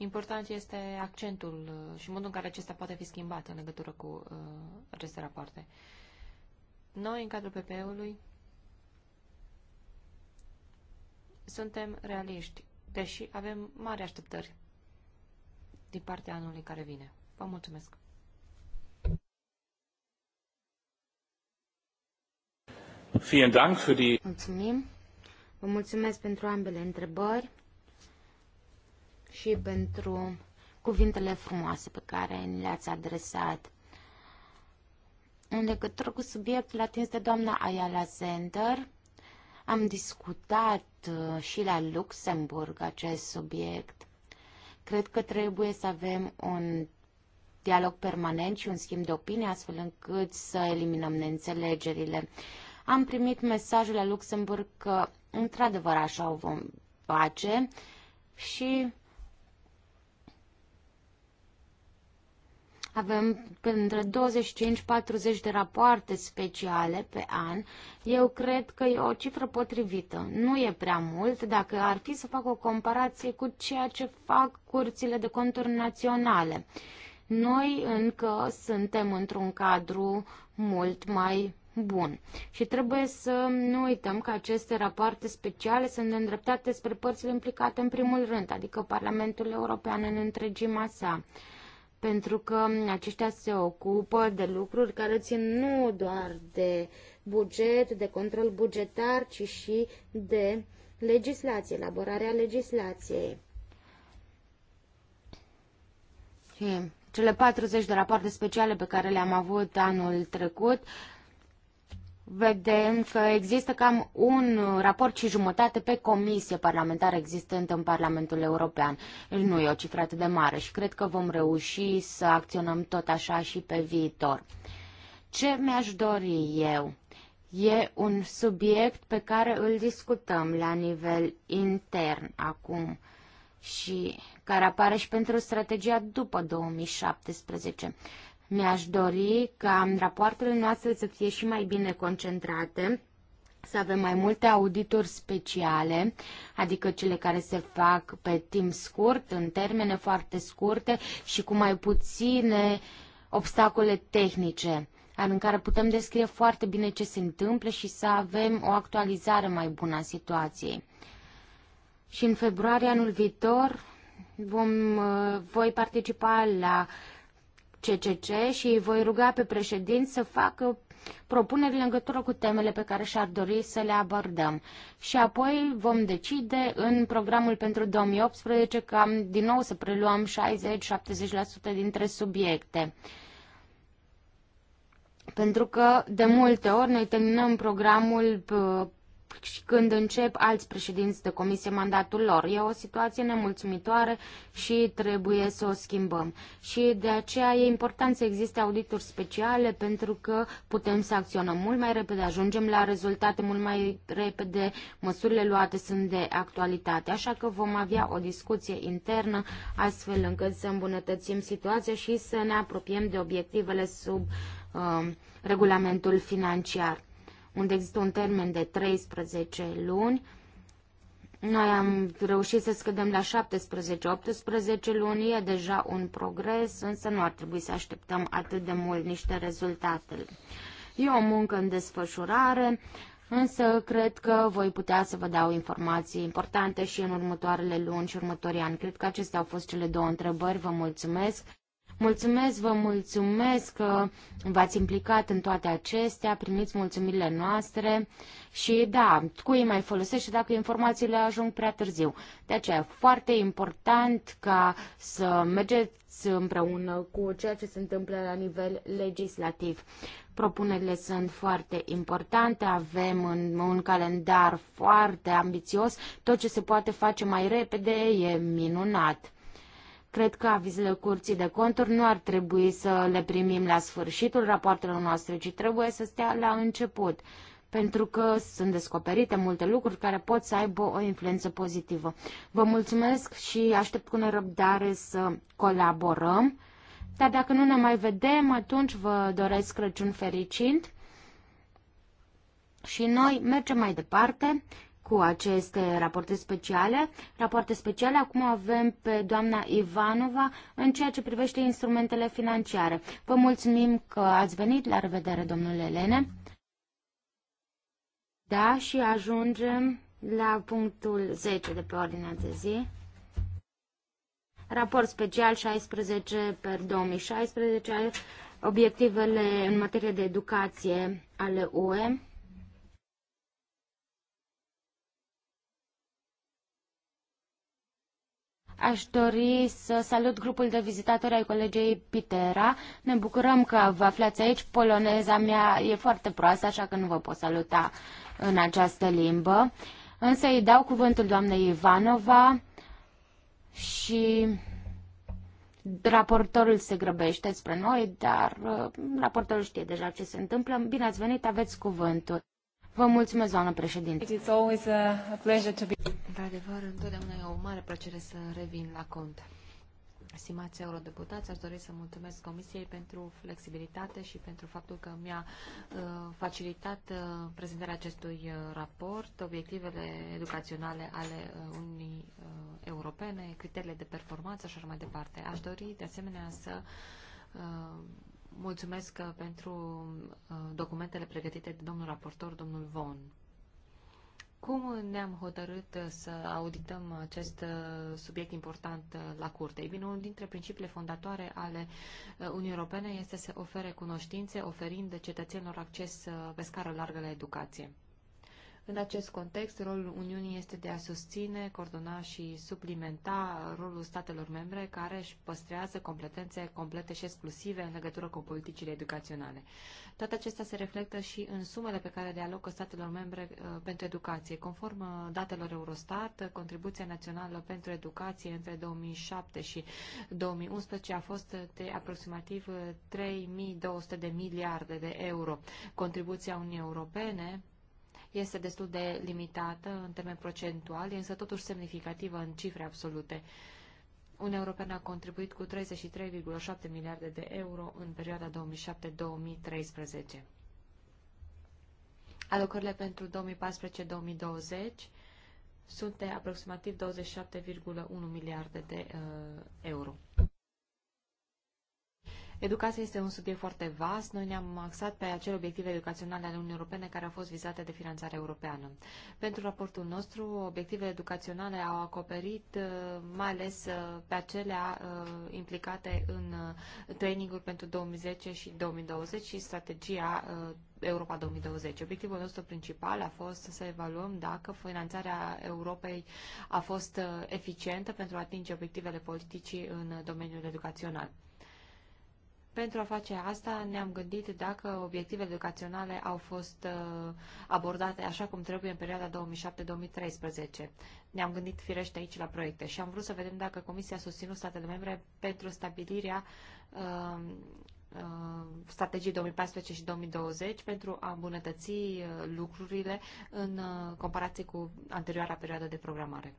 C: Important este accentul uh, și modul în care acesta poate fi schimbat în legătură cu uh, aceste rapoarte. Noi, în cadrul PP-ului, suntem realiști deși avem mari așteptări din partea anului care vine. Vă mulțumesc!
B: Mulțumim!
A: Vă mulțumesc pentru ambele întrebări și pentru cuvintele frumoase pe care ni le-ați adresat. În legătură cu subiectul atins de doamna Ayala Zender, am discutat uh, și la Luxemburg acest subiect. Cred că trebuie să avem un dialog permanent și un schimb de opinie, astfel încât să eliminăm neînțelegerile. Am primit mesajul la Luxemburg că, într-adevăr, așa o vom face și Avem între 25-40 de rapoarte speciale pe an. Eu cred că e o cifră potrivită. Nu e prea mult dacă ar fi să fac o comparație cu ceea ce fac curțile de conturi naționale. Noi încă suntem într-un cadru mult mai bun. Și trebuie să nu uităm că aceste rapoarte speciale sunt îndreptate spre părțile implicate în primul rând, adică Parlamentul European în întregimea sa pentru că aceștia se ocupă de lucruri care țin nu doar de buget, de control bugetar, ci și de legislație, elaborarea legislației. Și cele 40 de rapoarte speciale pe care le-am avut anul trecut vedem că există cam un raport și jumătate pe comisie parlamentară existentă în Parlamentul European. Nu e o cifră atât de mare și cred că vom reuși să acționăm tot așa și pe viitor. Ce mi-aș dori eu? E un subiect pe care îl discutăm la nivel intern acum și care apare și pentru strategia după 2017. Mi-aș dori ca rapoartele noastre să fie și mai bine concentrate, să avem mai multe audituri speciale, adică cele care se fac pe timp scurt, în termene foarte scurte și cu mai puține obstacole tehnice în care putem descrie foarte bine ce se întâmplă și să avem o actualizare mai bună a situației. Și în februarie anul viitor vom, uh, voi participa la uh, CCC și voi ruga pe președinți să facă propuneri în legătură cu temele pe care și-ar dori să le abordăm. Și apoi vom decide în programul pentru 2018 cam din nou să preluăm 60-70% dintre subiecte. Pentru că de multe ori noi terminăm programul uh, și când încep alți președinți de comisie mandatul lor. E o situație nemulțumitoare și trebuie să o schimbăm. Și de aceea e important să existe audituri speciale pentru că putem să acționăm mult mai repede, ajungem la rezultate mult mai repede, măsurile luate sunt de actualitate. Așa că vom avea o discuție internă astfel încât să îmbunătățim situația și să ne apropiem de obiectivele sub uh, regulamentul financiar unde există un termen de 13 luni. Noi am reușit să scădem la 17-18 luni, e deja un progres, însă nu ar trebui să așteptăm atât de mult niște rezultate. E o muncă în desfășurare, însă cred că voi putea să vă dau informații importante și în următoarele luni și următorii ani. Cred că acestea au fost cele două întrebări, vă mulțumesc. Mulțumesc, vă mulțumesc că v-ați implicat în toate acestea, primiți mulțumirile noastre și da, cui mai folosește dacă informațiile ajung prea târziu. De aceea e foarte important ca să mergeți împreună cu ceea ce se întâmplă la nivel legislativ. Propunerile sunt foarte importante, avem un, un calendar foarte ambițios, tot ce se poate face mai repede e minunat. Cred că avizele curții de conturi nu ar trebui să le primim la sfârșitul rapoartelor noastre, ci trebuie să stea la început, pentru că sunt descoperite multe lucruri care pot să aibă o influență pozitivă. Vă mulțumesc și aștept cu nerăbdare să colaborăm. Dar dacă nu ne mai vedem, atunci vă doresc Crăciun fericit. Și noi mergem mai departe cu aceste rapoarte speciale. Rapoarte speciale acum avem pe doamna Ivanova în ceea ce privește instrumentele financiare. Vă mulțumim că ați venit. La revedere, domnule Elene. Da, și ajungem la punctul 10 de pe ordinea de zi. Raport special 16 per 2016, obiectivele în materie de educație ale UE. Aș dori să salut grupul de vizitatori ai colegei Pitera. Ne bucurăm că vă aflați aici. Poloneza mea e foarte proastă, așa că nu vă pot saluta în această limbă. Însă îi dau cuvântul doamnei Ivanova și raportorul se grăbește spre noi, dar uh, raportorul știe deja ce se întâmplă. Bine ați venit, aveți cuvântul. Vă mulțumesc, doamnă președinte.
C: Într-adevăr, întotdeauna e o mare plăcere să revin la cont. Stimați eurodeputați, aș dori să mulțumesc Comisiei pentru flexibilitate și pentru faptul că mi-a uh, facilitat uh, prezentarea acestui uh, raport, obiectivele educaționale ale Uniunii Europene, criteriile de performanță și așa mai departe. Aș dori, de asemenea, să Mulțumesc uh, pentru uh, documentele pregătite de domnul raportor, domnul Von. Cum ne-am hotărât uh, să audităm acest subiect important la curte? Ei bine, unul dintre principiile fondatoare ale Uniunii Europene este să ofere cunoștințe, oferind cetățenilor acces pe scară largă la educație. În acest context, rolul Uniunii este de a susține, coordona și suplimenta rolul statelor membre care își păstrează competențe complete și exclusive în legătură cu politicile educaționale. Toate acestea se reflectă și în sumele pe care le alocă statelor membre uh, pentru educație. Conform uh, datelor Eurostat, uh, contribuția națională pentru educație între 2007 și 2011 a fost de aproximativ 3200 de miliarde de euro. Contribuția Uniunii Europene este destul de limitată în termen procentual, însă totuși semnificativă în cifre absolute. Un european a contribuit cu 33,7 miliarde de euro în perioada 2007-2013. Alocările pentru 2014-2020 sunt de aproximativ 27,1 miliarde de uh, euro. Educația este un subiect foarte vast. Noi ne-am axat pe acele obiective educaționale ale Uniunii Europene care au fost vizate de finanțare europeană. Pentru raportul nostru, obiectivele educaționale au acoperit uh, mai ales uh, pe acelea uh, implicate în traininguri pentru 2010 și 2020 și strategia Europa 2020. Obiectivul nostru principal a fost să evaluăm dacă finanțarea Europei a fost eficientă pentru a atinge obiectivele politicii în domeniul educațional. Pentru a face asta ne-am gândit dacă obiectivele educaționale au fost uh, abordate așa cum trebuie în perioada 2007-2013. Ne-am gândit firește aici la proiecte și am vrut să vedem dacă Comisia a susținut statele membre pentru stabilirea um, uh, strategii 2014 și 2020 pentru a îmbunătăți uh, lucrurile în uh, comparație cu anterioara perioadă de programare.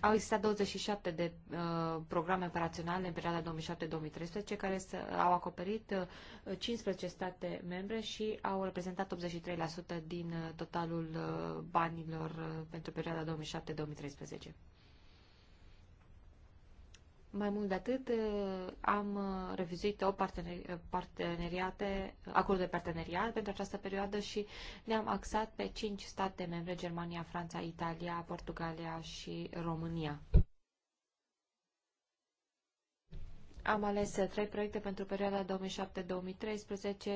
C: Au existat 27 de uh, programe operaționale în perioada 2007-2013 care au acoperit uh, 15 state membre și au reprezentat 83% din uh, totalul uh, banilor uh, pentru perioada 2007-2013. Mai mult de atât, uh, am uh, revizuit o uh, parteneriate, acord de parteneriat pentru această perioadă și ne-am axat pe cinci state membre, Germania, Franța, Italia, Portugalia și România. Am ales trei proiecte pentru perioada 2007-2013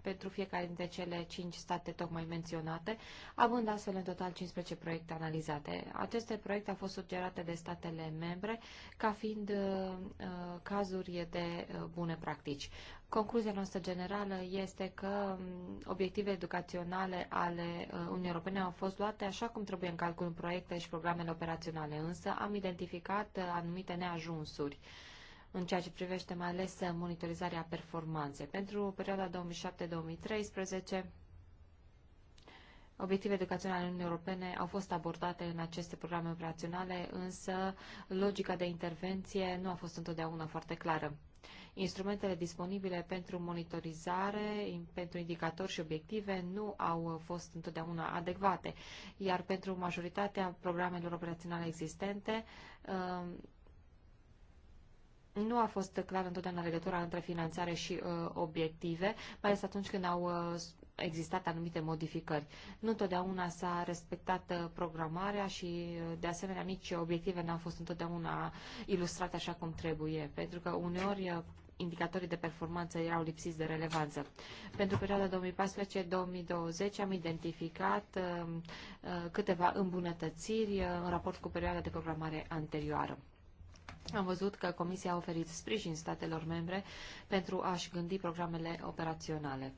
C: pentru fiecare dintre cele cinci state tocmai menționate, având astfel în total 15 proiecte analizate. Aceste proiecte au fost sugerate de statele membre ca fiind uh, uh cazuri de uh, bune practici. Concluzia noastră generală este că um, obiectivele educaționale ale uh, Uniunii Europene au fost luate așa cum trebuie în calcul în proiecte și programele operaționale, însă am identificat uh, anumite neajunsuri în ceea ce privește mai ales monitorizarea performanței. Pentru perioada 2007-2013, Obiective educaționale ale Uniunii Europene au fost abordate în aceste programe operaționale, însă logica de intervenție nu a fost întotdeauna foarte clară. Instrumentele disponibile pentru monitorizare, pentru indicatori și obiective nu au fost întotdeauna adecvate, iar pentru majoritatea programelor operaționale existente, um, nu a fost clar întotdeauna legătura între finanțare și uh, obiective, mai ales atunci când au uh, existat anumite modificări. Nu întotdeauna s-a respectat uh, programarea și, uh, de asemenea, nici obiective n-au fost întotdeauna ilustrate așa cum trebuie, pentru că uneori uh, indicatorii de performanță erau lipsiți de relevanță. Pentru perioada 2014-2020 am identificat uh, uh câteva îmbunătățiri uh, în raport cu perioada de programare anterioară. Am văzut că Comisia a oferit sprijin statelor membre pentru a-și gândi programele operaționale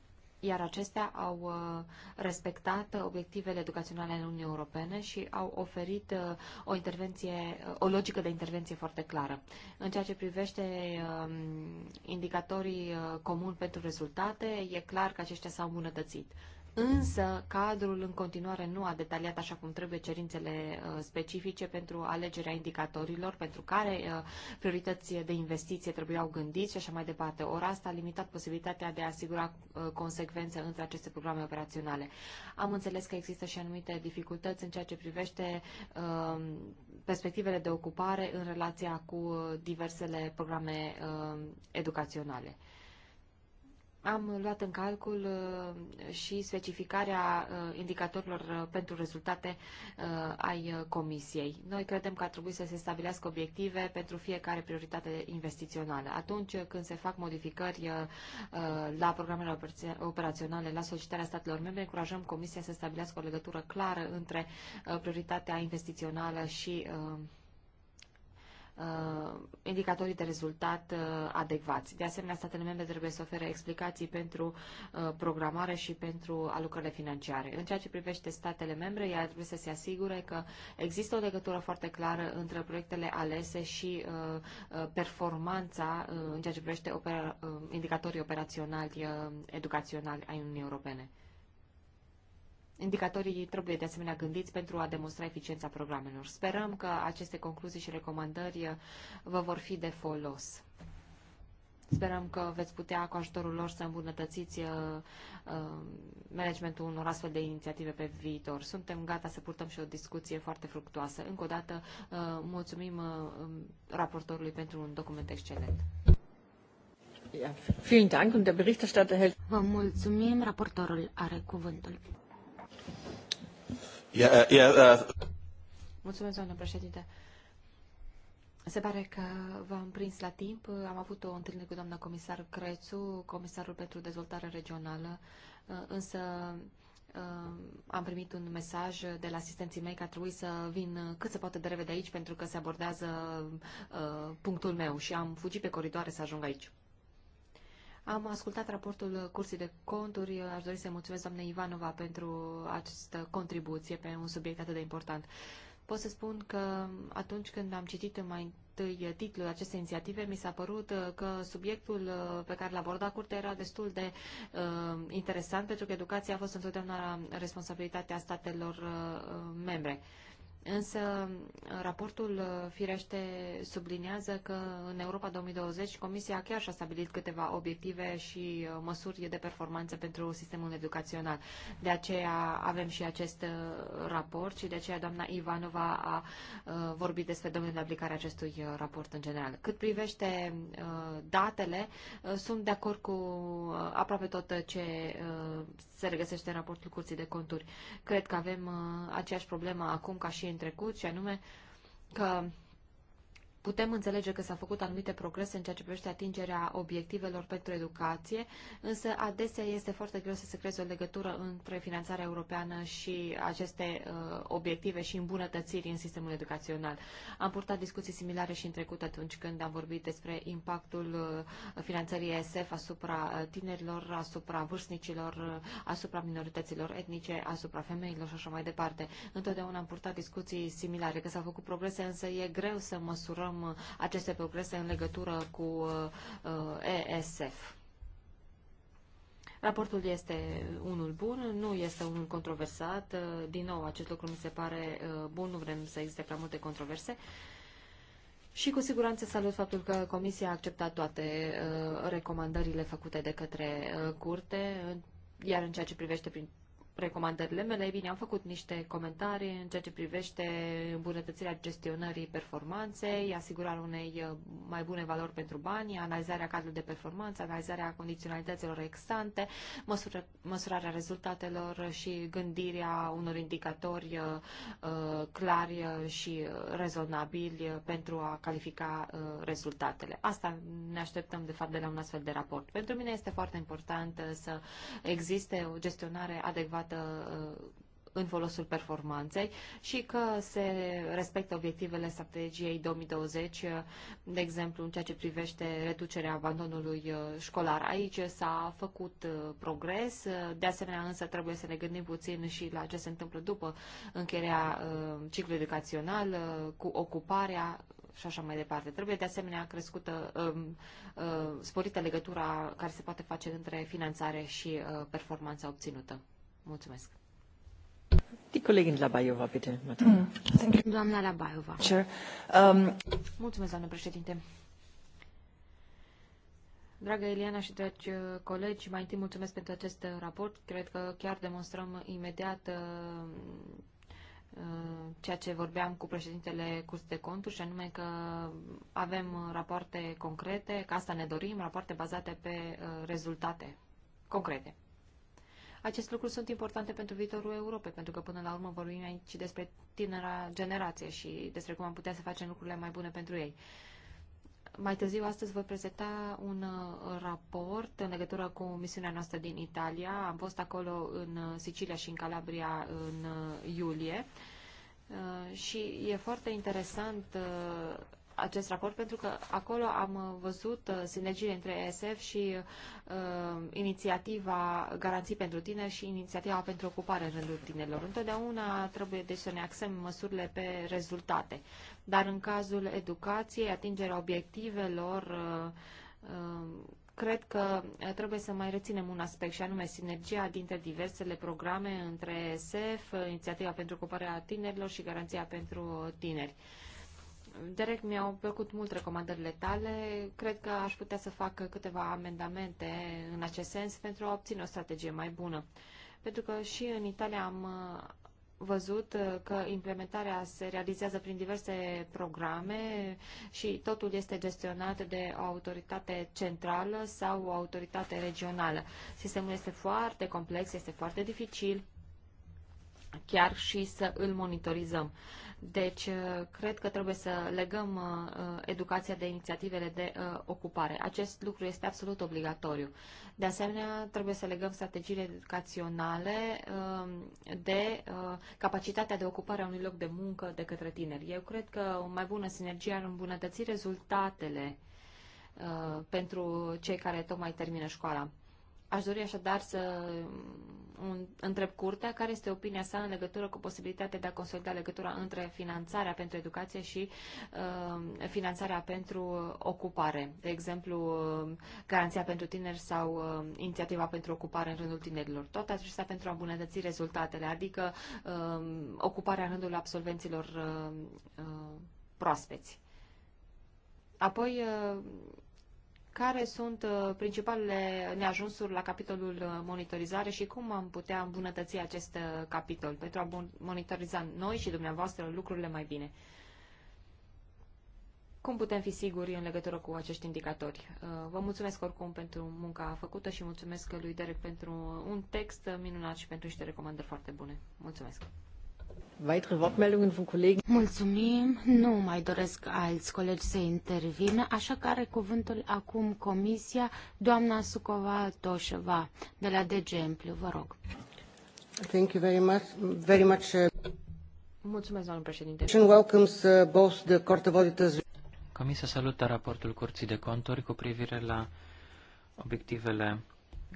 C: iar acestea au uh, respectat obiectivele educaționale ale Uniunii Europene și au oferit uh, o intervenție, uh, o logică de intervenție foarte clară. În ceea ce privește um, indicatorii comuni pentru rezultate, e clar că aceștia s-au îmbunătățit însă cadrul în continuare nu a detaliat așa cum trebuie cerințele uh, specifice pentru alegerea indicatorilor, pentru care uh, priorități de investiție trebuiau gândiți și așa mai departe. Ori asta a limitat posibilitatea de a asigura uh, consecvențe între aceste programe operaționale. Am înțeles că există și anumite dificultăți în ceea ce privește perspectivele de ocupare în relația cu diversele programe educaționale am luat în calcul uh, și specificarea uh, indicatorilor uh, pentru rezultate ai comisiei. Noi credem că ar trebui să se stabilească obiective pentru fiecare prioritate investițională. Atunci când se fac modificări la programele operaționale, la solicitarea statelor membre, încurajăm comisia să stabilească o legătură clară între prioritatea investițională și uh, indicatorii de rezultat uh, adecvați. De asemenea, statele membre trebuie să ofere explicații pentru uh, programare și pentru alucările financiare. În ceea ce privește statele membre, ea trebuie să se asigure că există o legătură foarte clară între proiectele alese și uh, uh performanța uh, în ceea ce privește opera, uh, indicatorii operaționali uh, educaționali ai Uniunii Europene. Indicatorii trebuie de asemenea gândiți pentru a demonstra eficiența programelor. Sperăm că aceste concluzii și recomandări uh, vă vor fi de folos. Sperăm că veți putea cu ajutorul lor să îmbunătățiți uh, uh, managementul unor astfel de inițiative pe viitor. Suntem gata să purtăm și o discuție foarte fructuoasă. Încă o dată, mulțumim um, raportorului pentru un document excelent.
A: Vă mulțumim. Raportorul are cuvântul.
B: Yeah, uh, yeah, uh...
C: Mulțumesc, doamnă președinte. Se pare că v-am prins la timp. Am avut o întâlnire cu doamna comisar Crețu, comisarul pentru dezvoltare regională, uh, însă uh, am primit un mesaj de la asistenții mei că a trebuit să vin cât se poate de repede aici pentru că se abordează punctul meu și am fugit pe coridoare să ajung aici. Am ascultat raportul Cursii de Conturi. Aș dori să mulțumesc doamne Ivanova pentru această contribuție pe un subiect atât de important. Pot să spun că atunci când am citit mai întâi titlul acestei inițiative, mi s-a părut uh, că subiectul uh, pe care l-a abordat curtea era destul de uh, interesant, pentru că educația a fost întotdeauna responsabilitatea statelor uh, membre. Uh, Însă, raportul uh, firește subliniază că în Europa 2020 Comisia chiar și-a stabilit câteva obiective și uh, măsuri de performanță pentru sistemul educațional. De aceea avem și acest uh, raport și de aceea doamna Ivanova a vorbit despre domeniul de aplicare acestui raport în general. Cât privește datele, sunt de acord cu aproape tot ce se regăsește în raportul Curții de Conturi. Cred că avem aceeași problemă acum ca și din trecut, și anume că Putem înțelege că s-au făcut anumite progrese în ceea ce privește atingerea obiectivelor pentru educație, însă adesea este foarte greu să se creeze o legătură între finanțarea europeană și aceste uh, obiective și îmbunătățiri în sistemul educațional. Am purtat discuții similare și în trecut atunci când am vorbit despre impactul uh, finanțării ESF asupra uh, tinerilor, asupra vârstnicilor, uh, asupra minorităților etnice, asupra femeilor și așa mai departe. Întotdeauna am purtat discuții similare, că s-au făcut progrese, însă e greu să măsurăm salutăm aceste progrese în legătură cu uh, ESF. Raportul este unul bun, nu este unul controversat. Din nou, acest lucru mi se pare uh, bun, nu vrem să existe prea multe controverse. Și cu siguranță salut faptul că Comisia a acceptat toate uh, recomandările făcute de către curte, iar în ceea ce privește recomandările mele, bine, am făcut niște comentarii în ceea ce privește îmbunătățirea gestionării performanței, asigurarea unei uh, mai bune valori pentru bani, analizarea cadrului de performanță, analizarea condiționalităților existante, măsură, măsurarea rezultatelor și gândirea unor indicatori uh, uh, clari și rezonabili pentru a califica uh, rezultatele. Asta ne așteptăm, de fapt, de la un astfel de raport. Pentru mine este foarte important să existe o gestionare adecvată adecvată uh, în folosul performanței și că se respectă obiectivele strategiei 2020, uh, de exemplu, în ceea ce privește reducerea abandonului uh, școlar. Aici s-a făcut progres, de asemenea însă trebuie să ne gândim puțin și la ce se întâmplă după încheierea ciclului educațional, cu ocuparea și așa mai departe. Trebuie de asemenea crescută, um, sporită legătura care se poate face între finanțare și performanța obținută. Mulțumesc.
B: Colegin Labaiova, bitte. Mm, Doamna Labaiova. Sure.
C: Um... Mulțumesc, doamnă președinte. Dragă Eliana și dragi uh, colegi, mai întâi mulțumesc pentru acest uh, raport. Cred că chiar demonstrăm imediat uh, ceea ce vorbeam cu președintele Curs de Conturi, și anume că avem rapoarte concrete, că asta ne dorim, rapoarte bazate pe rezultate concrete. Acest lucru sunt importante pentru viitorul Europei, pentru că până la urmă vorbim aici despre tinera generație și despre cum am putea să facem lucrurile mai bune pentru ei. Mai târziu astăzi voi prezenta un uh, raport în legătură cu misiunea noastră din Italia. Am fost acolo în uh, Sicilia și în Calabria în uh, iulie și e foarte interesant acest raport pentru că acolo am văzut uh, sinergiile între ESF și uh, inițiativa Garanții pentru Tineri și inițiativa pentru ocupare în rândul tinerilor. Întotdeauna trebuie deci să ne axăm măsurile pe rezultate. Dar în cazul educației, atingerea obiectivelor uh, uh, cred că trebuie să mai reținem un aspect și anume sinergia dintre diversele programe între SF, Inițiativa pentru Ocuparea Tinerilor și Garanția pentru Tineri. Uh, Derek, mi-au plăcut mult recomandările tale. Cred că aș putea să fac câteva amendamente în acest sens pentru a obține o strategie mai bună. Pentru că și în Italia am uh, văzut uh, că implementarea se realizează prin diverse programe și totul este gestionat de o autoritate centrală sau o autoritate regională. Sistemul este foarte complex, este foarte dificil chiar și să îl monitorizăm. Deci, uh, cred că trebuie să legăm uh, uh, educația de inițiativele de ocupare. Acest lucru este absolut obligatoriu. De asemenea, trebuie să legăm strategiile educaționale um, de capacitatea de ocupare a unui loc de muncă de către tineri. Eu cred că o mai bună sinergie ar îmbunătăți rezultatele pentru cei care tocmai termină școala. Aș dori așadar să un întreb curtea care este opinia sa în legătură cu posibilitatea de a consolida legătura între finanțarea pentru educație și uh, finanțarea pentru ocupare. De exemplu, uh, garanția pentru tineri sau uh, inițiativa pentru ocupare în rândul tinerilor. Toate acestea pentru a îmbunătăți rezultatele, adică uh, ocuparea în rândul absolvenților uh, uh, proaspeți. Apoi, uh, care sunt uh, principalele neajunsuri la capitolul uh, monitorizare și cum am putea îmbunătăți acest uh, capitol pentru a monitoriza noi și dumneavoastră lucrurile mai bine. Cum putem fi siguri în legătură cu acești indicatori? Vă mulțumesc oricum pentru munca făcută și mulțumesc lui Derek pentru un text minunat și pentru niște recomandări foarte bune. Mulțumesc!
A: Weitere Mulțumim, nu mai doresc alți colegi să intervină, așa că are cuvântul acum Comisia, doamna Sucova Toșeva, de la DG vă rog. Thank you very much. Very much. Uh,
C: Mulțumesc, doamnă președinte. welcomes both the
B: Court of Auditors. Comisia salută raportul Curții de Conturi cu privire la obiectivele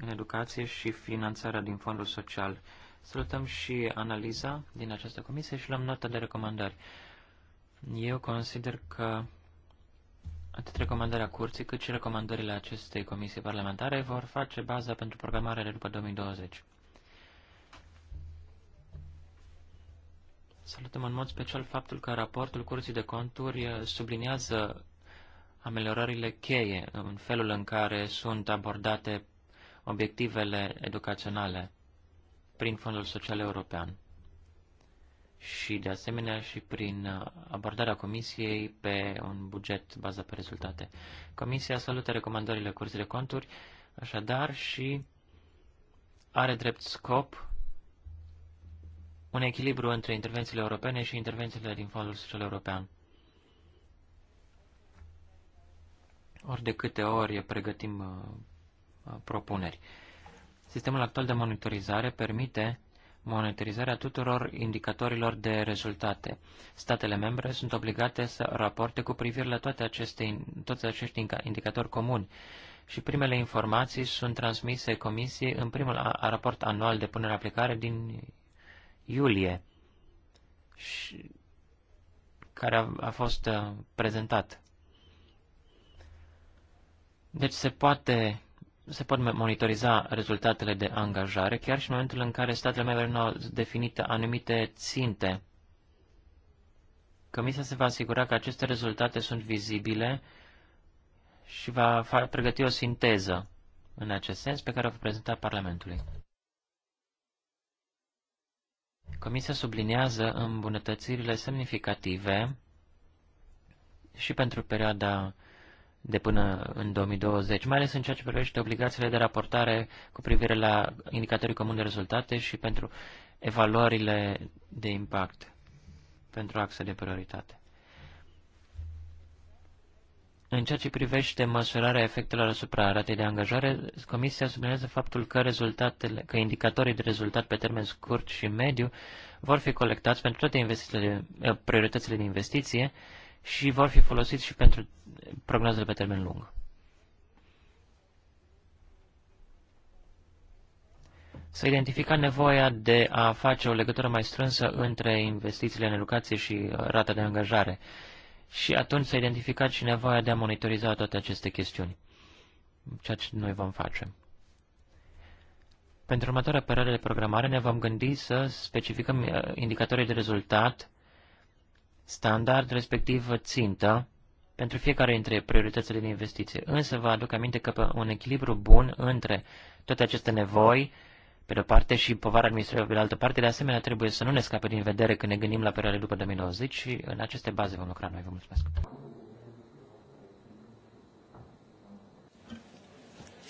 B: în educație și finanțarea din fondul social. Salutăm și analiza din această comisie și luăm nota de recomandări. Eu consider că atât recomandarea curții cât și recomandările acestei comisii parlamentare vor face baza pentru programarea de după 2020. Salutăm în mod special faptul că raportul Curții de Conturi eh, subliniază ameliorările cheie în felul în care sunt abordate obiectivele educaționale prin Fondul Social European și, de asemenea, și prin uh, abordarea Comisiei pe un buget bazat pe rezultate. Comisia salută recomandările Curții de Conturi, așadar, și are drept scop un echilibru între intervențiile europene și intervențiile din Fondul Social European. Ori de câte ori pregătim uh, propuneri. Sistemul actual de monitorizare permite monitorizarea tuturor indicatorilor de rezultate. Statele membre sunt obligate să raporte cu privire la toate aceste, toți acești indicatori comuni și primele informații sunt transmise Comisiei în primul raport anual de punere aplicare din iulie, și, care a, a fost uh, prezentat. Deci se poate se pot monitoriza rezultatele de angajare chiar și în momentul în care statele membre nu au definit anumite ținte. Comisia se va asigura că aceste rezultate sunt vizibile și va pregăti o sinteză în acest sens pe care o va prezenta Parlamentului. Comisia subliniază îmbunătățirile semnificative și pentru perioada de până în 2020, mai ales în ceea ce privește obligațiile de raportare cu privire la indicatorii comuni de rezultate și pentru evaluările de impact pentru axe de prioritate. În ceea ce privește măsurarea efectelor asupra ratei de angajare, Comisia sublinează faptul că, rezultatele, că indicatorii de rezultat pe termen scurt și mediu vor fi colectați pentru toate eh, prioritățile de investiție și vor fi folosiți și pentru prognozele pe termen lung. S-a identificat nevoia de a face o legătură mai strânsă între investițiile în educație și uh, rata de angajare. Și atunci s-a identificat și nevoia de a monitoriza toate aceste chestiuni, ceea ce noi vom face. Pentru următoarea perioadă de programare ne vom gândi să specificăm uh, indicatorii de rezultat standard, respectiv țintă, pentru fiecare dintre prioritățile de investiție. Însă vă aduc aminte că pe un echilibru bun între toate aceste nevoi, pe de-o parte, și povara administrativă pe de altă parte, de asemenea trebuie să nu ne scape din vedere când ne gândim la perioada după 2020 și în aceste baze vom lucra noi. Vă mulțumesc!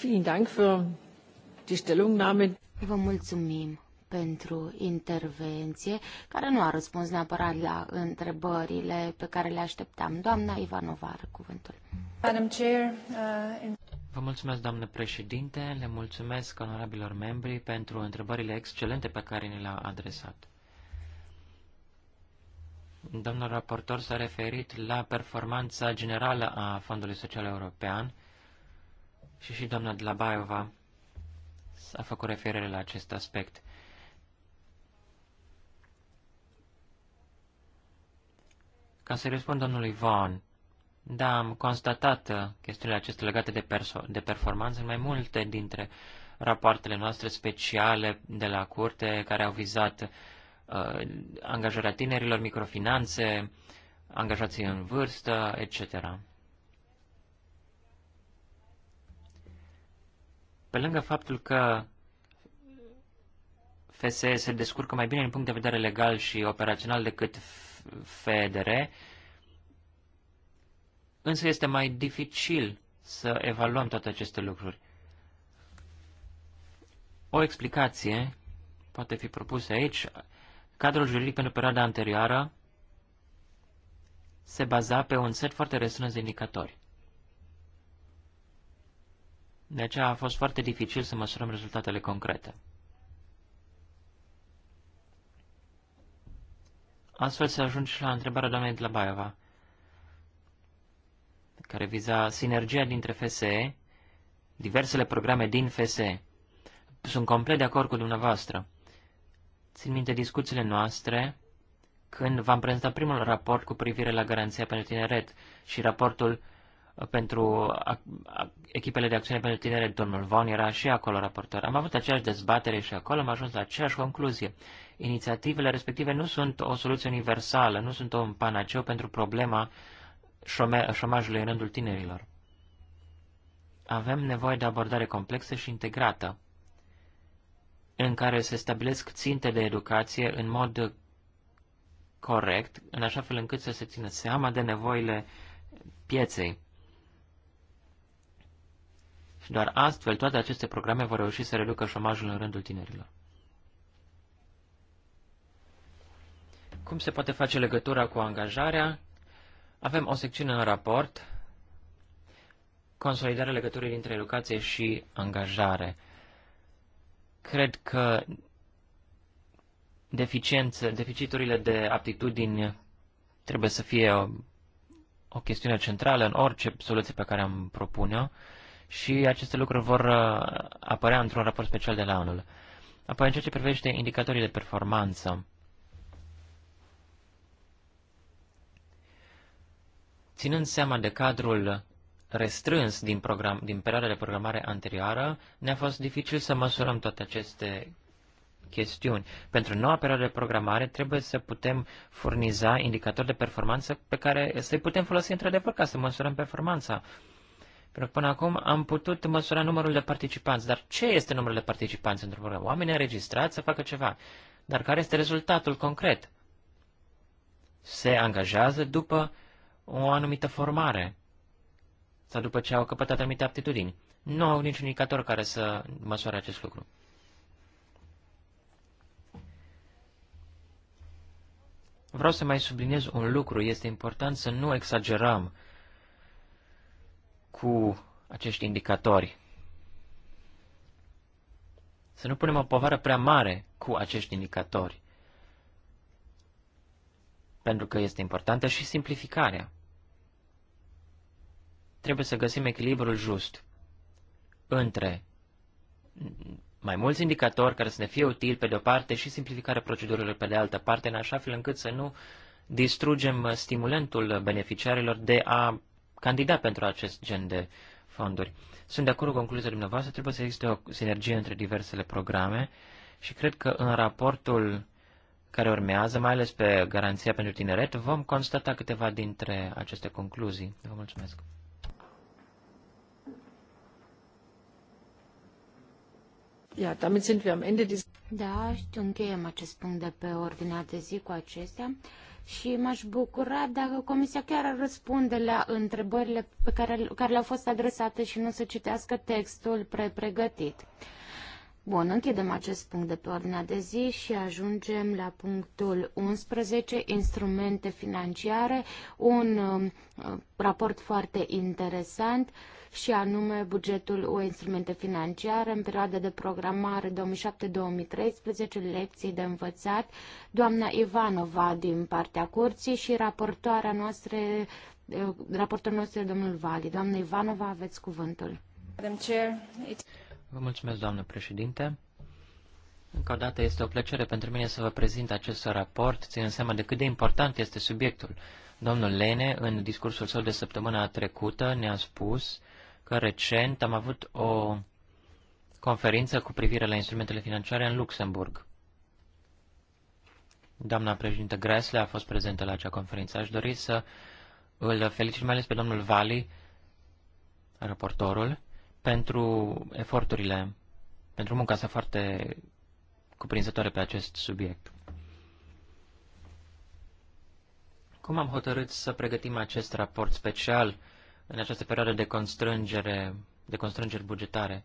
A: Vielen Dank für die Stellungnahme. Vă mulțumim pentru intervenție, care nu a răspuns neapărat la întrebările pe care le așteptam. Doamna Ivanova are cuvântul.
B: Madam Chair, uh, Vă mulțumesc, doamnă președinte, le mulțumesc onorabilor membri pentru întrebările excelente pe care ni le-a adresat. Domnul raportor s-a referit la performanța generală a Fondului Social European și și doamna Dlabaeva a făcut referire la acest aspect. Ca să răspund domnului Vaughan, da, am constatat chestiunile acestea legate de, de performanță în mai multe dintre rapoartele noastre speciale de la curte care au vizat uh, angajarea tinerilor, microfinanțe, angajații în vârstă, etc. Pe lângă faptul că FSE se descurcă mai bine din punct de vedere legal și operațional decât Federe. însă este mai dificil să evaluăm toate aceste lucruri. O explicație poate fi propusă aici. Cadrul juridic pentru perioada anterioară se baza pe un set foarte restrâns de indicatori. De aceea a fost foarte dificil să măsurăm rezultatele concrete. Astfel se ajunge și la întrebarea doamnei de la Baiova, care viza sinergia dintre FSE, diversele programe din FSE. Sunt complet de acord cu dumneavoastră. Țin minte discuțiile noastre când v-am prezentat primul raport cu privire la garanția pentru tineret și raportul pentru echipele de acțiune pentru tinere, domnul Von era și acolo raportor. Am avut aceeași dezbatere și acolo am ajuns la aceeași concluzie. Inițiativele respective nu sunt o soluție universală, nu sunt un panaceu pentru problema șomajului în rândul tinerilor. Avem nevoie de abordare complexă și integrată, în care se stabilesc ținte de educație în mod corect, în așa fel încât să se țină seama de nevoile pieței. Și doar astfel toate aceste programe vor reuși să reducă șomajul în rândul tinerilor. Cum se poate face legătura cu angajarea? Avem o secțiune în raport, consolidarea legăturii dintre educație și angajare. Cred că deficiențe, deficiturile de aptitudini trebuie să fie o, o chestiune centrală în orice soluție pe care am propune-o și aceste lucruri vor uh, apărea într-un raport special de la anul. Apoi, în ceea ce privește indicatorii de performanță, ținând seama de cadrul restrâns din, program, din perioada de programare anterioară, ne-a fost dificil să măsurăm toate aceste chestiuni. Pentru noua perioadă de programare trebuie să putem furniza indicatori de performanță pe care să-i putem folosi într-adevăr ca să măsurăm performanța. Uh, pentru că până acum am putut măsura numărul de participanți. Dar ce este numărul de participanți într-un program? Oamenii înregistrați să facă ceva. Dar care este rezultatul concret? Se angajează după o anumită formare sau după ce au căpătat anumite aptitudini. Nu au niciun indicator care să măsoare acest lucru. Vreau să mai subliniez un lucru. Este important să nu exagerăm cu acești indicatori. Să nu punem o povară prea mare cu acești indicatori. Pentru că este importantă și simplificarea. Trebuie să găsim echilibrul just între mai mulți indicatori care să ne fie utili pe de-o parte și simplificarea procedurilor pe de altă parte, în așa fel încât să nu distrugem stimulentul beneficiarilor de a candida pentru acest gen de fonduri. Sunt de acord cu concluzia dumneavoastră, trebuie să existe o sinergie între diversele programe și cred că în raportul care urmează, mai ales pe garanția pentru tineret, vom constata câteva dintre aceste concluzii. Vă mulțumesc! am
A: Da, încheiem acest punct de pe ordinea de zi cu acestea și m-aș bucura dacă Comisia chiar ar răspunde la întrebările pe care, care le-au fost adresate și nu să citească textul prepregătit. pregătit Bun, închidem acest punct de pe ordinea de zi și ajungem la punctul 11, instrumente financiare, un uh, raport foarte interesant și anume bugetul o instrumente financiare în perioada de programare 2007-2013, lecții de învățat, doamna Ivanova din partea curții și raportoarea noastră, uh, raportorul nostru domnul Vali. Doamna Ivanova, aveți cuvântul. Madam Chair,
B: it's... Vă mulțumesc, doamnă președinte. Încă o dată este o plăcere pentru mine să vă prezint acest raport, ținând seama de cât de important este subiectul. Domnul Lene, în discursul său de săptămâna trecută, ne-a spus că recent am avut o conferință cu privire la instrumentele financiare în Luxemburg. Doamna președintă Gresle a fost prezentă la acea conferință. Aș dori să îl felicit mai ales pe domnul Vali, raportorul, pentru eforturile, pentru munca sa foarte cuprinzătoare pe acest subiect. Cum am hotărât să pregătim acest raport special în această perioadă de constrângere, de constrângeri bugetare?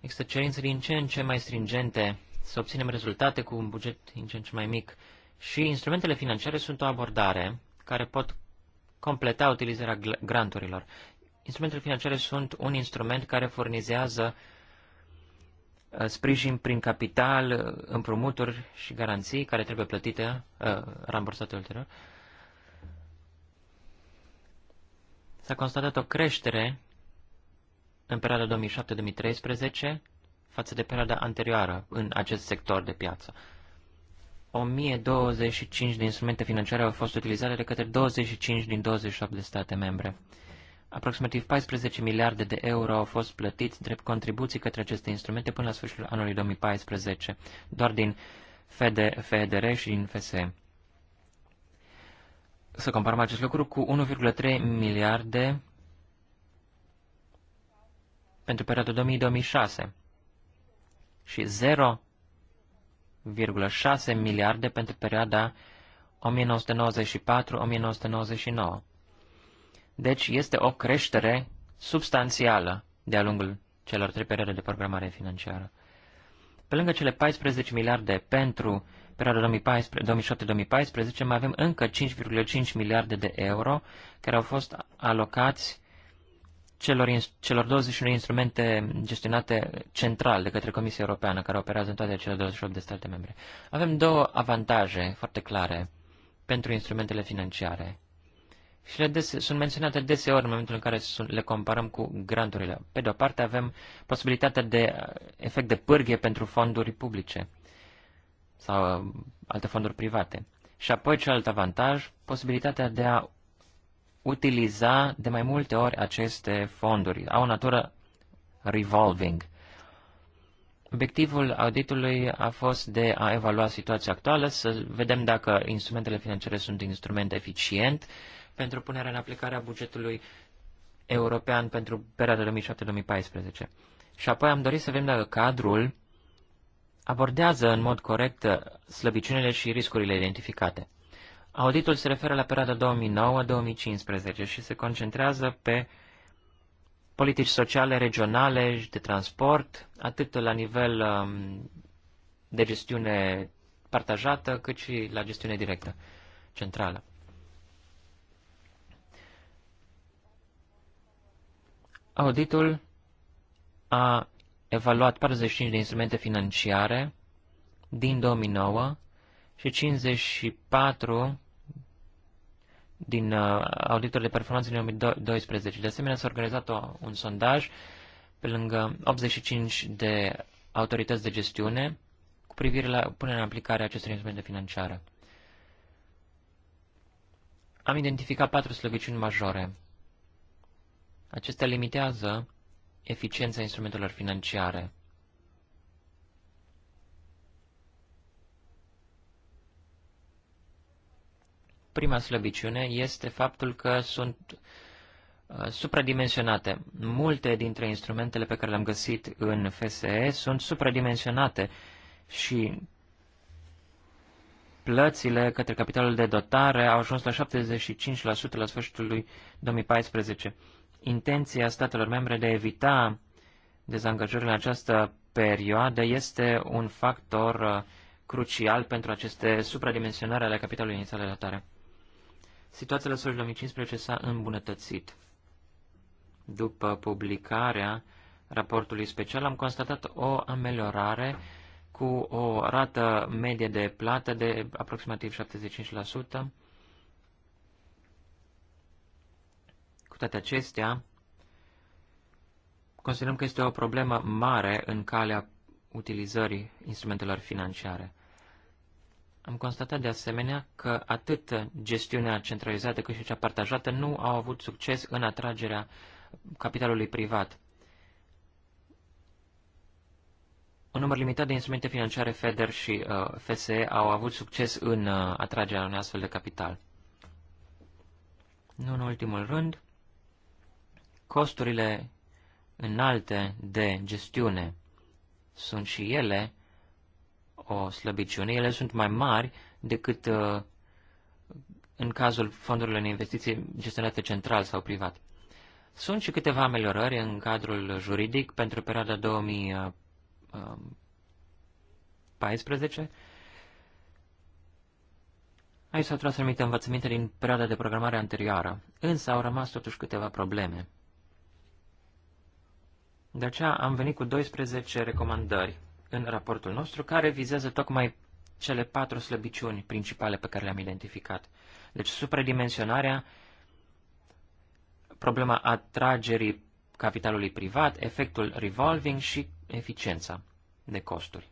B: Există cerințe din ce în ce mai stringente să obținem rezultate cu un buget din ce în ce mai mic și instrumentele financiare sunt o abordare care pot completa utilizarea granturilor. Instrumentele financiare sunt un instrument care furnizează uh, sprijin prin capital, uh, împrumuturi și garanții care trebuie plătite, uh, rambursate ulterior. S-a constatat o creștere în perioada 2007-2013 față de perioada anterioară în acest sector de piață. 1025 de instrumente financiare au fost utilizate de către 25 din 28 de state membre. Aproximativ 14 miliarde de euro au fost plătiți drept contribuții către aceste instrumente până la sfârșitul anului 2014, doar din FED, FEDR și din FSE. Să comparăm acest lucru cu 1,3 miliarde pentru perioada 2000-2006 și 0,6 miliarde pentru perioada 1994-1999. Deci este o creștere substanțială de-a lungul celor trei perioade de programare financiară. Pe lângă cele 14 miliarde pentru perioada 2007-2014, mai avem încă 5,5 miliarde de euro care au fost alocați celor, celor 21 instrumente gestionate central de către Comisia Europeană, care operează în toate cele 28 de state membre. Avem două avantaje foarte clare pentru instrumentele financiare și le dese, sunt menționate deseori în momentul în care sunt, le comparăm cu granturile. Pe de o parte avem posibilitatea de uh, efect de pârghie pentru fonduri publice sau uh, alte fonduri private. Și apoi celălalt avantaj, posibilitatea de a utiliza de mai multe ori aceste fonduri. Au o natură revolving. Obiectivul auditului a fost de a evalua situația actuală, să vedem dacă instrumentele financiare sunt instrument eficient pentru punerea în aplicare a bugetului european pentru perioada 2007-2014. Și apoi am dorit să vedem dacă cadrul abordează în mod corect slăbiciunile și riscurile identificate. Auditul se referă la perioada 2009-2015 și se concentrează pe uh, politici sociale, regionale și de transport, atât la nivel um, de gestiune partajată, cât și la gestiune directă, centrală. Auditul a evaluat 45 de instrumente financiare din 2009 și 54 din uh, auditor de performanță din 2012. De asemenea, s-a organizat o, un sondaj pe lângă 85 de autorități de gestiune cu privire la punerea în aplicare a acestor instrumente financiare. Am identificat patru slăbiciuni majore. Acestea limitează eficiența instrumentelor financiare. Prima slăbiciune este faptul că sunt uh, supradimensionate. Multe dintre instrumentele pe care le-am găsit în FSE sunt supradimensionate și plățile către capitalul de dotare au ajuns la 75% la sfârșitul lui 2014. Intenția statelor membre de a evita dezangajările în această perioadă este un factor uh, crucial pentru aceste supradimensionare ale capitalului inițial de dotare. Situația la sfârșitul 2015 s-a îmbunătățit. După publicarea raportului special am constatat o ameliorare cu o rată medie de plată de aproximativ 75%. Cu toate acestea, considerăm că este o problemă mare în calea utilizării instrumentelor financiare. Am constatat de asemenea că atât gestiunea centralizată cât și cea partajată nu au avut succes în atragerea capitalului privat. Un număr limitat de instrumente financiare FEDER și uh, FSE au avut succes în uh, atragerea unui astfel de capital. Nu în ultimul rând, costurile înalte de gestiune sunt și ele o slăbiciune. Ele sunt mai mari decât uh, în cazul fondurilor de investiții gestionate central sau privat. Sunt și câteva ameliorări în cadrul juridic pentru perioada 2014. Uh, Aici s-au tras anumite învățăminte din perioada de programare anterioară, însă au rămas totuși câteva probleme. De aceea am venit cu 12 recomandări în raportul nostru, care vizează tocmai cele patru slăbiciuni principale pe care le-am identificat. Deci supradimensionarea, problema atragerii capitalului privat, efectul revolving și eficiența de costuri.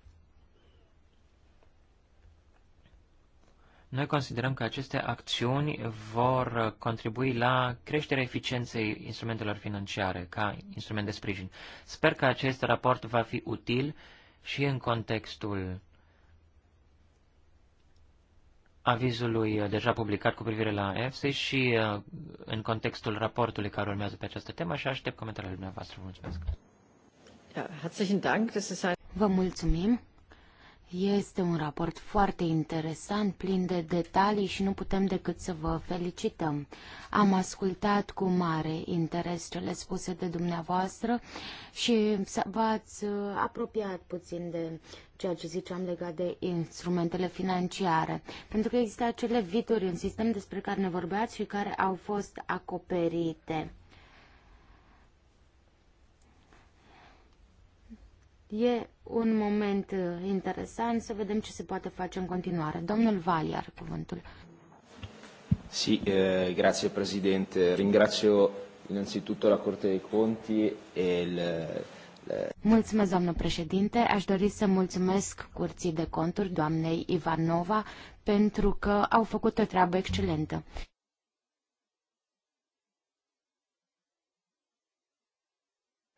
B: Noi considerăm că aceste acțiuni vor contribui la creșterea eficienței instrumentelor financiare ca instrument de sprijin. Sper că acest raport va fi util și în contextul avizului uh, deja publicat cu privire la EFSI și uh, în contextul raportului care urmează pe această temă și aștept comentariile dumneavoastră. Mulțumesc!
A: Vă mulțumim! Este un raport foarte interesant, plin de detalii și nu putem decât să vă felicităm. Am ascultat cu mare interes cele spuse de dumneavoastră și v-ați uh, apropiat puțin de ceea ce ziceam legat de instrumentele financiare. Pentru că există acele vituri în sistem despre care ne vorbeați și care au fost acoperite. E un moment uh, interesant să vedem ce se poate face în continuare. Domnul Vali are cuvântul. Sì, eh, grazie Presidente. Ringrazio innanzitutto la Corte dei Conti e il, eh, Mulțumesc, doamnă președinte. Aș dori să mulțumesc Curții de Conturi, doamnei Ivanova, pentru că au făcut o treabă excelentă.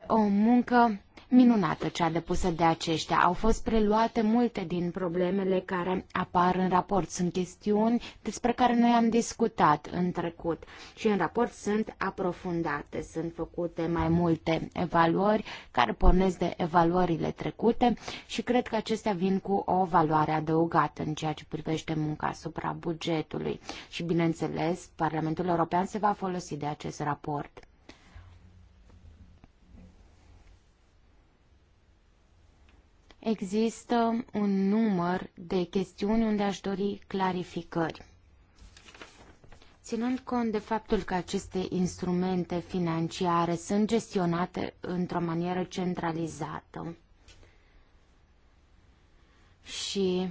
A: O muncă minunată cea depusă de aceștia. Au fost preluate multe din problemele care apar în raport. Sunt chestiuni despre care noi am discutat în trecut și în raport sunt aprofundate. Sunt făcute mai multe evaluări care pornesc de evaluările trecute și cred că acestea vin cu o valoare adăugată în ceea ce privește munca asupra bugetului. Și bineînțeles, Parlamentul European se va folosi de acest raport. Există un număr de chestiuni unde aș dori clarificări. Ținând cont de faptul că aceste instrumente financiare sunt gestionate într-o manieră centralizată și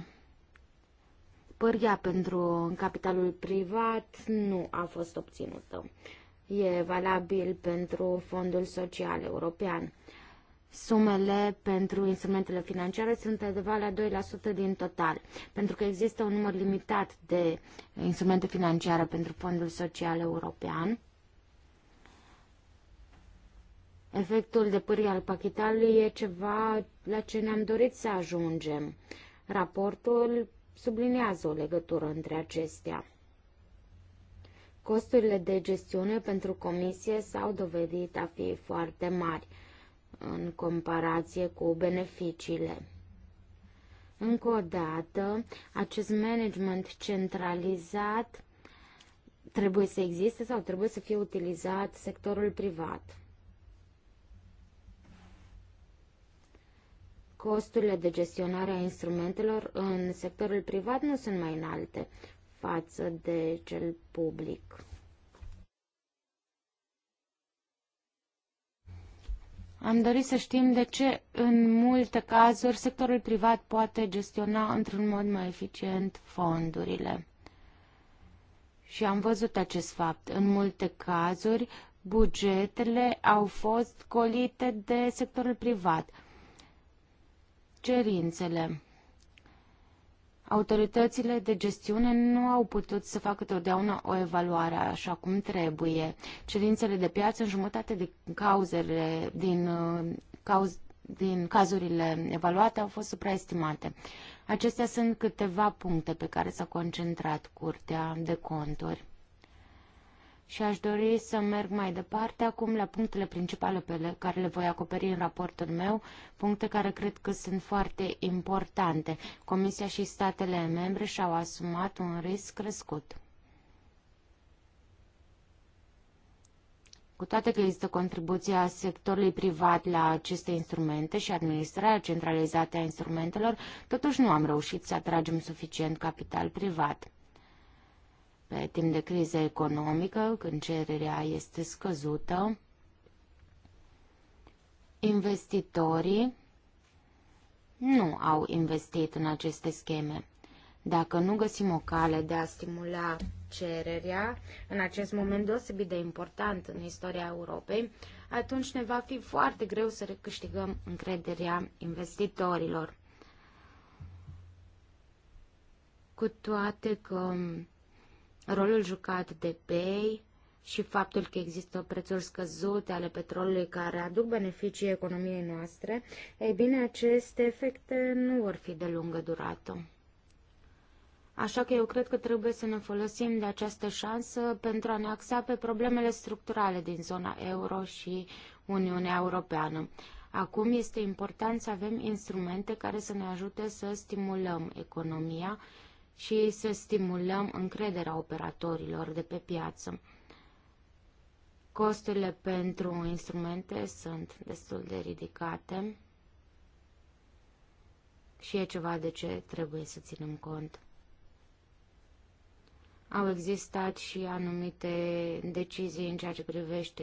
A: pârghia pentru capitalul privat nu a fost obținută. E valabil pentru Fondul Social European sumele pentru instrumentele financiare sunt undeva la 2% din total, pentru că există un număr limitat de instrumente financiare pentru Fondul Social European. Efectul de pârghie al pachetalului e ceva la ce ne-am dorit să ajungem. Raportul subliniază o legătură între acestea. Costurile de gestiune pentru comisie s-au dovedit a fi foarte mari în comparație cu beneficiile. Încă o dată, acest management centralizat trebuie să existe sau trebuie să fie utilizat sectorul privat. Costurile de gestionare a instrumentelor în sectorul privat nu sunt mai înalte față de cel public. Am dorit să știm de ce, în multe cazuri, sectorul privat poate gestiona într-un mod mai eficient fondurile. Și am văzut acest fapt. În multe cazuri, bugetele au fost colite de sectorul privat. Cerințele Autoritățile de gestiune nu au putut să facă totdeauna o evaluare așa cum trebuie. Cerințele de piață în jumătate de cauzele din, uh, cauz, din cazurile evaluate au fost supraestimate. Acestea sunt câteva puncte pe care s-a concentrat Curtea de Conturi și aș dori să merg mai departe acum la punctele principale pe care le voi acoperi în raportul meu, puncte care cred că sunt foarte importante. Comisia și statele membre și-au asumat un risc crescut. Cu toate că există contribuția sectorului privat la aceste instrumente și administrarea centralizată a instrumentelor, totuși nu am reușit să atragem suficient capital privat pe timp de criză economică, când cererea este scăzută, investitorii nu au investit în aceste scheme. Dacă nu găsim o cale de a stimula cererea, în acest moment deosebit de important în istoria Europei, atunci ne va fi foarte greu să recâștigăm încrederea investitorilor. Cu toate că rolul jucat de BEI și faptul că există prețuri scăzute ale petrolului care aduc beneficii economiei noastre, ei bine, aceste efecte nu vor fi de lungă durată. Așa că eu cred că trebuie să ne folosim de această șansă pentru a ne axa pe problemele structurale din zona euro și Uniunea Europeană. Acum este important să avem instrumente care să ne ajute să stimulăm economia și să stimulăm încrederea operatorilor de pe piață. Costurile pentru instrumente sunt destul de ridicate și e ceva de ce trebuie să ținem cont. Au existat și anumite decizii în ceea ce privește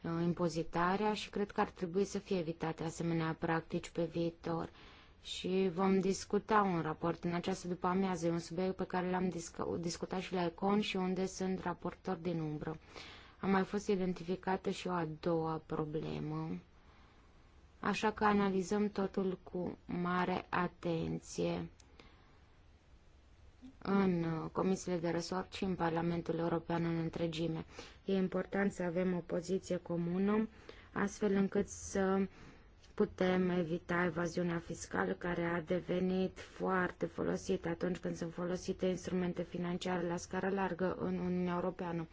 A: uh, impozitarea și cred că ar trebui să fie evitate asemenea practici pe viitor și vom discuta un raport în această după amiază. E un subiect pe care l-am discutat și la Econ și unde sunt raportor din umbră. A mai fost identificată și o a doua problemă, așa că analizăm totul cu mare atenție în comisiile de resort și în Parlamentul European în întregime. E important să avem o poziție comună, astfel încât să putem evita evaziunea fiscală care a devenit foarte folosită atunci când sunt folosite instrumente financiare la scară largă în Uniunea Europeană,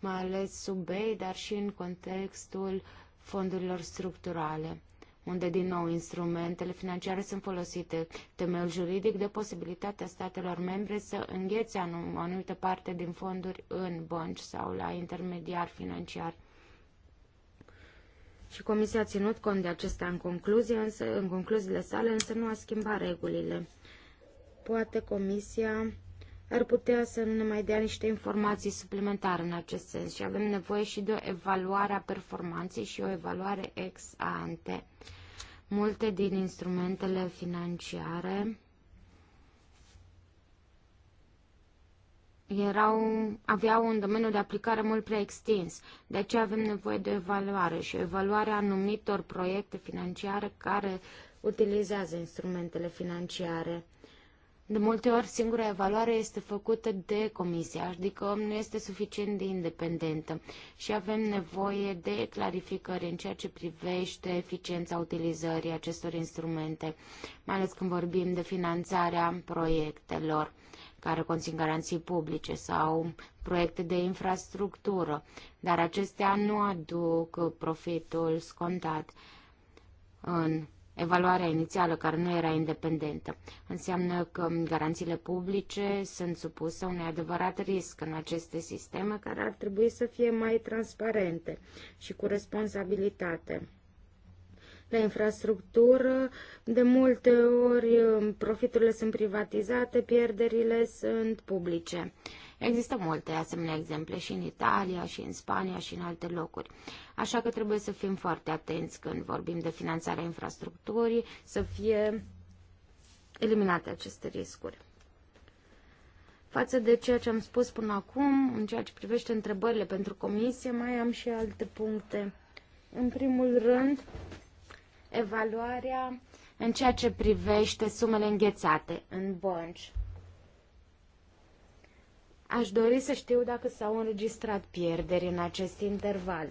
A: mai ales sub BEI, dar și în contextul fondurilor structurale unde din nou instrumentele financiare sunt folosite, temeiul juridic de posibilitatea statelor membre să înghețe anum, o anumită parte din fonduri în bănci sau la intermediari financiari și Comisia a ținut cont de acestea în, concluzie, însă, în concluziile sale, însă nu a schimbat regulile. Poate Comisia ar putea să ne mai dea niște informații suplimentare în acest sens și avem nevoie și de o evaluare a performanței și o evaluare ex ante. Multe din instrumentele financiare erau, aveau un domeniu de aplicare mult prea extins. De aceea avem nevoie de evaluare și evaluarea anumitor proiecte financiare care utilizează instrumentele financiare. De multe ori, singura evaluare este făcută de comisie, adică nu este suficient de independentă și avem nevoie de clarificări în ceea ce privește eficiența utilizării acestor instrumente, mai ales când vorbim de finanțarea proiectelor care conțin garanții publice sau proiecte de infrastructură, dar acestea nu aduc profitul scontat în evaluarea inițială, care nu era independentă. Înseamnă că garanțiile publice sunt supuse unui adevărat risc în aceste sisteme, care ar trebui să fie mai transparente și cu responsabilitate la infrastructură. De multe ori um, profiturile sunt privatizate, pierderile sunt publice. Există multe asemenea exemple și în Italia, și în Spania, și în alte locuri. Așa că trebuie să fim foarte atenți când vorbim de finanțarea infrastructurii, să fie eliminate aceste riscuri. Față de ceea ce am spus până acum, în ceea ce privește întrebările pentru comisie, mai am și alte puncte. În primul rând, evaluarea în ceea ce privește sumele înghețate în bănci. Aș dori să știu dacă s-au înregistrat pierderi în acest interval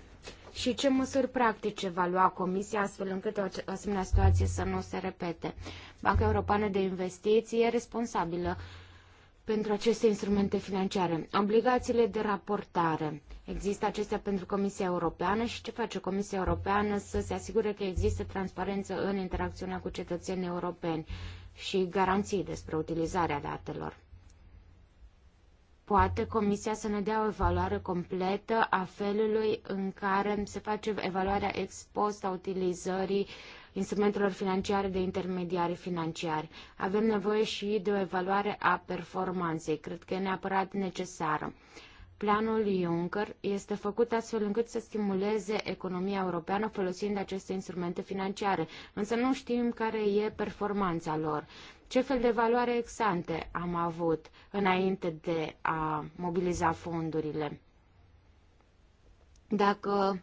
A: și ce măsuri practice va lua Comisia astfel încât o asemenea situație să nu se repete. Banca Europeană de Investiții e responsabilă pentru aceste instrumente financiare. Obligațiile de raportare există acestea pentru Comisia Europeană și ce face Comisia Europeană să se asigure că există transparență în interacțiunea cu cetățenii europeni și garanții despre utilizarea datelor. Poate Comisia să ne dea o evaluare completă a felului în care se face evaluarea ex post a utilizării instrumentelor financiare de intermediari financiari. Avem nevoie și de o evaluare a performanței. Cred că e neapărat necesară. Uh, Planul Juncker este făcut astfel încât să stimuleze economia europeană folosind aceste instrumente financiare, însă nu știm care e performanța lor. Ce fel de valoare exante am avut înainte de a mobiliza fondurile? Dacă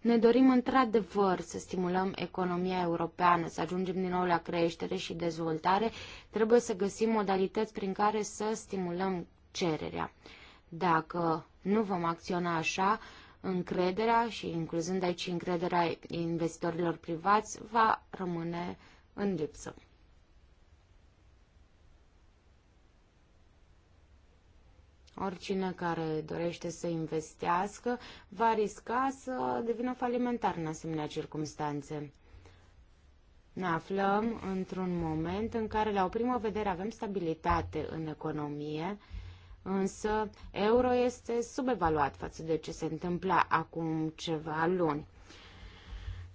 A: ne dorim într-adevăr să stimulăm economia europeană, să ajungem din nou la creștere și dezvoltare, trebuie să găsim modalități prin care să stimulăm cererea. Dacă nu vom acționa așa, încrederea și incluzând aici încrederea investitorilor privați va rămâne în lipsă. Oricine care dorește să investească va risca să devină falimentar în asemenea circumstanțe. Ne aflăm într-un moment în care la o primă vedere avem stabilitate în economie, însă euro este subevaluat față de ce se întâmpla acum ceva luni.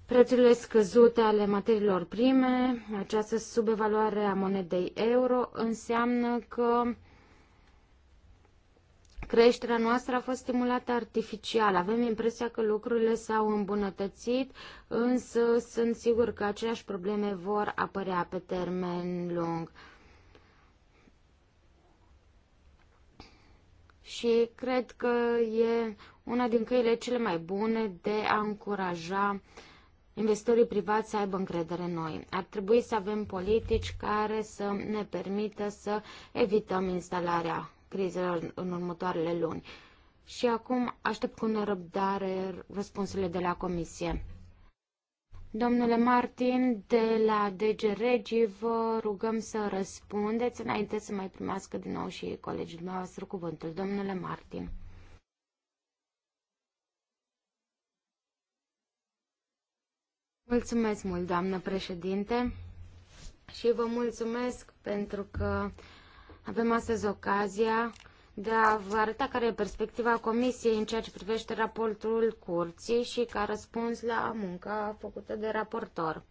A: Prețurile scăzute ale materiilor prime, această subevaluare a monedei euro înseamnă că creșterea noastră a fost stimulată artificial. Avem impresia că lucrurile s-au îmbunătățit, însă sunt sigur că aceleași probleme vor apărea pe termen lung. și cred că e una din căile cele mai bune de a încuraja investitorii privați să aibă încredere în noi. Ar trebui să avem politici care să ne permită să evităm instalarea crizelor în următoarele luni. Și acum aștept cu nerăbdare răspunsurile de la Comisie. Domnule Martin, de la DG Regi vă rugăm să răspundeți înainte să mai primească din nou și colegii dumneavoastră cuvântul. Domnule Martin. Mulțumesc mult, doamnă președinte, și vă mulțumesc pentru că avem astăzi ocazia de a vă arăta care e perspectiva Comisiei în ceea ce privește raportul curții și ca răspuns la munca făcută de raportor.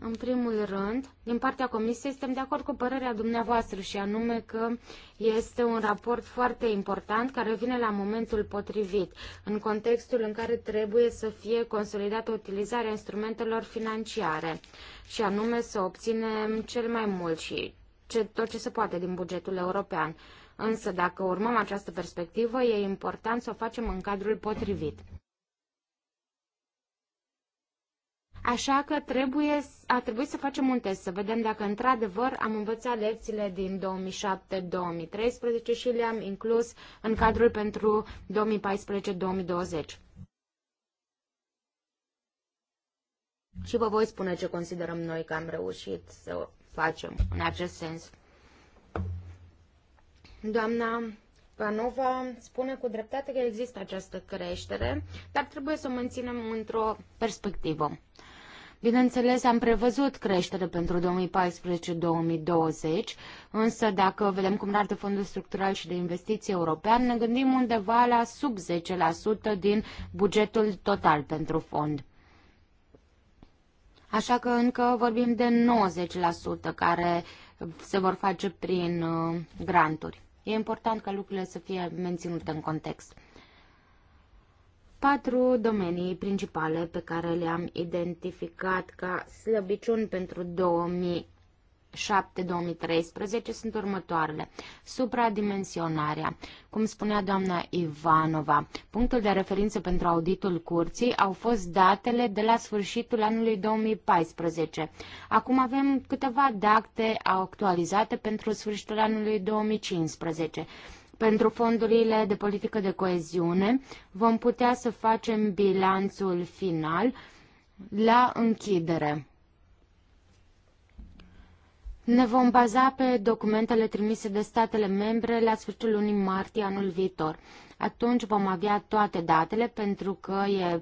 A: În primul rând, din partea Comisiei, suntem de acord cu părerea dumneavoastră și anume că este un raport foarte important care vine la momentul potrivit, în contextul în care trebuie să fie consolidată utilizarea instrumentelor financiare și anume să obținem cel mai mult și ce, tot ce se poate din bugetul european. Însă, dacă urmăm această perspectivă, e important să o facem în cadrul potrivit. Așa că trebuie, a trebuit să facem un test, să vedem dacă într-adevăr am învățat lecțiile din 2007-2013 și le-am inclus în cadrul pentru 2014-2020. Și vă voi spune ce considerăm noi că am reușit să facem în acest sens. Doamna Panova spune cu dreptate că există această creștere, dar trebuie să o menținem într-o perspectivă. Bineînțeles, am prevăzut creștere pentru 2014-2020, însă dacă vedem cum arată Fondul Structural și de Investiții European, ne gândim undeva la sub 10% din bugetul total pentru fond. Așa că încă vorbim de 90% care se vor face prin uh, granturi. E important ca lucrurile să fie menținute în context. Patru domenii principale pe care le-am identificat ca slăbiciuni pentru 2020 2007-2013 sunt următoarele. Supradimensionarea. Cum spunea doamna Ivanova, punctul de referință pentru auditul curții au fost datele de la sfârșitul anului 2014. Acum avem câteva date actualizate pentru sfârșitul anului 2015 pentru fondurile de politică de coeziune, vom putea să facem bilanțul final la închidere. Ne vom baza pe documentele trimise de statele membre la sfârșitul lunii martie anul viitor. Atunci vom avea toate datele pentru că e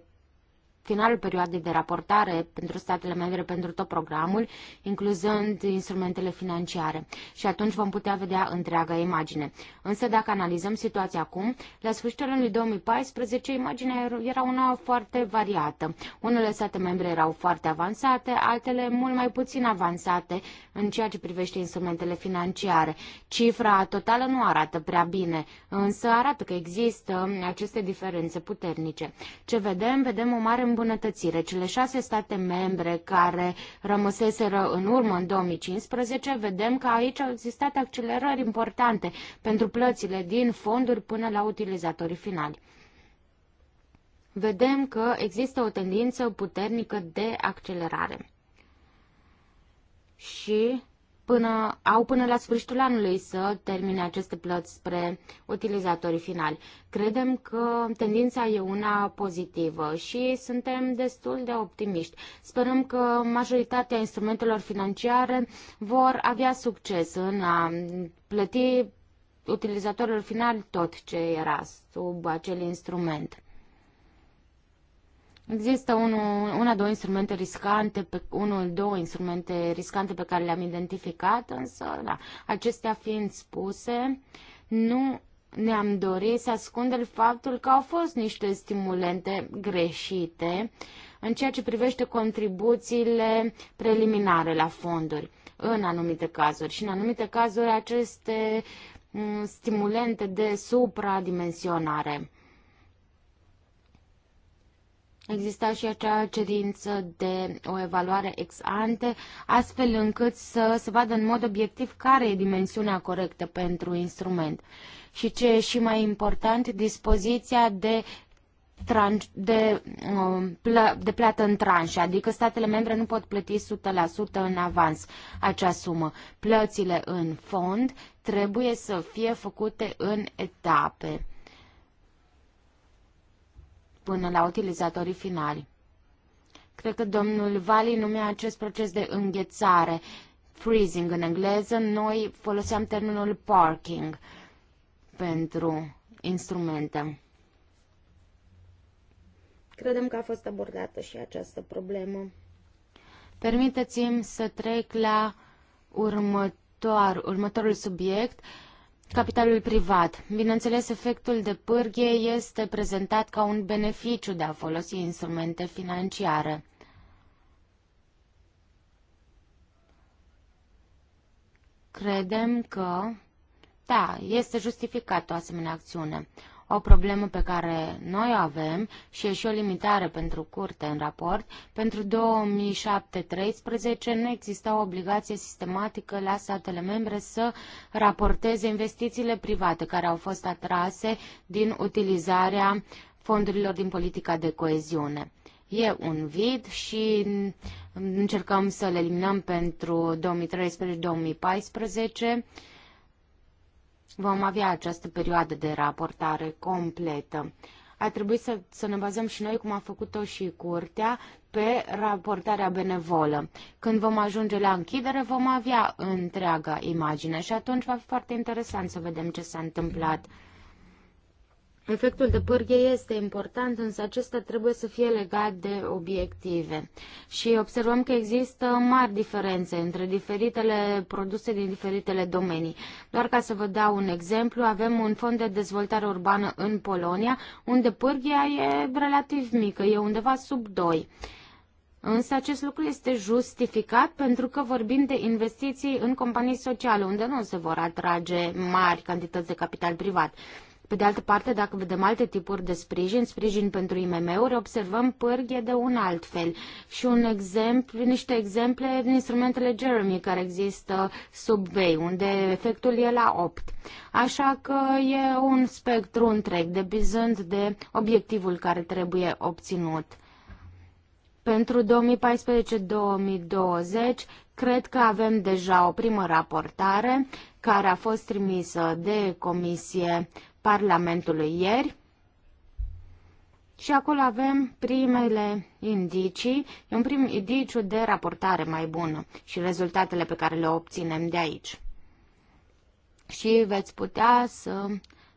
A: finalul perioadei de raportare pentru statele membre pentru tot programul, incluzând instrumentele financiare. Și atunci vom putea vedea întreaga imagine. Însă dacă analizăm situația acum, la sfârșitul anului 2014 imaginea era una foarte variată. Unele state membre erau foarte avansate, altele mult mai puțin avansate în ceea ce privește instrumentele financiare. Cifra totală nu arată prea bine, însă arată că există aceste diferențe puternice. Ce vedem? Vedem o mare îmbunătățire. Cele șase state membre care rămăseseră în urmă în 2015, vedem că aici au existat accelerări importante pentru plățile din fonduri până la utilizatorii finali vedem că există o tendință puternică de accelerare. Și până, au până la sfârșitul anului să termine aceste plăți spre utilizatorii finali. Credem că tendința e una pozitivă și suntem destul de optimiști. Sperăm că majoritatea instrumentelor financiare vor avea succes în a plăti utilizatorilor finali tot ce era sub acel instrument. Există unul, una, două instrumente riscante, pe, unul, două instrumente riscante pe care le-am identificat, însă, da, acestea fiind spuse, nu ne-am dorit să ascundem faptul că au fost niște stimulente greșite în ceea ce privește contribuțiile preliminare la fonduri în anumite cazuri și în anumite cazuri aceste mm, stimulente de supradimensionare. Exista și acea cerință de o evaluare ex ante, astfel încât să se vadă în mod obiectiv care e dimensiunea corectă pentru instrument. Și ce e și mai important, dispoziția de de, um, de plată în tranșe, adică statele membre nu pot plăti 100% în avans acea sumă. Plățile în fond trebuie să fie făcute în etape până la utilizatorii finali. Cred că domnul Vali numea acest proces de înghețare, freezing în engleză, noi foloseam termenul parking pentru instrumente. Credem că a fost abordată și această problemă. Permiteți-mi să trec la următor, următorul subiect, uh, capitalul privat. Bineînțeles, efectul de pârghie este prezentat ca un beneficiu de a folosi instrumente financiare. Credem că, da, este justificat o asemenea acțiune. O problemă pe care noi o avem și e și o limitare pentru curte în raport, pentru 2007 2013 nu exista o obligație sistematică la statele membre să raporteze investițiile private care au fost atrase din utilizarea fondurilor din politica de coeziune e un vid și încercăm să-l eliminăm pentru 2013-2014 vom avea această perioadă de raportare completă. A trebuit să, să ne bazăm și noi, cum a făcut-o și curtea, pe raportarea benevolă. Când vom ajunge la închidere, vom avea întreaga imagine și atunci va fi foarte interesant să vedem ce s-a întâmplat. Efectul de pârghie este important, însă acesta trebuie să fie legat de obiective. Și observăm că există mari diferențe între diferitele produse din diferitele domenii. Doar ca să vă dau un exemplu, avem un fond de dezvoltare urbană în Polonia, unde pârghia e relativ mică, e undeva sub 2. Însă acest lucru este justificat pentru că vorbim de investiții în companii sociale, unde nu se vor atrage mari cantități de capital privat. Pe de altă parte, dacă vedem alte tipuri de sprijin, sprijin pentru IMM-uri, observăm pârghie de un alt fel. Și un exemplu, niște exemple din instrumentele Jeremy care există sub BEI, unde efectul e la 8. Așa că e un spectru întreg, depizând de obiectivul care trebuie obținut. Pentru 2014-2020, cred că avem deja o primă raportare care a fost trimisă de comisie Parlamentului ieri și acolo avem primele indicii, un prim indiciu de raportare mai bună și rezultatele pe care le obținem de aici. Și veți putea să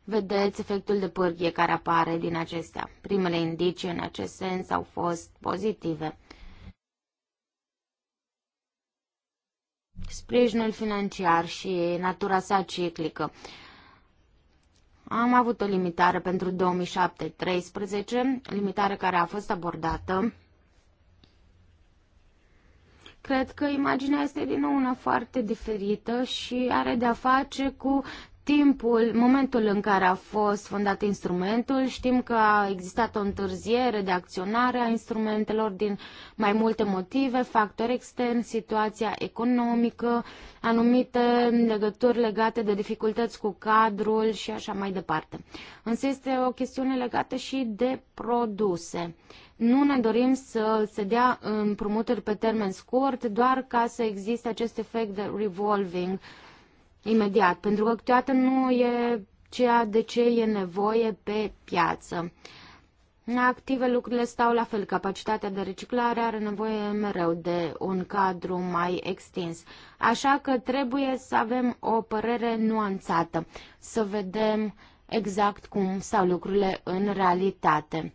A: vedeți efectul de pârghie care apare din acestea. Primele indicii în acest sens au fost pozitive. Sprijinul financiar și natura sa ciclică. Am avut o limitare pentru 2007-13, limitare care a fost abordată. Cred că imaginea este din nou una foarte diferită și are de-a face cu timpul, momentul în care a fost fondat instrumentul, știm că a existat o întârziere de acționare a instrumentelor din mai multe motive, factori externi, situația economică, anumite legături legate de dificultăți cu cadrul și așa mai departe. Însă este o chestiune legată și de produse. Nu ne dorim să se dea împrumuturi pe termen scurt, doar ca să existe acest efect de revolving, imediat, pentru că câteodată nu e ceea de ce e nevoie pe piață. active lucrurile stau la fel. Capacitatea de reciclare are nevoie mereu de un cadru mai extins. Așa că trebuie să avem o părere nuanțată, să vedem exact cum stau lucrurile în realitate.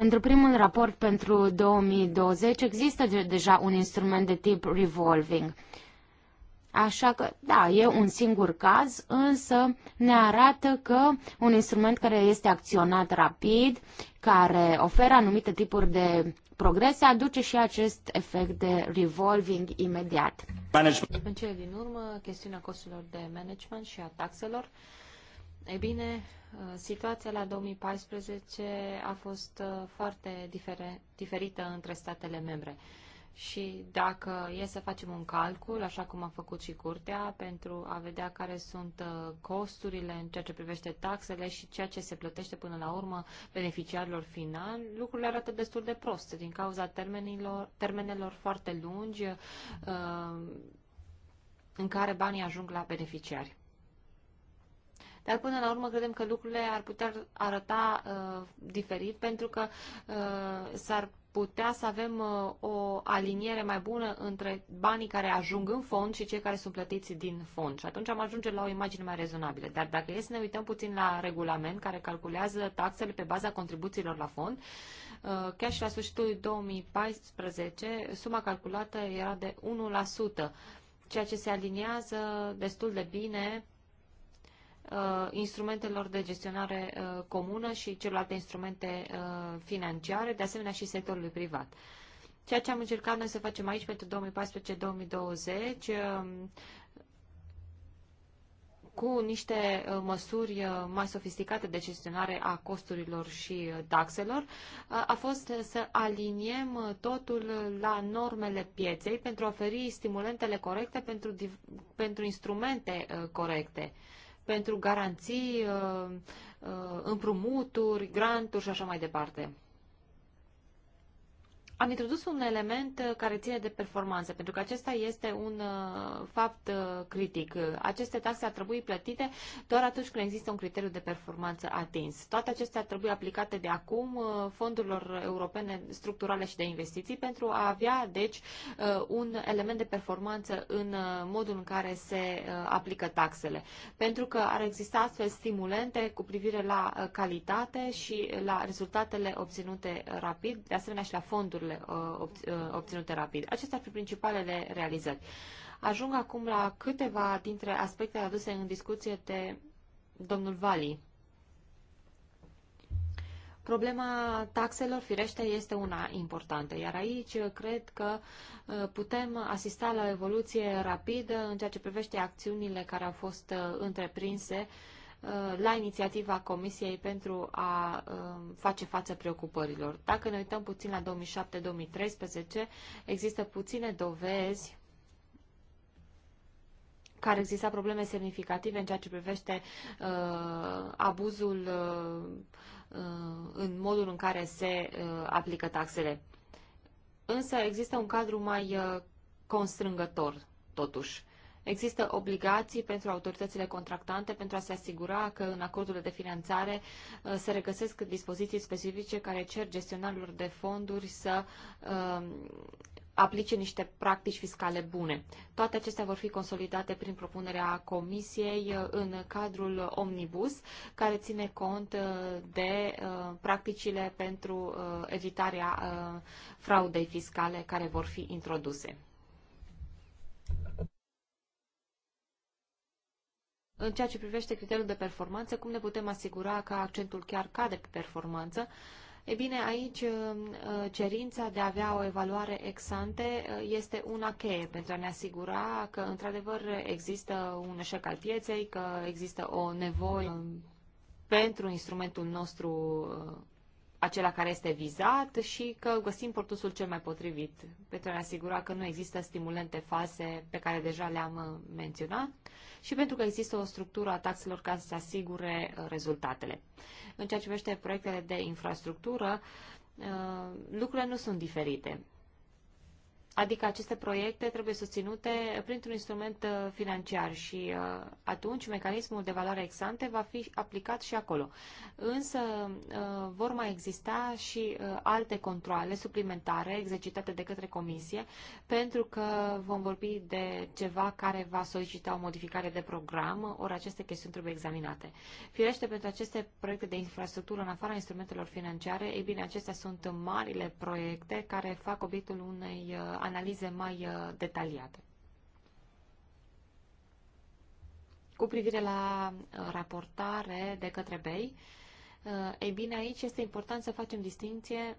A: Pentru primul raport pentru 2020 există deja un instrument de tip revolving. Așa că, da, e un singur caz, însă ne arată că un instrument care este acționat rapid, care oferă anumite tipuri de progrese, aduce și acest efect de revolving imediat. Management.
C: În cele din urmă, chestiunea costurilor de management și a taxelor. Ei bine, uh, situația la 2014 a fost uh, foarte diferită între statele membre. Și dacă e să facem un calcul, așa cum a făcut și curtea, pentru a vedea care sunt uh, costurile în ceea ce privește taxele și ceea ce se plătește până la urmă beneficiarilor final, lucrurile arată destul de prost din cauza termenilor, termenelor foarte lungi în care banii ajung la beneficiari. Dar până la urmă credem că lucrurile ar putea arăta uh, diferit pentru că uh, s-ar putea să avem uh, o aliniere mai bună între banii care ajung în fond și cei care sunt plătiți din fond. Și atunci am ajunge la o imagine mai rezonabilă. Dar dacă e să ne uităm puțin la regulament care calculează taxele pe baza contribuțiilor la fond, uh, chiar și la sfârșitul 2014 suma calculată era de 1%, ceea ce se aliniază destul de bine uh, instrumentelor de gestionare uh, comună și celelalte instrumente uh, financiare, de asemenea și sectorului privat. Ceea ce am încercat noi să facem aici pentru 2014-2020, uh, cu niște uh, măsuri uh, mai sofisticate de gestionare a costurilor și taxelor, a fost să aliniem totul la normele pieței pentru a oferi stimulentele corecte pentru, pentru instrumente corecte pentru garanții, uh, uh, împrumuturi, granturi și așa mai departe am introdus un element uh, care ține de performanță, pentru că acesta este un uh, fapt uh, critic. Aceste taxe ar trebui plătite doar atunci când există un criteriu de performanță atins. Toate acestea ar trebui aplicate de acum fondurilor europene structurale și de investiții pentru a avea, deci, un element de performanță în modul în care se aplică taxele. Pentru că ar exista astfel stimulente cu privire la calitate și la rezultatele obținute rapid, de asemenea și la fondurile rezultatele uh, uh, obținute rapid. Acestea ar fi principalele realizări. Ajung acum la câteva dintre aspectele aduse în discuție de domnul Vali. Problema taxelor, firește, este una importantă, iar aici cred că uh, putem asista la o evoluție rapidă în ceea ce privește acțiunile care au fost întreprinse uh, Uh, la inițiativa Comisiei pentru a um, face față preocupărilor. Dacă ne uităm puțin la 2007-2013, există puține dovezi care exista probleme semnificative în ceea ce privește uh, abuzul uh, uh, în modul în care se uh, aplică taxele. Însă există un cadru mai uh, constrângător, totuși. Există obligații pentru autoritățile contractante pentru a se asigura că în acordurile de finanțare uh, se regăsesc dispoziții specifice care cer gestionarilor de fonduri să um, aplice niște practici fiscale bune. Toate acestea vor fi consolidate prin propunerea Comisiei uh, în cadrul Omnibus, care ține cont uh, de practicile pentru evitarea fraudei fiscale care vor fi introduse. În ceea ce privește criteriul de performanță, cum ne putem asigura că accentul chiar cade pe performanță? E bine, aici uh, uh, cerința de a avea o evaluare ex ante uh, este una cheie pentru a ne asigura că într-adevăr există un eșec al pieței, că există o nevoie pentru instrumentul nostru acela care este vizat și că găsim produsul cel mai potrivit pentru a ne asigura că nu există stimulente false pe care deja le-am uh, menționat și pentru că există o structură a taxelor ca să se asigure uh, rezultatele. În ceea ce privește proiectele de infrastructură, uh, lucrurile nu sunt diferite. Adică aceste proiecte trebuie susținute printr-un instrument uh, financiar și uh, atunci mecanismul de valoare exante va fi aplicat și acolo. Însă uh, vor mai exista și alte controle suplimentare exercitate de către comisie pentru că vom vorbi de ceva care va solicita o modificare de program, ori aceste chestiuni trebuie examinate. Firește, pentru aceste proiecte de infrastructură în afara instrumentelor financiare, ei bine, acestea sunt marile proiecte care fac obiectul unei analize mai uh, detaliate. Cu privire la uh, raportare de către BEI, uh, ei bine, aici este important să facem distinție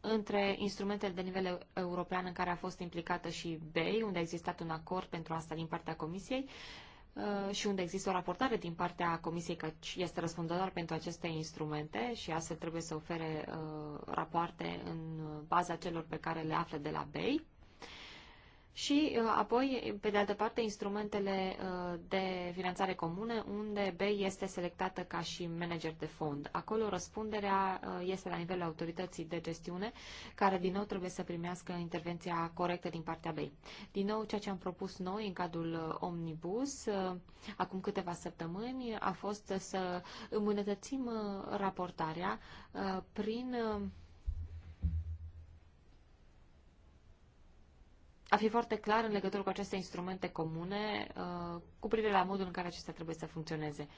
C: între instrumentele de nivel european în care a fost implicată și BEI, unde a existat un acord pentru asta din partea Comisiei, Uh, și unde există o raportare din partea Comisiei că este răspundător pentru aceste instrumente și astfel trebuie să ofere uh, rapoarte în baza celor pe care le află de la BEI și uh, apoi, pe de altă parte, instrumentele uh, de finanțare comune, unde BEI este selectată ca și manager de fond. Acolo răspunderea uh, este la nivelul autorității de gestiune, care din nou trebuie să primească intervenția corectă din partea BEI. Din nou, ceea ce am propus noi în cadrul Omnibus, acum câteva săptămâni, a fost să îmbunătățim raportarea prin a fi foarte clar în legătură cu aceste instrumente comune uh, cu privire la modul în care acestea trebuie să funcționeze.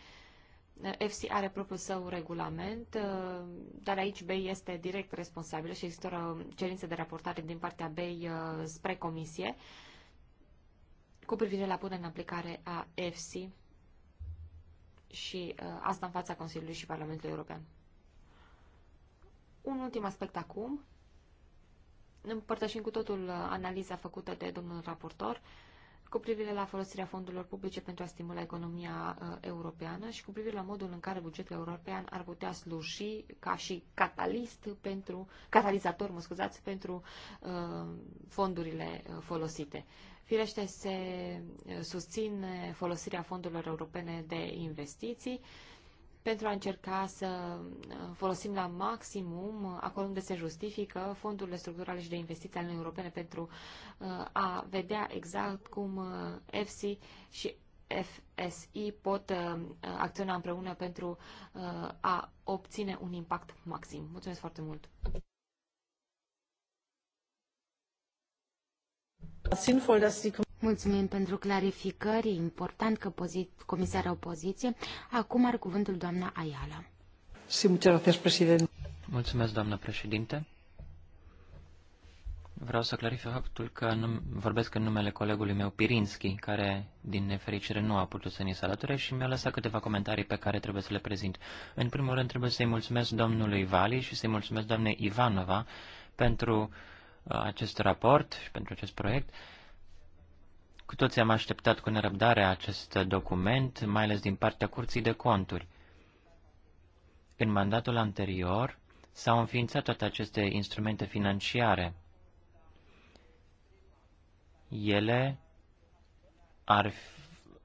C: Uh, FC are propriul său regulament, uh, dar aici BEI este direct responsabilă și există o cerință de raportare din partea BEI spre comisie cu privire la punerea în aplicare a FC și asta în fața Consiliului și Parlamentului European. Un ultim aspect acum, Împărtășim cu totul uh, analiza făcută de domnul raportor cu privire la folosirea fondurilor publice pentru a stimula economia uh, europeană și cu privire la modul în care bugetul european ar putea sluji ca și catalist pentru, catalizator, mă scuzați, pentru uh, fondurile folosite. Firește, se susține folosirea fondurilor europene de investiții pentru a încerca să uh, folosim la maximum, uh, acolo unde se justifică, fondurile structurale și de investiții ale Uniunii Europene pentru uh, a vedea exact cum EFSI și FSI pot acționa împreună pentru a obține un impact maxim. Mulțumesc foarte mult!
A: dass die Mulțumim pentru clarificări. E important că comisar opoziție. Acum are cuvântul doamna Ayala.
B: Sí, muchas gracias, presidente. Mulțumesc, doamnă președinte. Vreau să clarific faptul că num- vorbesc în numele colegului meu Pirinski, care, din nefericire, nu a putut să ni se alăture și mi-a lăsat câteva comentarii pe care trebuie să le prezint. În primul rând, trebuie să-i mulțumesc domnului Vali și să-i mulțumesc doamnei Ivanova pentru uh, acest raport și pentru acest proiect. Uh, cu toții am așteptat cu nerăbdare acest document, mai ales din partea Curții de Conturi. În mandatul anterior s-au înființat toate aceste instrumente financiare. Ele ar,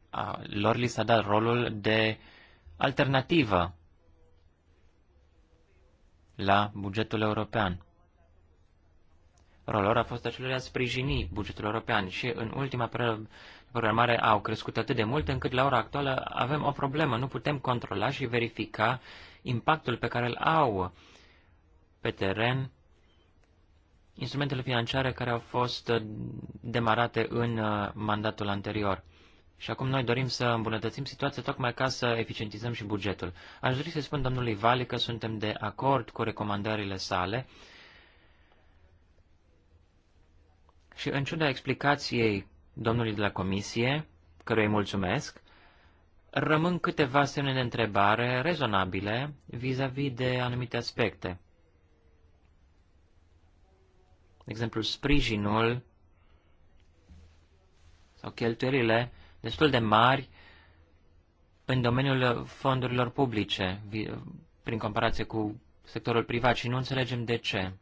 B: a, lor li s-a dat rolul de alternativă la bugetul european rolul lor a fost acela de a sprijini bugetul european și în ultima programare au crescut atât de mult încât la ora actuală avem o problemă. Nu putem controla și verifica impactul pe care îl au pe teren instrumentele financiare care au fost demarate în uh, mandatul anterior. Și acum noi dorim să îmbunătățim situația tocmai ca să eficientizăm și bugetul. Aș dori să spun domnului Vali că suntem de acord cu recomandările sale Și în ciuda explicației domnului de la comisie, căruia îi mulțumesc, rămân câteva semne de întrebare rezonabile vis-a-vis -vis de anumite aspecte. De exemplu, sprijinul sau cheltuielile destul de mari în domeniul fondurilor publice, prin comparație cu sectorul privat și nu înțelegem de ce.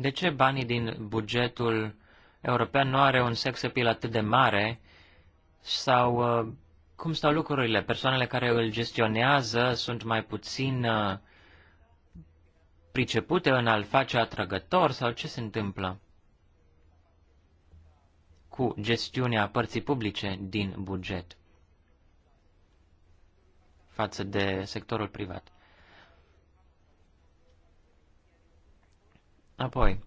B: De ce banii din bugetul european nu are un sex appeal atât de mare sau uh, cum stau lucrurile? Persoanele care îl gestionează sunt mai puțin uh, pricepute în a-l face atrăgător sau ce se întâmplă cu gestiunea părții publice din buget față de sectorul privat? Apoi,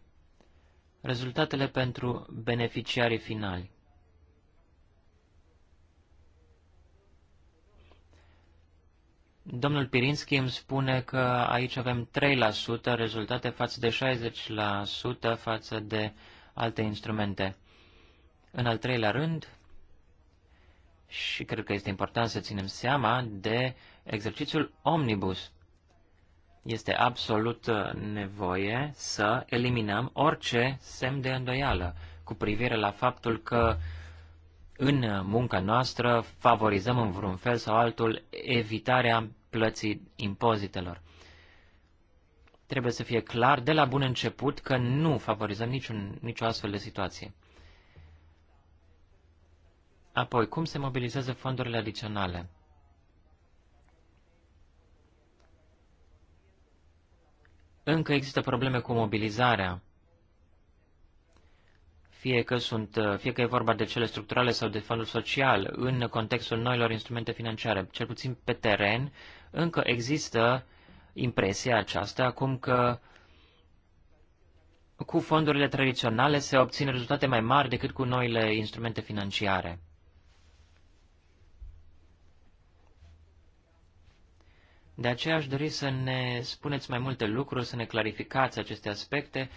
B: rezultatele pentru beneficiarii finali. Domnul Pirinski îmi spune că aici avem 3% rezultate față de 60% față de alte instrumente. În al treilea rând, și cred că este important să ținem seama de exercițiul omnibus este absolut uh, nevoie să eliminăm orice semn de îndoială cu privire la faptul că în munca noastră favorizăm în vreun fel sau altul evitarea plății impozitelor. Trebuie să fie clar de la bun început că nu favorizăm niciun, nicio astfel de situație. Apoi, cum se mobilizează fondurile adiționale? încă există probleme cu mobilizarea. Fie că, sunt, fie că e vorba de cele structurale sau de fondul social, în contextul noilor instrumente financiare, cel puțin pe teren, încă există impresia aceasta acum că cu fondurile tradiționale se obțin rezultate mai mari decât cu noile instrumente financiare. De aceea aș dori să ne spuneți mai multe lucruri, să ne clarificați aceste aspecte,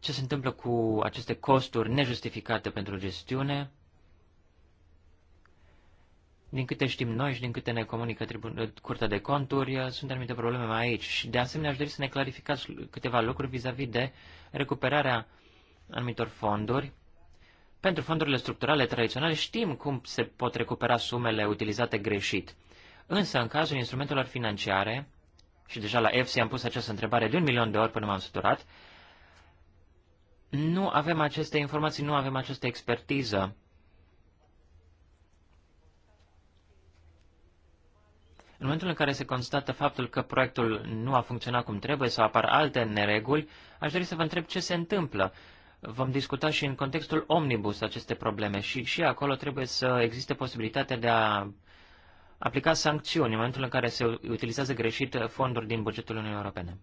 B: ce se întâmplă cu aceste costuri nejustificate pentru gestiune, din câte știm noi și din câte ne comunică tribun- Curtea de Conturi, sunt anumite probleme mai aici. Și de asemenea aș dori să ne clarificați câteva lucruri vis-a-vis -vis de recuperarea anumitor fonduri. Pentru fondurile structurale tradiționale știm cum se pot recupera sumele utilizate greșit. Însă, în cazul instrumentelor financiare, și deja la EFSI am pus această întrebare de un milion de ori până m-am săturat, nu avem aceste informații, nu avem această expertiză. În momentul în care se constată faptul că proiectul nu a funcționat cum trebuie sau apar alte nereguli, aș dori să vă întreb ce se întâmplă. Vom discuta și în contextul omnibus aceste probleme și, și acolo trebuie să existe posibilitatea de a aplica sancțiuni în momentul în care se utilizează greșit fonduri din bugetul Uniunii Europene.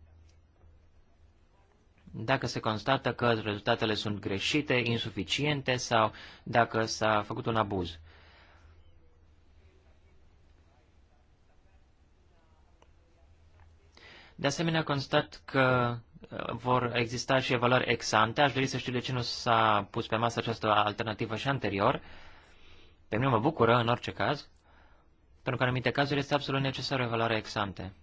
B: Dacă se constată că rezultatele sunt greșite, insuficiente sau dacă s-a făcut un abuz. De asemenea, constat că uh, vor exista și evaluări ex ante. Aș dori să știu de ce nu s-a pus pe masă această alternativă și anterior. Pe mine mă bucură, în orice caz. Pentru că în anumite cazuri este absolut necesară evaluarea ex ante.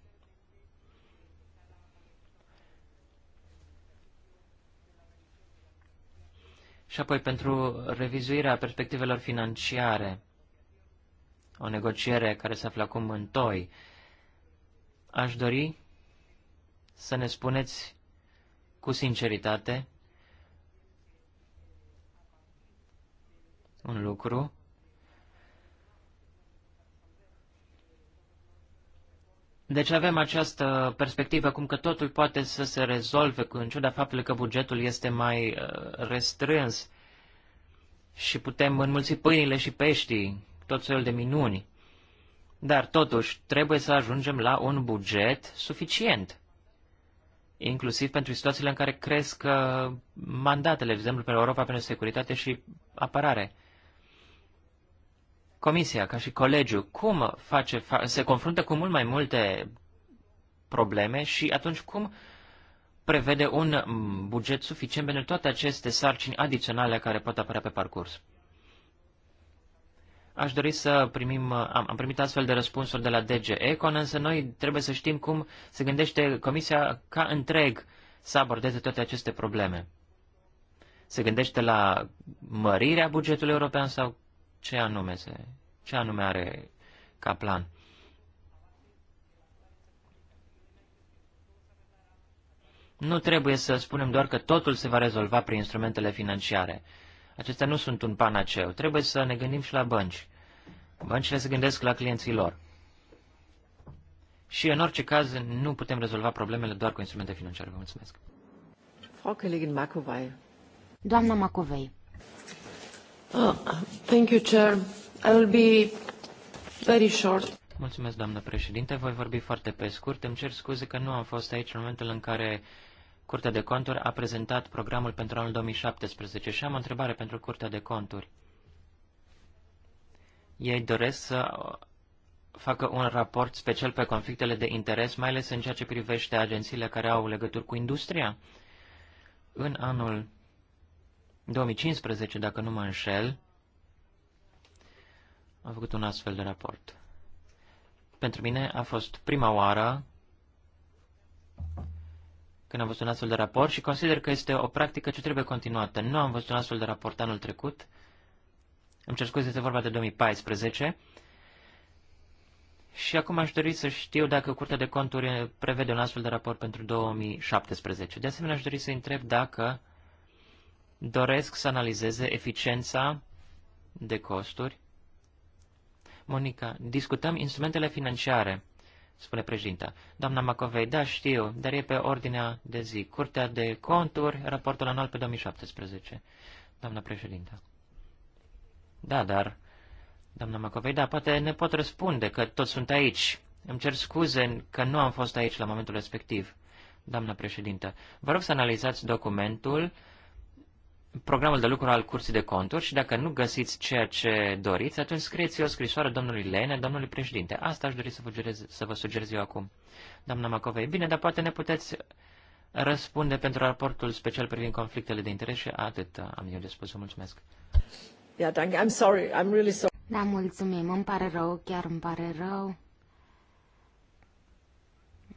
B: Și apoi pentru revizuirea perspectivelor financiare, o negociere care se află acum în toi, aș dori să ne spuneți cu sinceritate un lucru Deci avem această perspectivă cum că totul poate să se rezolve, cu în ciuda faptului că bugetul este mai uh, restrâns și putem înmulți pâinile și peștii, tot felul de minuni. Dar totuși trebuie să ajungem la un buget suficient, inclusiv pentru situațiile în care cresc uh, mandatele, de exemplu, pe Europa pentru securitate și apărare. Comisia, ca și colegiul, cum face, fa- se confruntă cu mult mai multe probleme și atunci cum prevede un buget suficient pentru toate aceste sarcini adiționale care pot apărea pe parcurs? Aș dori să primim, am, am primit astfel de răspunsuri de la DG Econ, însă noi trebuie să știm cum se gândește Comisia ca întreg să abordeze toate aceste probleme. Se gândește la mărirea bugetului european sau ce anume, se, ce anume are ca plan. Nu trebuie să spunem doar că totul se va rezolva prin instrumentele financiare. Acestea nu sunt un panaceu. Trebuie să ne gândim și la bănci. Băncile se gândesc la clienții lor. Și în orice caz nu putem rezolva problemele doar cu instrumente financiare. Vă mulțumesc.
A: Frau Kollegin Makovei. Doamna Macovei. Uh,
B: Mulțumesc, doamnă președinte. Voi vorbi foarte pe scurt. Îmi cer scuze că nu am fost aici în momentul în care Curtea de Conturi a prezentat programul pentru anul 2017 și am o întrebare pentru Curtea de Conturi. Ei doresc să facă un raport special pe conflictele de interes, mai ales în ceea ce privește agențiile care au legături cu industria. În anul 2015, dacă nu mă înșel, am făcut un astfel de raport. Pentru mine a fost prima oară când am văzut un astfel de raport și consider că este o practică ce trebuie continuată. Nu am văzut un astfel de raport anul trecut. Îmi cer scuze, este vorba de 2014. Și acum aș dori să știu dacă Curtea de Conturi prevede un astfel de raport pentru 2017. De asemenea, aș dori să întreb dacă doresc să analizeze eficiența de costuri. Monica, discutăm instrumentele financiare, spune președinta. Doamna Macovei, da, știu, dar e pe ordinea de zi. Curtea de conturi, raportul anual pe 2017. Doamna președinta. Da, dar... Doamna Macovei, da, poate ne pot răspunde că toți sunt aici. Îmi cer scuze că nu am fost aici la momentul respectiv. Doamna președintă, vă rog să analizați documentul programul de lucru al cursii de Conturi și dacă nu găsiți ceea ce doriți, atunci scrieți o scrisoare domnului Lene, domnului președinte. Asta aș dori să vă, sugerez, să vă sugerez eu acum, doamna Macovei. Bine, dar poate ne puteți răspunde pentru raportul special privind conflictele de interes și atât am eu de spus. Vă mulțumesc.
A: Yeah, thank you. I'm sorry. I'm really sorry. Da, mulțumim. Îmi pare rău, chiar îmi pare rău.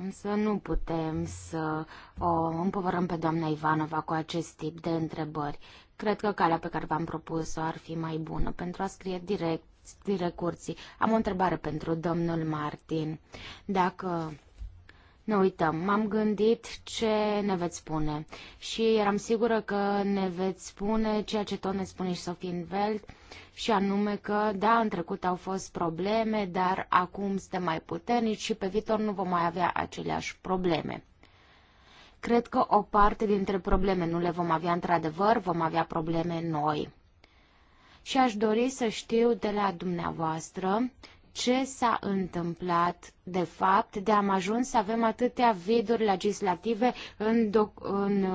A: Însă nu putem să o împovărăm pe doamna Ivanova cu acest tip de întrebări. Cred că calea pe care v-am propus-o ar fi mai bună pentru a scrie direct, direct curții. Am o întrebare pentru domnul Martin. Dacă ne uităm, m-am gândit ce ne veți spune și eram sigură că ne veți spune ceea ce tot ne spune și Sofie Invelt și anume că, da, în trecut au fost probleme, dar acum suntem mai puternici și pe viitor nu vom mai avea aceleași probleme. Cred că o parte dintre probleme nu le vom avea într-adevăr, vom avea probleme noi și aș dori să știu de la dumneavoastră ce s-a întâmplat de fapt de am ajuns să avem atâtea viduri legislative în, doc, în,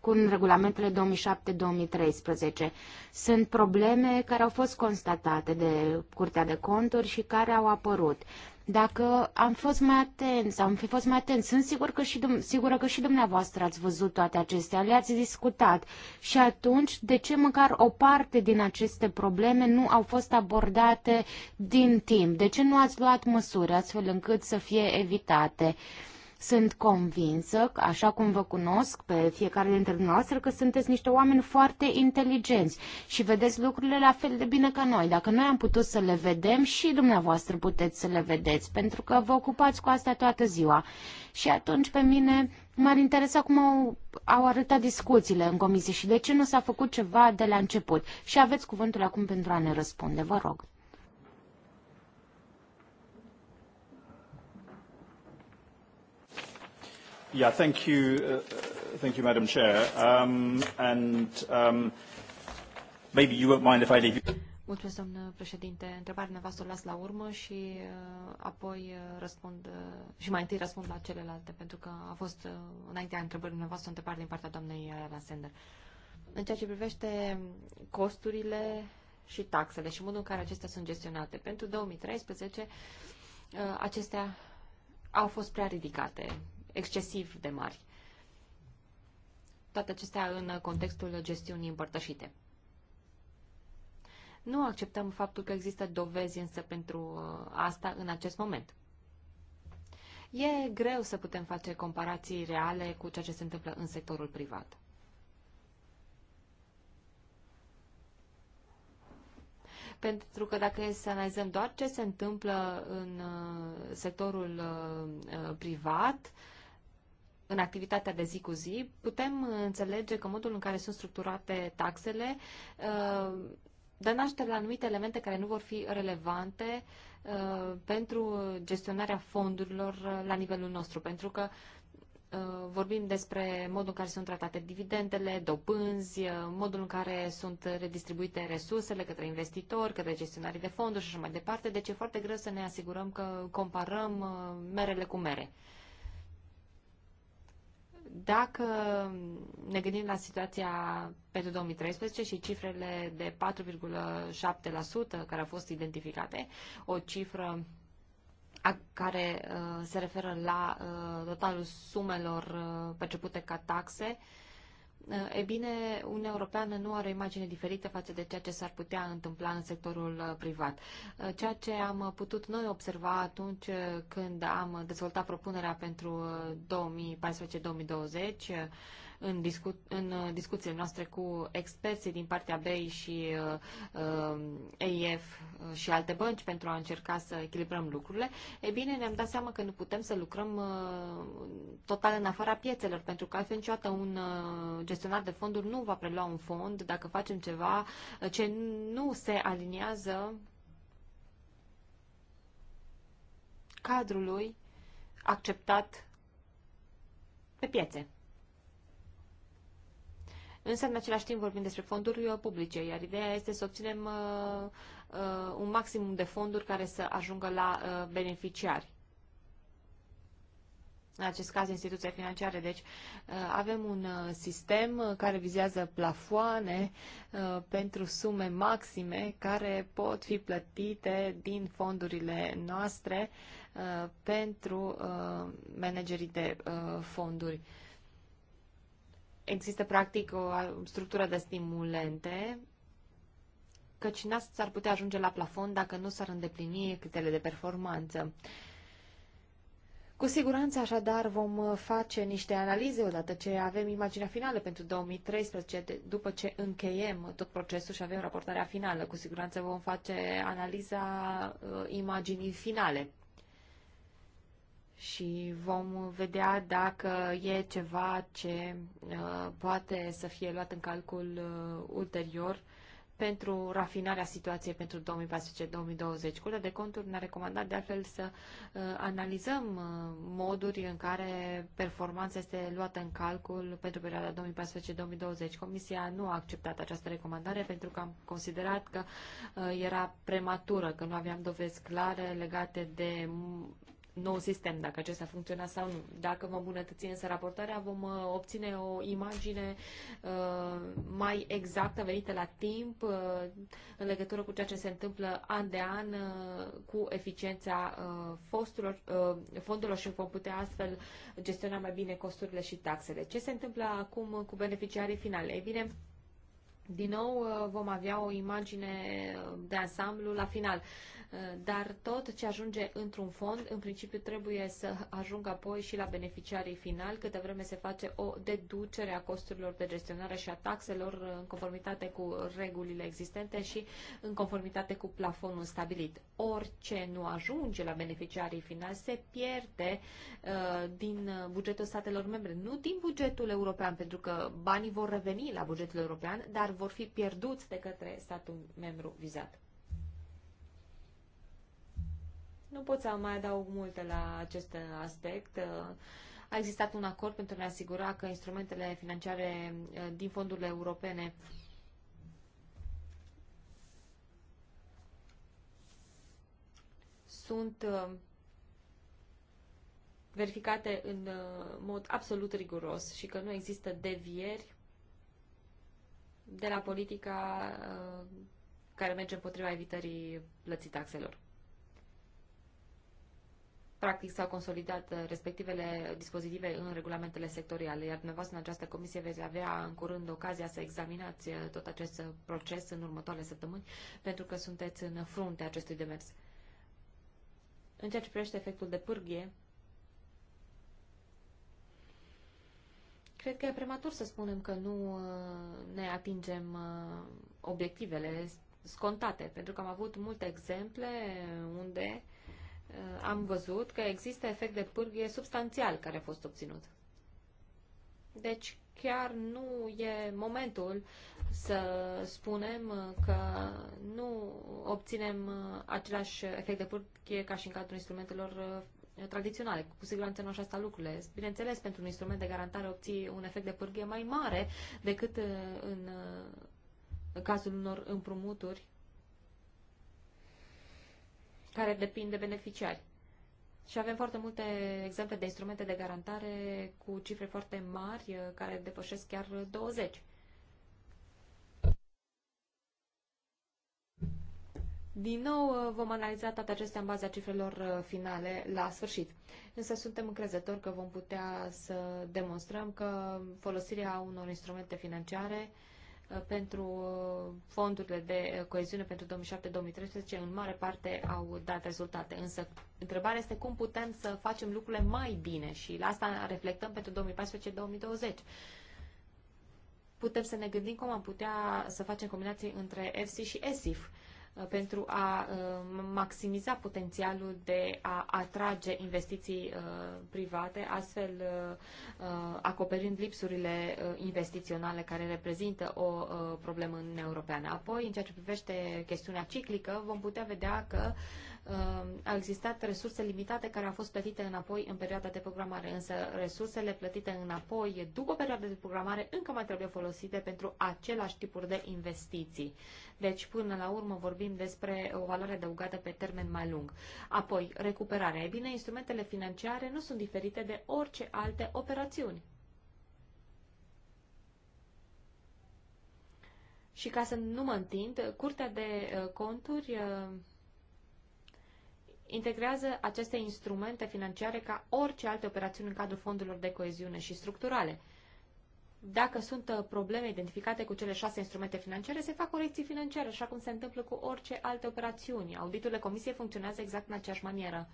A: cu regulamentele 2007-2013. Sunt probleme care au fost constatate de Curtea de Conturi și care au apărut. Dacă am fost mai atenți, am fi fost mai atenți, sunt sigur că și, sigură că și dumneavoastră ați văzut toate acestea, le-ați discutat. Și atunci, de ce măcar o parte din aceste probleme nu au fost abordate din timp? De ce nu ați luat măsuri astfel încât să fie evitate? Uh, sunt convinsă, așa cum vă cunosc pe fiecare dintre dumneavoastră, că sunteți niște oameni foarte inteligenți și vedeți lucrurile la fel de bine ca noi. Dacă noi am putut să le vedem, și dumneavoastră puteți să le vedeți, pentru că vă ocupați cu asta toată ziua. Și atunci pe mine m-ar interesa cum au, au arătat discuțiile în comisie și de ce nu s-a făcut ceva de la început. Și aveți cuvântul acum pentru a ne răspunde, vă rog.
C: Yeah, thank you. Uh, thank you, Madam Chair. Um, and um, maybe you won't mind if I leave you. Mulțumesc, doamnă președinte. Întrebarea dumneavoastră o las la urmă și uh, apoi uh, răspund uh, și mai întâi răspund la celelalte, pentru că a fost uh, înaintea întrebării dumneavoastră o întrebare din partea doamnei Ayala Sender. În ceea ce privește costurile și taxele și modul în care acestea sunt gestionate, pentru 2013 uh, acestea au fost prea ridicate excesiv de mari. Toate acestea în contextul gestiunii împărtășite. Nu acceptăm faptul că există dovezi însă pentru uh, asta în acest moment. E greu să putem face comparații reale cu ceea ce se întâmplă în sectorul privat. pentru că dacă e să analizăm doar ce se întâmplă în uh, sectorul uh, privat, în activitatea de zi cu zi, putem înțelege că modul în care sunt structurate taxele uh, dă naștere la anumite elemente care nu vor fi relevante uh, pentru gestionarea fondurilor uh, la nivelul nostru, pentru că vorbim despre modul în care sunt tratate dividendele, dobânzi, modul în care sunt redistribuite resursele către investitori, către gestionarii de fonduri și așa mai departe. Deci e foarte greu să ne asigurăm că comparăm merele cu mere. Dacă ne gândim la situația pentru 2013 și cifrele de 4,7% care au fost identificate, o cifră care uh, se referă la uh, totalul sumelor uh, percepute ca taxe, Eh, e bine, Uniunea Europeană nu are o imagine diferită față de ceea ce s-ar putea întâmpla în sectorul eh, privat. Eh, ceea ce am putut noi observa atunci când am dezvoltat propunerea pentru 2014-2020 în, discu- în uh, discuțiile noastre cu experții din partea BEI și uh, EIF uh, uh, și alte bănci pentru a încerca să echilibrăm lucrurile, e bine, ne-am dat seama că nu putem să lucrăm uh, total în afara piețelor, pentru că altfel niciodată un uh, gestionar de fonduri nu va prelua un fond dacă facem ceva ce nu se aliniază cadrului acceptat pe piețe. Însă, în același timp, vorbim despre fonduri uh, publice, iar ideea este să obținem uh, uh, un maximum de fonduri care să ajungă la uh, beneficiari. În acest caz, instituția financiare. Deci, uh, avem un uh, sistem care vizează plafoane pentru sume maxime care pot fi plătite din fondurile noastre pentru managerii de fonduri există practic o structură de stimulente, căci n s-ar putea ajunge la plafon dacă nu s-ar îndeplini câtele de performanță. Cu siguranță, așadar, vom face niște analize odată ce avem imaginea finală pentru 2013, după ce încheiem tot procesul și avem raportarea finală. Cu siguranță vom face analiza uh, imaginii finale și vom vedea dacă e ceva ce uh, poate să fie luat în calcul uh, ulterior pentru rafinarea situației pentru 2014-2020. Curtea de conturi ne-a recomandat de altfel să uh, analizăm uh, moduri în care performanța este luată în calcul pentru perioada 2014-2020. Comisia nu a acceptat această recomandare pentru că am considerat că uh, era prematură, că nu aveam dovezi clare legate de nou sistem, dacă acesta funcționa sau nu. Dacă vom îmbunătăți însă raportarea, vom uh, obține o imagine uh, mai exactă, venită la timp, uh, în legătură cu ceea ce se întâmplă an de an cu eficiența fosturilor, fondurilor și vom putea astfel gestiona mai bine costurile și taxele. Ce se întâmplă acum cu beneficiarii finale? Ei bine, din nou vom avea o imagine de ansamblu la final dar tot ce ajunge într-un fond, în principiu trebuie să ajungă apoi și la beneficiarii finali, câte vreme se face o deducere a costurilor de gestionare și a taxelor uh, în conformitate cu regulile existente și în conformitate cu plafonul stabilit. Orice nu ajunge la beneficiarii finali se pierde uh, din uh, bugetul statelor membre, nu din bugetul european, pentru că banii vor reveni la bugetul european, dar vor fi pierduți de către statul membru vizat. Nu pot să mai adaug multe la acest aspect. A existat un acord pentru a ne asigura că instrumentele financiare eh, din fondurile europene sunt eh, verificate în eh, mod absolut riguros și că nu există devieri de la politica care merge împotriva evitării plății taxelor. Practic s-au consolidat uh, respectivele dispozitive în regulamentele sectoriale, iar dumneavoastră în această comisie veți avea în curând ocazia să examinați uh, tot acest uh, proces în următoarele săptămâni, pentru că sunteți în frunte acestui demers. În ceea ce privește efectul de pârghie, Cred că e prematur să spunem că nu ne atingem obiectivele scontate, pentru că am avut multe exemple unde Uh, am văzut că există efect de pârghie substanțial care a fost obținut. Deci chiar nu e momentul să spunem că nu obținem uh, același efect de pârghie ca și în cadrul instrumentelor uh, tradiționale. Cu siguranță nu așa stau lucrurile. Bineînțeles, pentru un instrument de garantare obții un efect de pârghie mai mare decât în cazul unor împrumuturi care depind de beneficiari. Și avem foarte multe exemple de instrumente de garantare cu cifre foarte mari, uh, care depășesc chiar 20. Din nou uh, vom analiza toate acestea în baza cifrelor uh, finale la sfârșit. Însă suntem încrezători că vom putea să demonstrăm că folosirea unor instrumente financiare pentru uh, fondurile de uh, coeziune pentru 2007-2013 în mare parte au dat rezultate. Însă întrebarea este cum putem să facem lucrurile mai bine și la asta reflectăm pentru 2014-2020. Putem să ne gândim cum am putea să facem combinații între EFSI și ESIF. Uh, Uh, pentru a uh, maximiza potențialul de a atrage investiții uh, private, astfel acoperind lipsurile investiționale care reprezintă o problemă în Europeană. Apoi, în ceea ce privește chestiunea ciclică, vom putea vedea că uh, au existat resurse limitate care au fost plătite înapoi în perioada de programare, însă resursele plătite înapoi după perioada de programare încă mai trebuie folosite pentru același tipuri de investiții. Deci, până la urmă, vorbim despre o valoare adăugată pe termen mai lung. Apoi, recuperarea. E bine, instrumentele financiare nu sunt diferite de orice alte operațiuni. Și ca să nu mă întind, Curtea de uh, Conturi uh, integrează aceste instrumente financiare ca orice alte operațiuni în cadrul fondurilor de coeziune și structurale. Dacă sunt uh, probleme identificate cu cele șase instrumente financiare, se fac corecții financiare, așa cum se întâmplă cu orice alte operațiuni. Auditurile comisiei funcționează exact în aceeași manieră.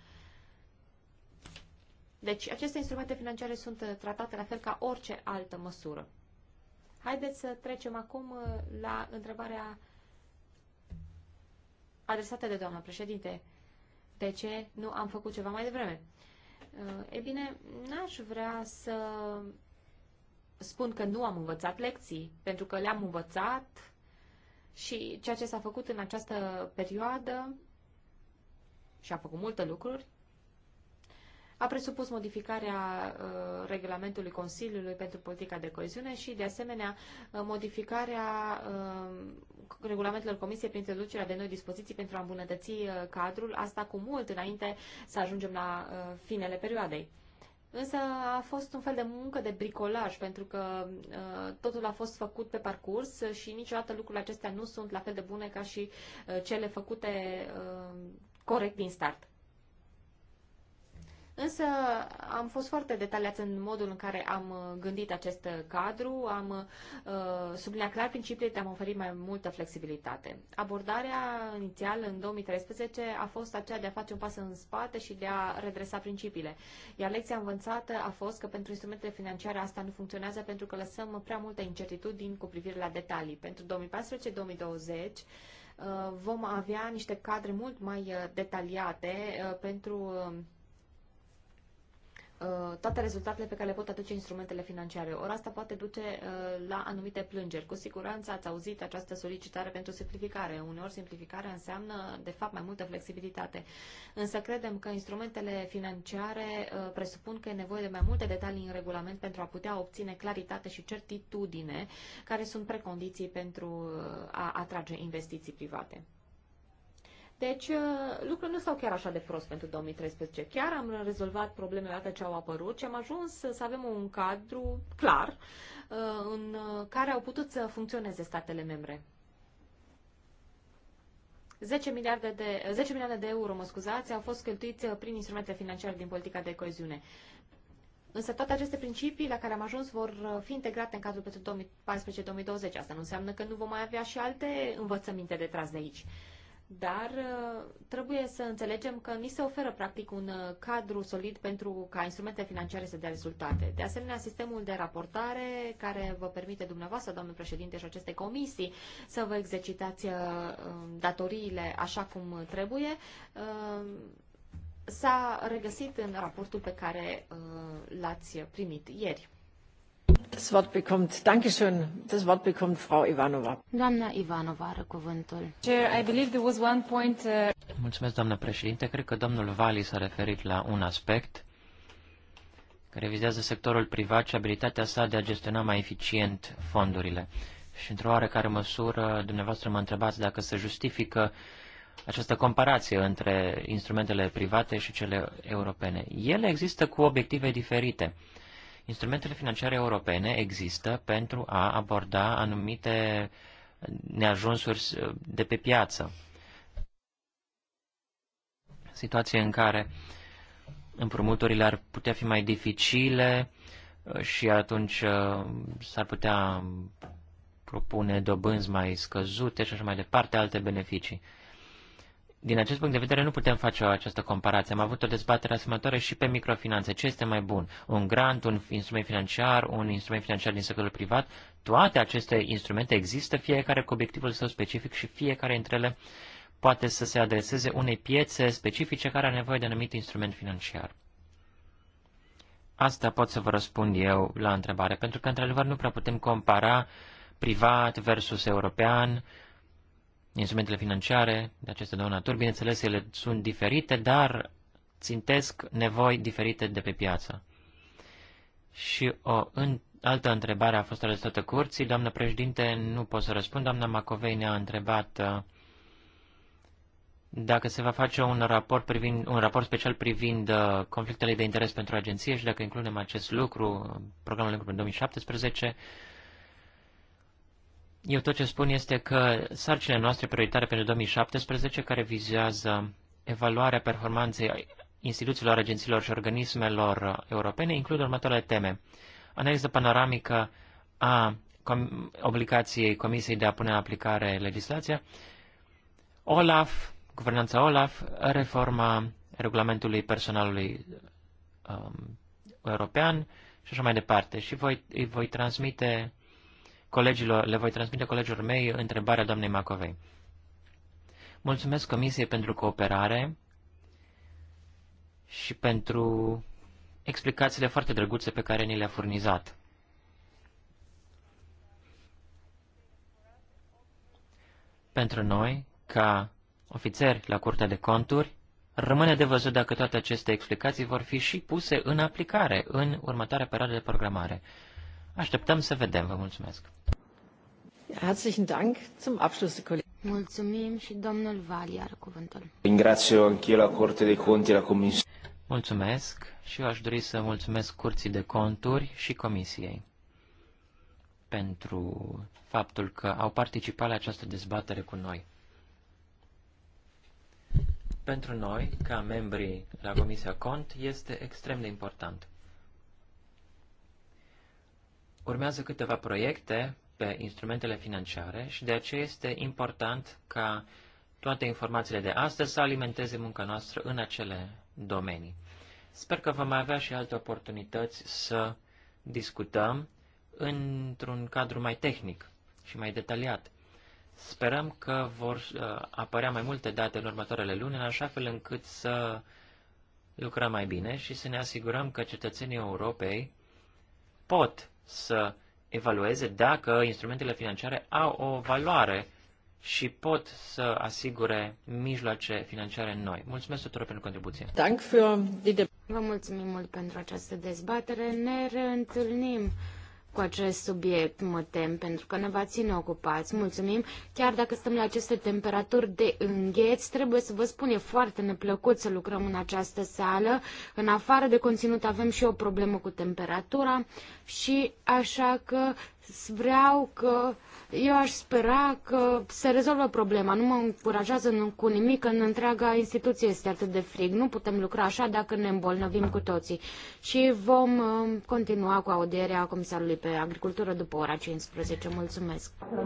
C: Deci, aceste instrumente financiare sunt uh, tratate la fel ca orice altă măsură. Haideți să trecem acum uh, la întrebarea adresată de doamna președinte de ce nu am făcut ceva mai devreme. Uh, e bine, n-aș vrea să spun că nu am învățat lecții, pentru că le-am învățat și ceea ce s-a făcut în această perioadă și a făcut multe lucruri, a presupus modificarea uh, regulamentului Consiliului pentru politica de coeziune și, de asemenea, uh, modificarea uh, regulamentelor Comisiei prin introducerea de noi dispoziții pentru a îmbunătăți uh, cadrul, asta cu mult înainte să ajungem la uh, finele perioadei. Însă a fost un fel de muncă de bricolaj, pentru că uh, totul a fost făcut pe parcurs și niciodată lucrurile acestea nu sunt la fel de bune ca și uh, cele făcute uh, corect din start. Însă am fost foarte detaliați în modul în care am uh, gândit acest uh, cadru, am uh, subliniat clar principiile, am oferit mai multă flexibilitate. Abordarea inițială în 2013 a fost aceea de a face un pas în spate și de a redresa principiile. Iar lecția învățată a fost că pentru instrumentele financiare asta nu funcționează pentru că lăsăm prea multă incertitudini cu privire la detalii. Pentru 2014-2020 vom avea niște cadre mult mai detaliate pentru Uh, toate rezultatele pe care le pot aduce instrumentele financiare. Ori asta poate duce uh, la anumite plângeri. Cu siguranță ați auzit această solicitare pentru simplificare. Uneori simplificarea înseamnă, de fapt, mai multă flexibilitate. Însă credem că instrumentele financiare uh, presupun că e nevoie de mai multe detalii în regulament pentru a putea obține claritate și certitudine, care sunt precondiții pentru a atrage investiții private. Deci uh, lucrurile nu stau chiar așa de prost pentru 2013. Chiar am rezolvat problemele atât ce au apărut și am ajuns să avem un cadru clar uh, în uh, care au putut să funcționeze statele membre. 10 miliarde de, 10 miliarde de euro, mă scuzați, au fost cheltuiți prin instrumente financiare din politica de coeziune. Însă toate aceste principii la care am ajuns vor fi integrate în cadrul pentru 2014-2020. Asta nu înseamnă că nu vom mai avea și alte învățăminte de tras de aici dar uh, trebuie să înțelegem că ni se oferă practic un uh, cadru solid pentru ca instrumente financiare să dea rezultate. De asemenea, sistemul de raportare care vă permite dumneavoastră, domnul președinte, și aceste comisii să vă exercitați uh, um, datoriile așa cum trebuie, s-a regăsit în raportul pe care l-ați primit ieri.
A: Doamna Ivanova are cuvântul. Uh,
B: Mulțumesc, doamnă președinte. Cred că domnul Vali s-a referit la un aspect care vizează sectorul privat și abilitatea sa de a gestiona mai eficient fondurile. Și într-o oarecare măsură, dumneavoastră mă întrebați dacă se justifică această comparație între instrumentele private și cele europene. Ele există cu obiective diferite. Instrumentele financiare europene există pentru a aborda anumite neajunsuri de pe piață. Situație în care împrumuturile ar putea fi mai dificile uh, și atunci uh, s-ar putea propune dobânzi mai scăzute și așa mai departe, alte beneficii din acest punct de vedere nu putem face această comparație. Am avut o dezbatere asemănătoare și pe microfinanțe. Ce este mai bun? Un grant, un instrument financiar, un instrument financiar din sectorul privat? Toate aceste instrumente există, fiecare cu obiectivul său specific și fiecare dintre ele poate să se adreseze unei piețe specifice care are nevoie de anumit instrument financiar. Asta pot să vă răspund eu la întrebare, pentru că, într-adevăr, nu prea putem compara privat versus european, uh, instrumentele financiare de aceste două naturi. Bineînțeles, ele sunt diferite, dar țintesc nevoi diferite de pe piață. Și o în, altă întrebare a fost adresată curții. Doamnă președinte, nu pot să răspund. Doamna Macovei ne-a întrebat uh, dacă se va face un raport, privind, un raport special privind uh, conflictele de interes pentru agenție și dacă includem acest lucru, programul lucru pentru 2017, eu tot ce spun este că sarcinile noastre prioritare pentru 2017, care vizează evaluarea performanței instituțiilor, agențiilor și organismelor europene, includ următoarele teme. Analiză panoramică a com obligației Comisiei de a pune în aplicare legislația, OLAF, guvernanța OLAF, reforma regulamentului personalului um, european și așa mai departe. Și voi, îi voi transmite colegilor, le voi transmite colegilor mei întrebarea doamnei Macovei. Mulțumesc Comisiei pentru cooperare și pentru explicațiile foarte drăguțe pe care ni le-a furnizat. Pentru noi, ca ofițeri la Curtea de Conturi, rămâne de văzut dacă toate aceste explicații vor fi și puse în aplicare în următoarea perioadă de programare. Așteptăm să vedem. Vă mulțumesc.
A: Herzlichen Dank zum Abschluss, Mulțumim și domnul Vali are cuvântul.
B: Ringrazio anch'io la Corte dei Conti, la Comisie. Mulțumesc și eu aș dori să mulțumesc Curții de Conturi și Comisiei pentru faptul că au participat la această dezbatere cu noi. Pentru noi, ca membri la Comisia Cont, este extrem de important. Urmează câteva proiecte pe instrumentele financiare și de aceea este important ca toate informațiile de astăzi să alimenteze munca noastră în acele domenii. Sper că vom avea și alte oportunități să discutăm într-un cadru mai tehnic și mai detaliat. Sperăm că vor uh, apărea mai multe date în următoarele luni, în așa fel încât să lucrăm mai bine și să ne asigurăm că cetățenii Europei pot să evalueze dacă instrumentele financiare au o valoare și pot să asigure mijloace financiare noi. Mulțumesc tuturor pentru contribuție.
A: Vă mulțumim mult pentru această dezbatere. Ne reîntâlnim cu acest subiect, mă tem, pentru că ne va ține ocupați. Mulțumim! Chiar dacă stăm la aceste temperaturi de îngheț, trebuie să vă spun, e foarte neplăcut să lucrăm în această sală. În afară de conținut avem și o problemă cu temperatura și așa că vreau că eu aș spera că se rezolvă problema. Nu mă încurajează cu nimic în întreaga instituție este atât de frig. Nu putem lucra așa dacă ne îmbolnăvim cu toții. Și vom uh, continua cu audierea Comisarului pe Agricultură după ora 15. Mulțumesc!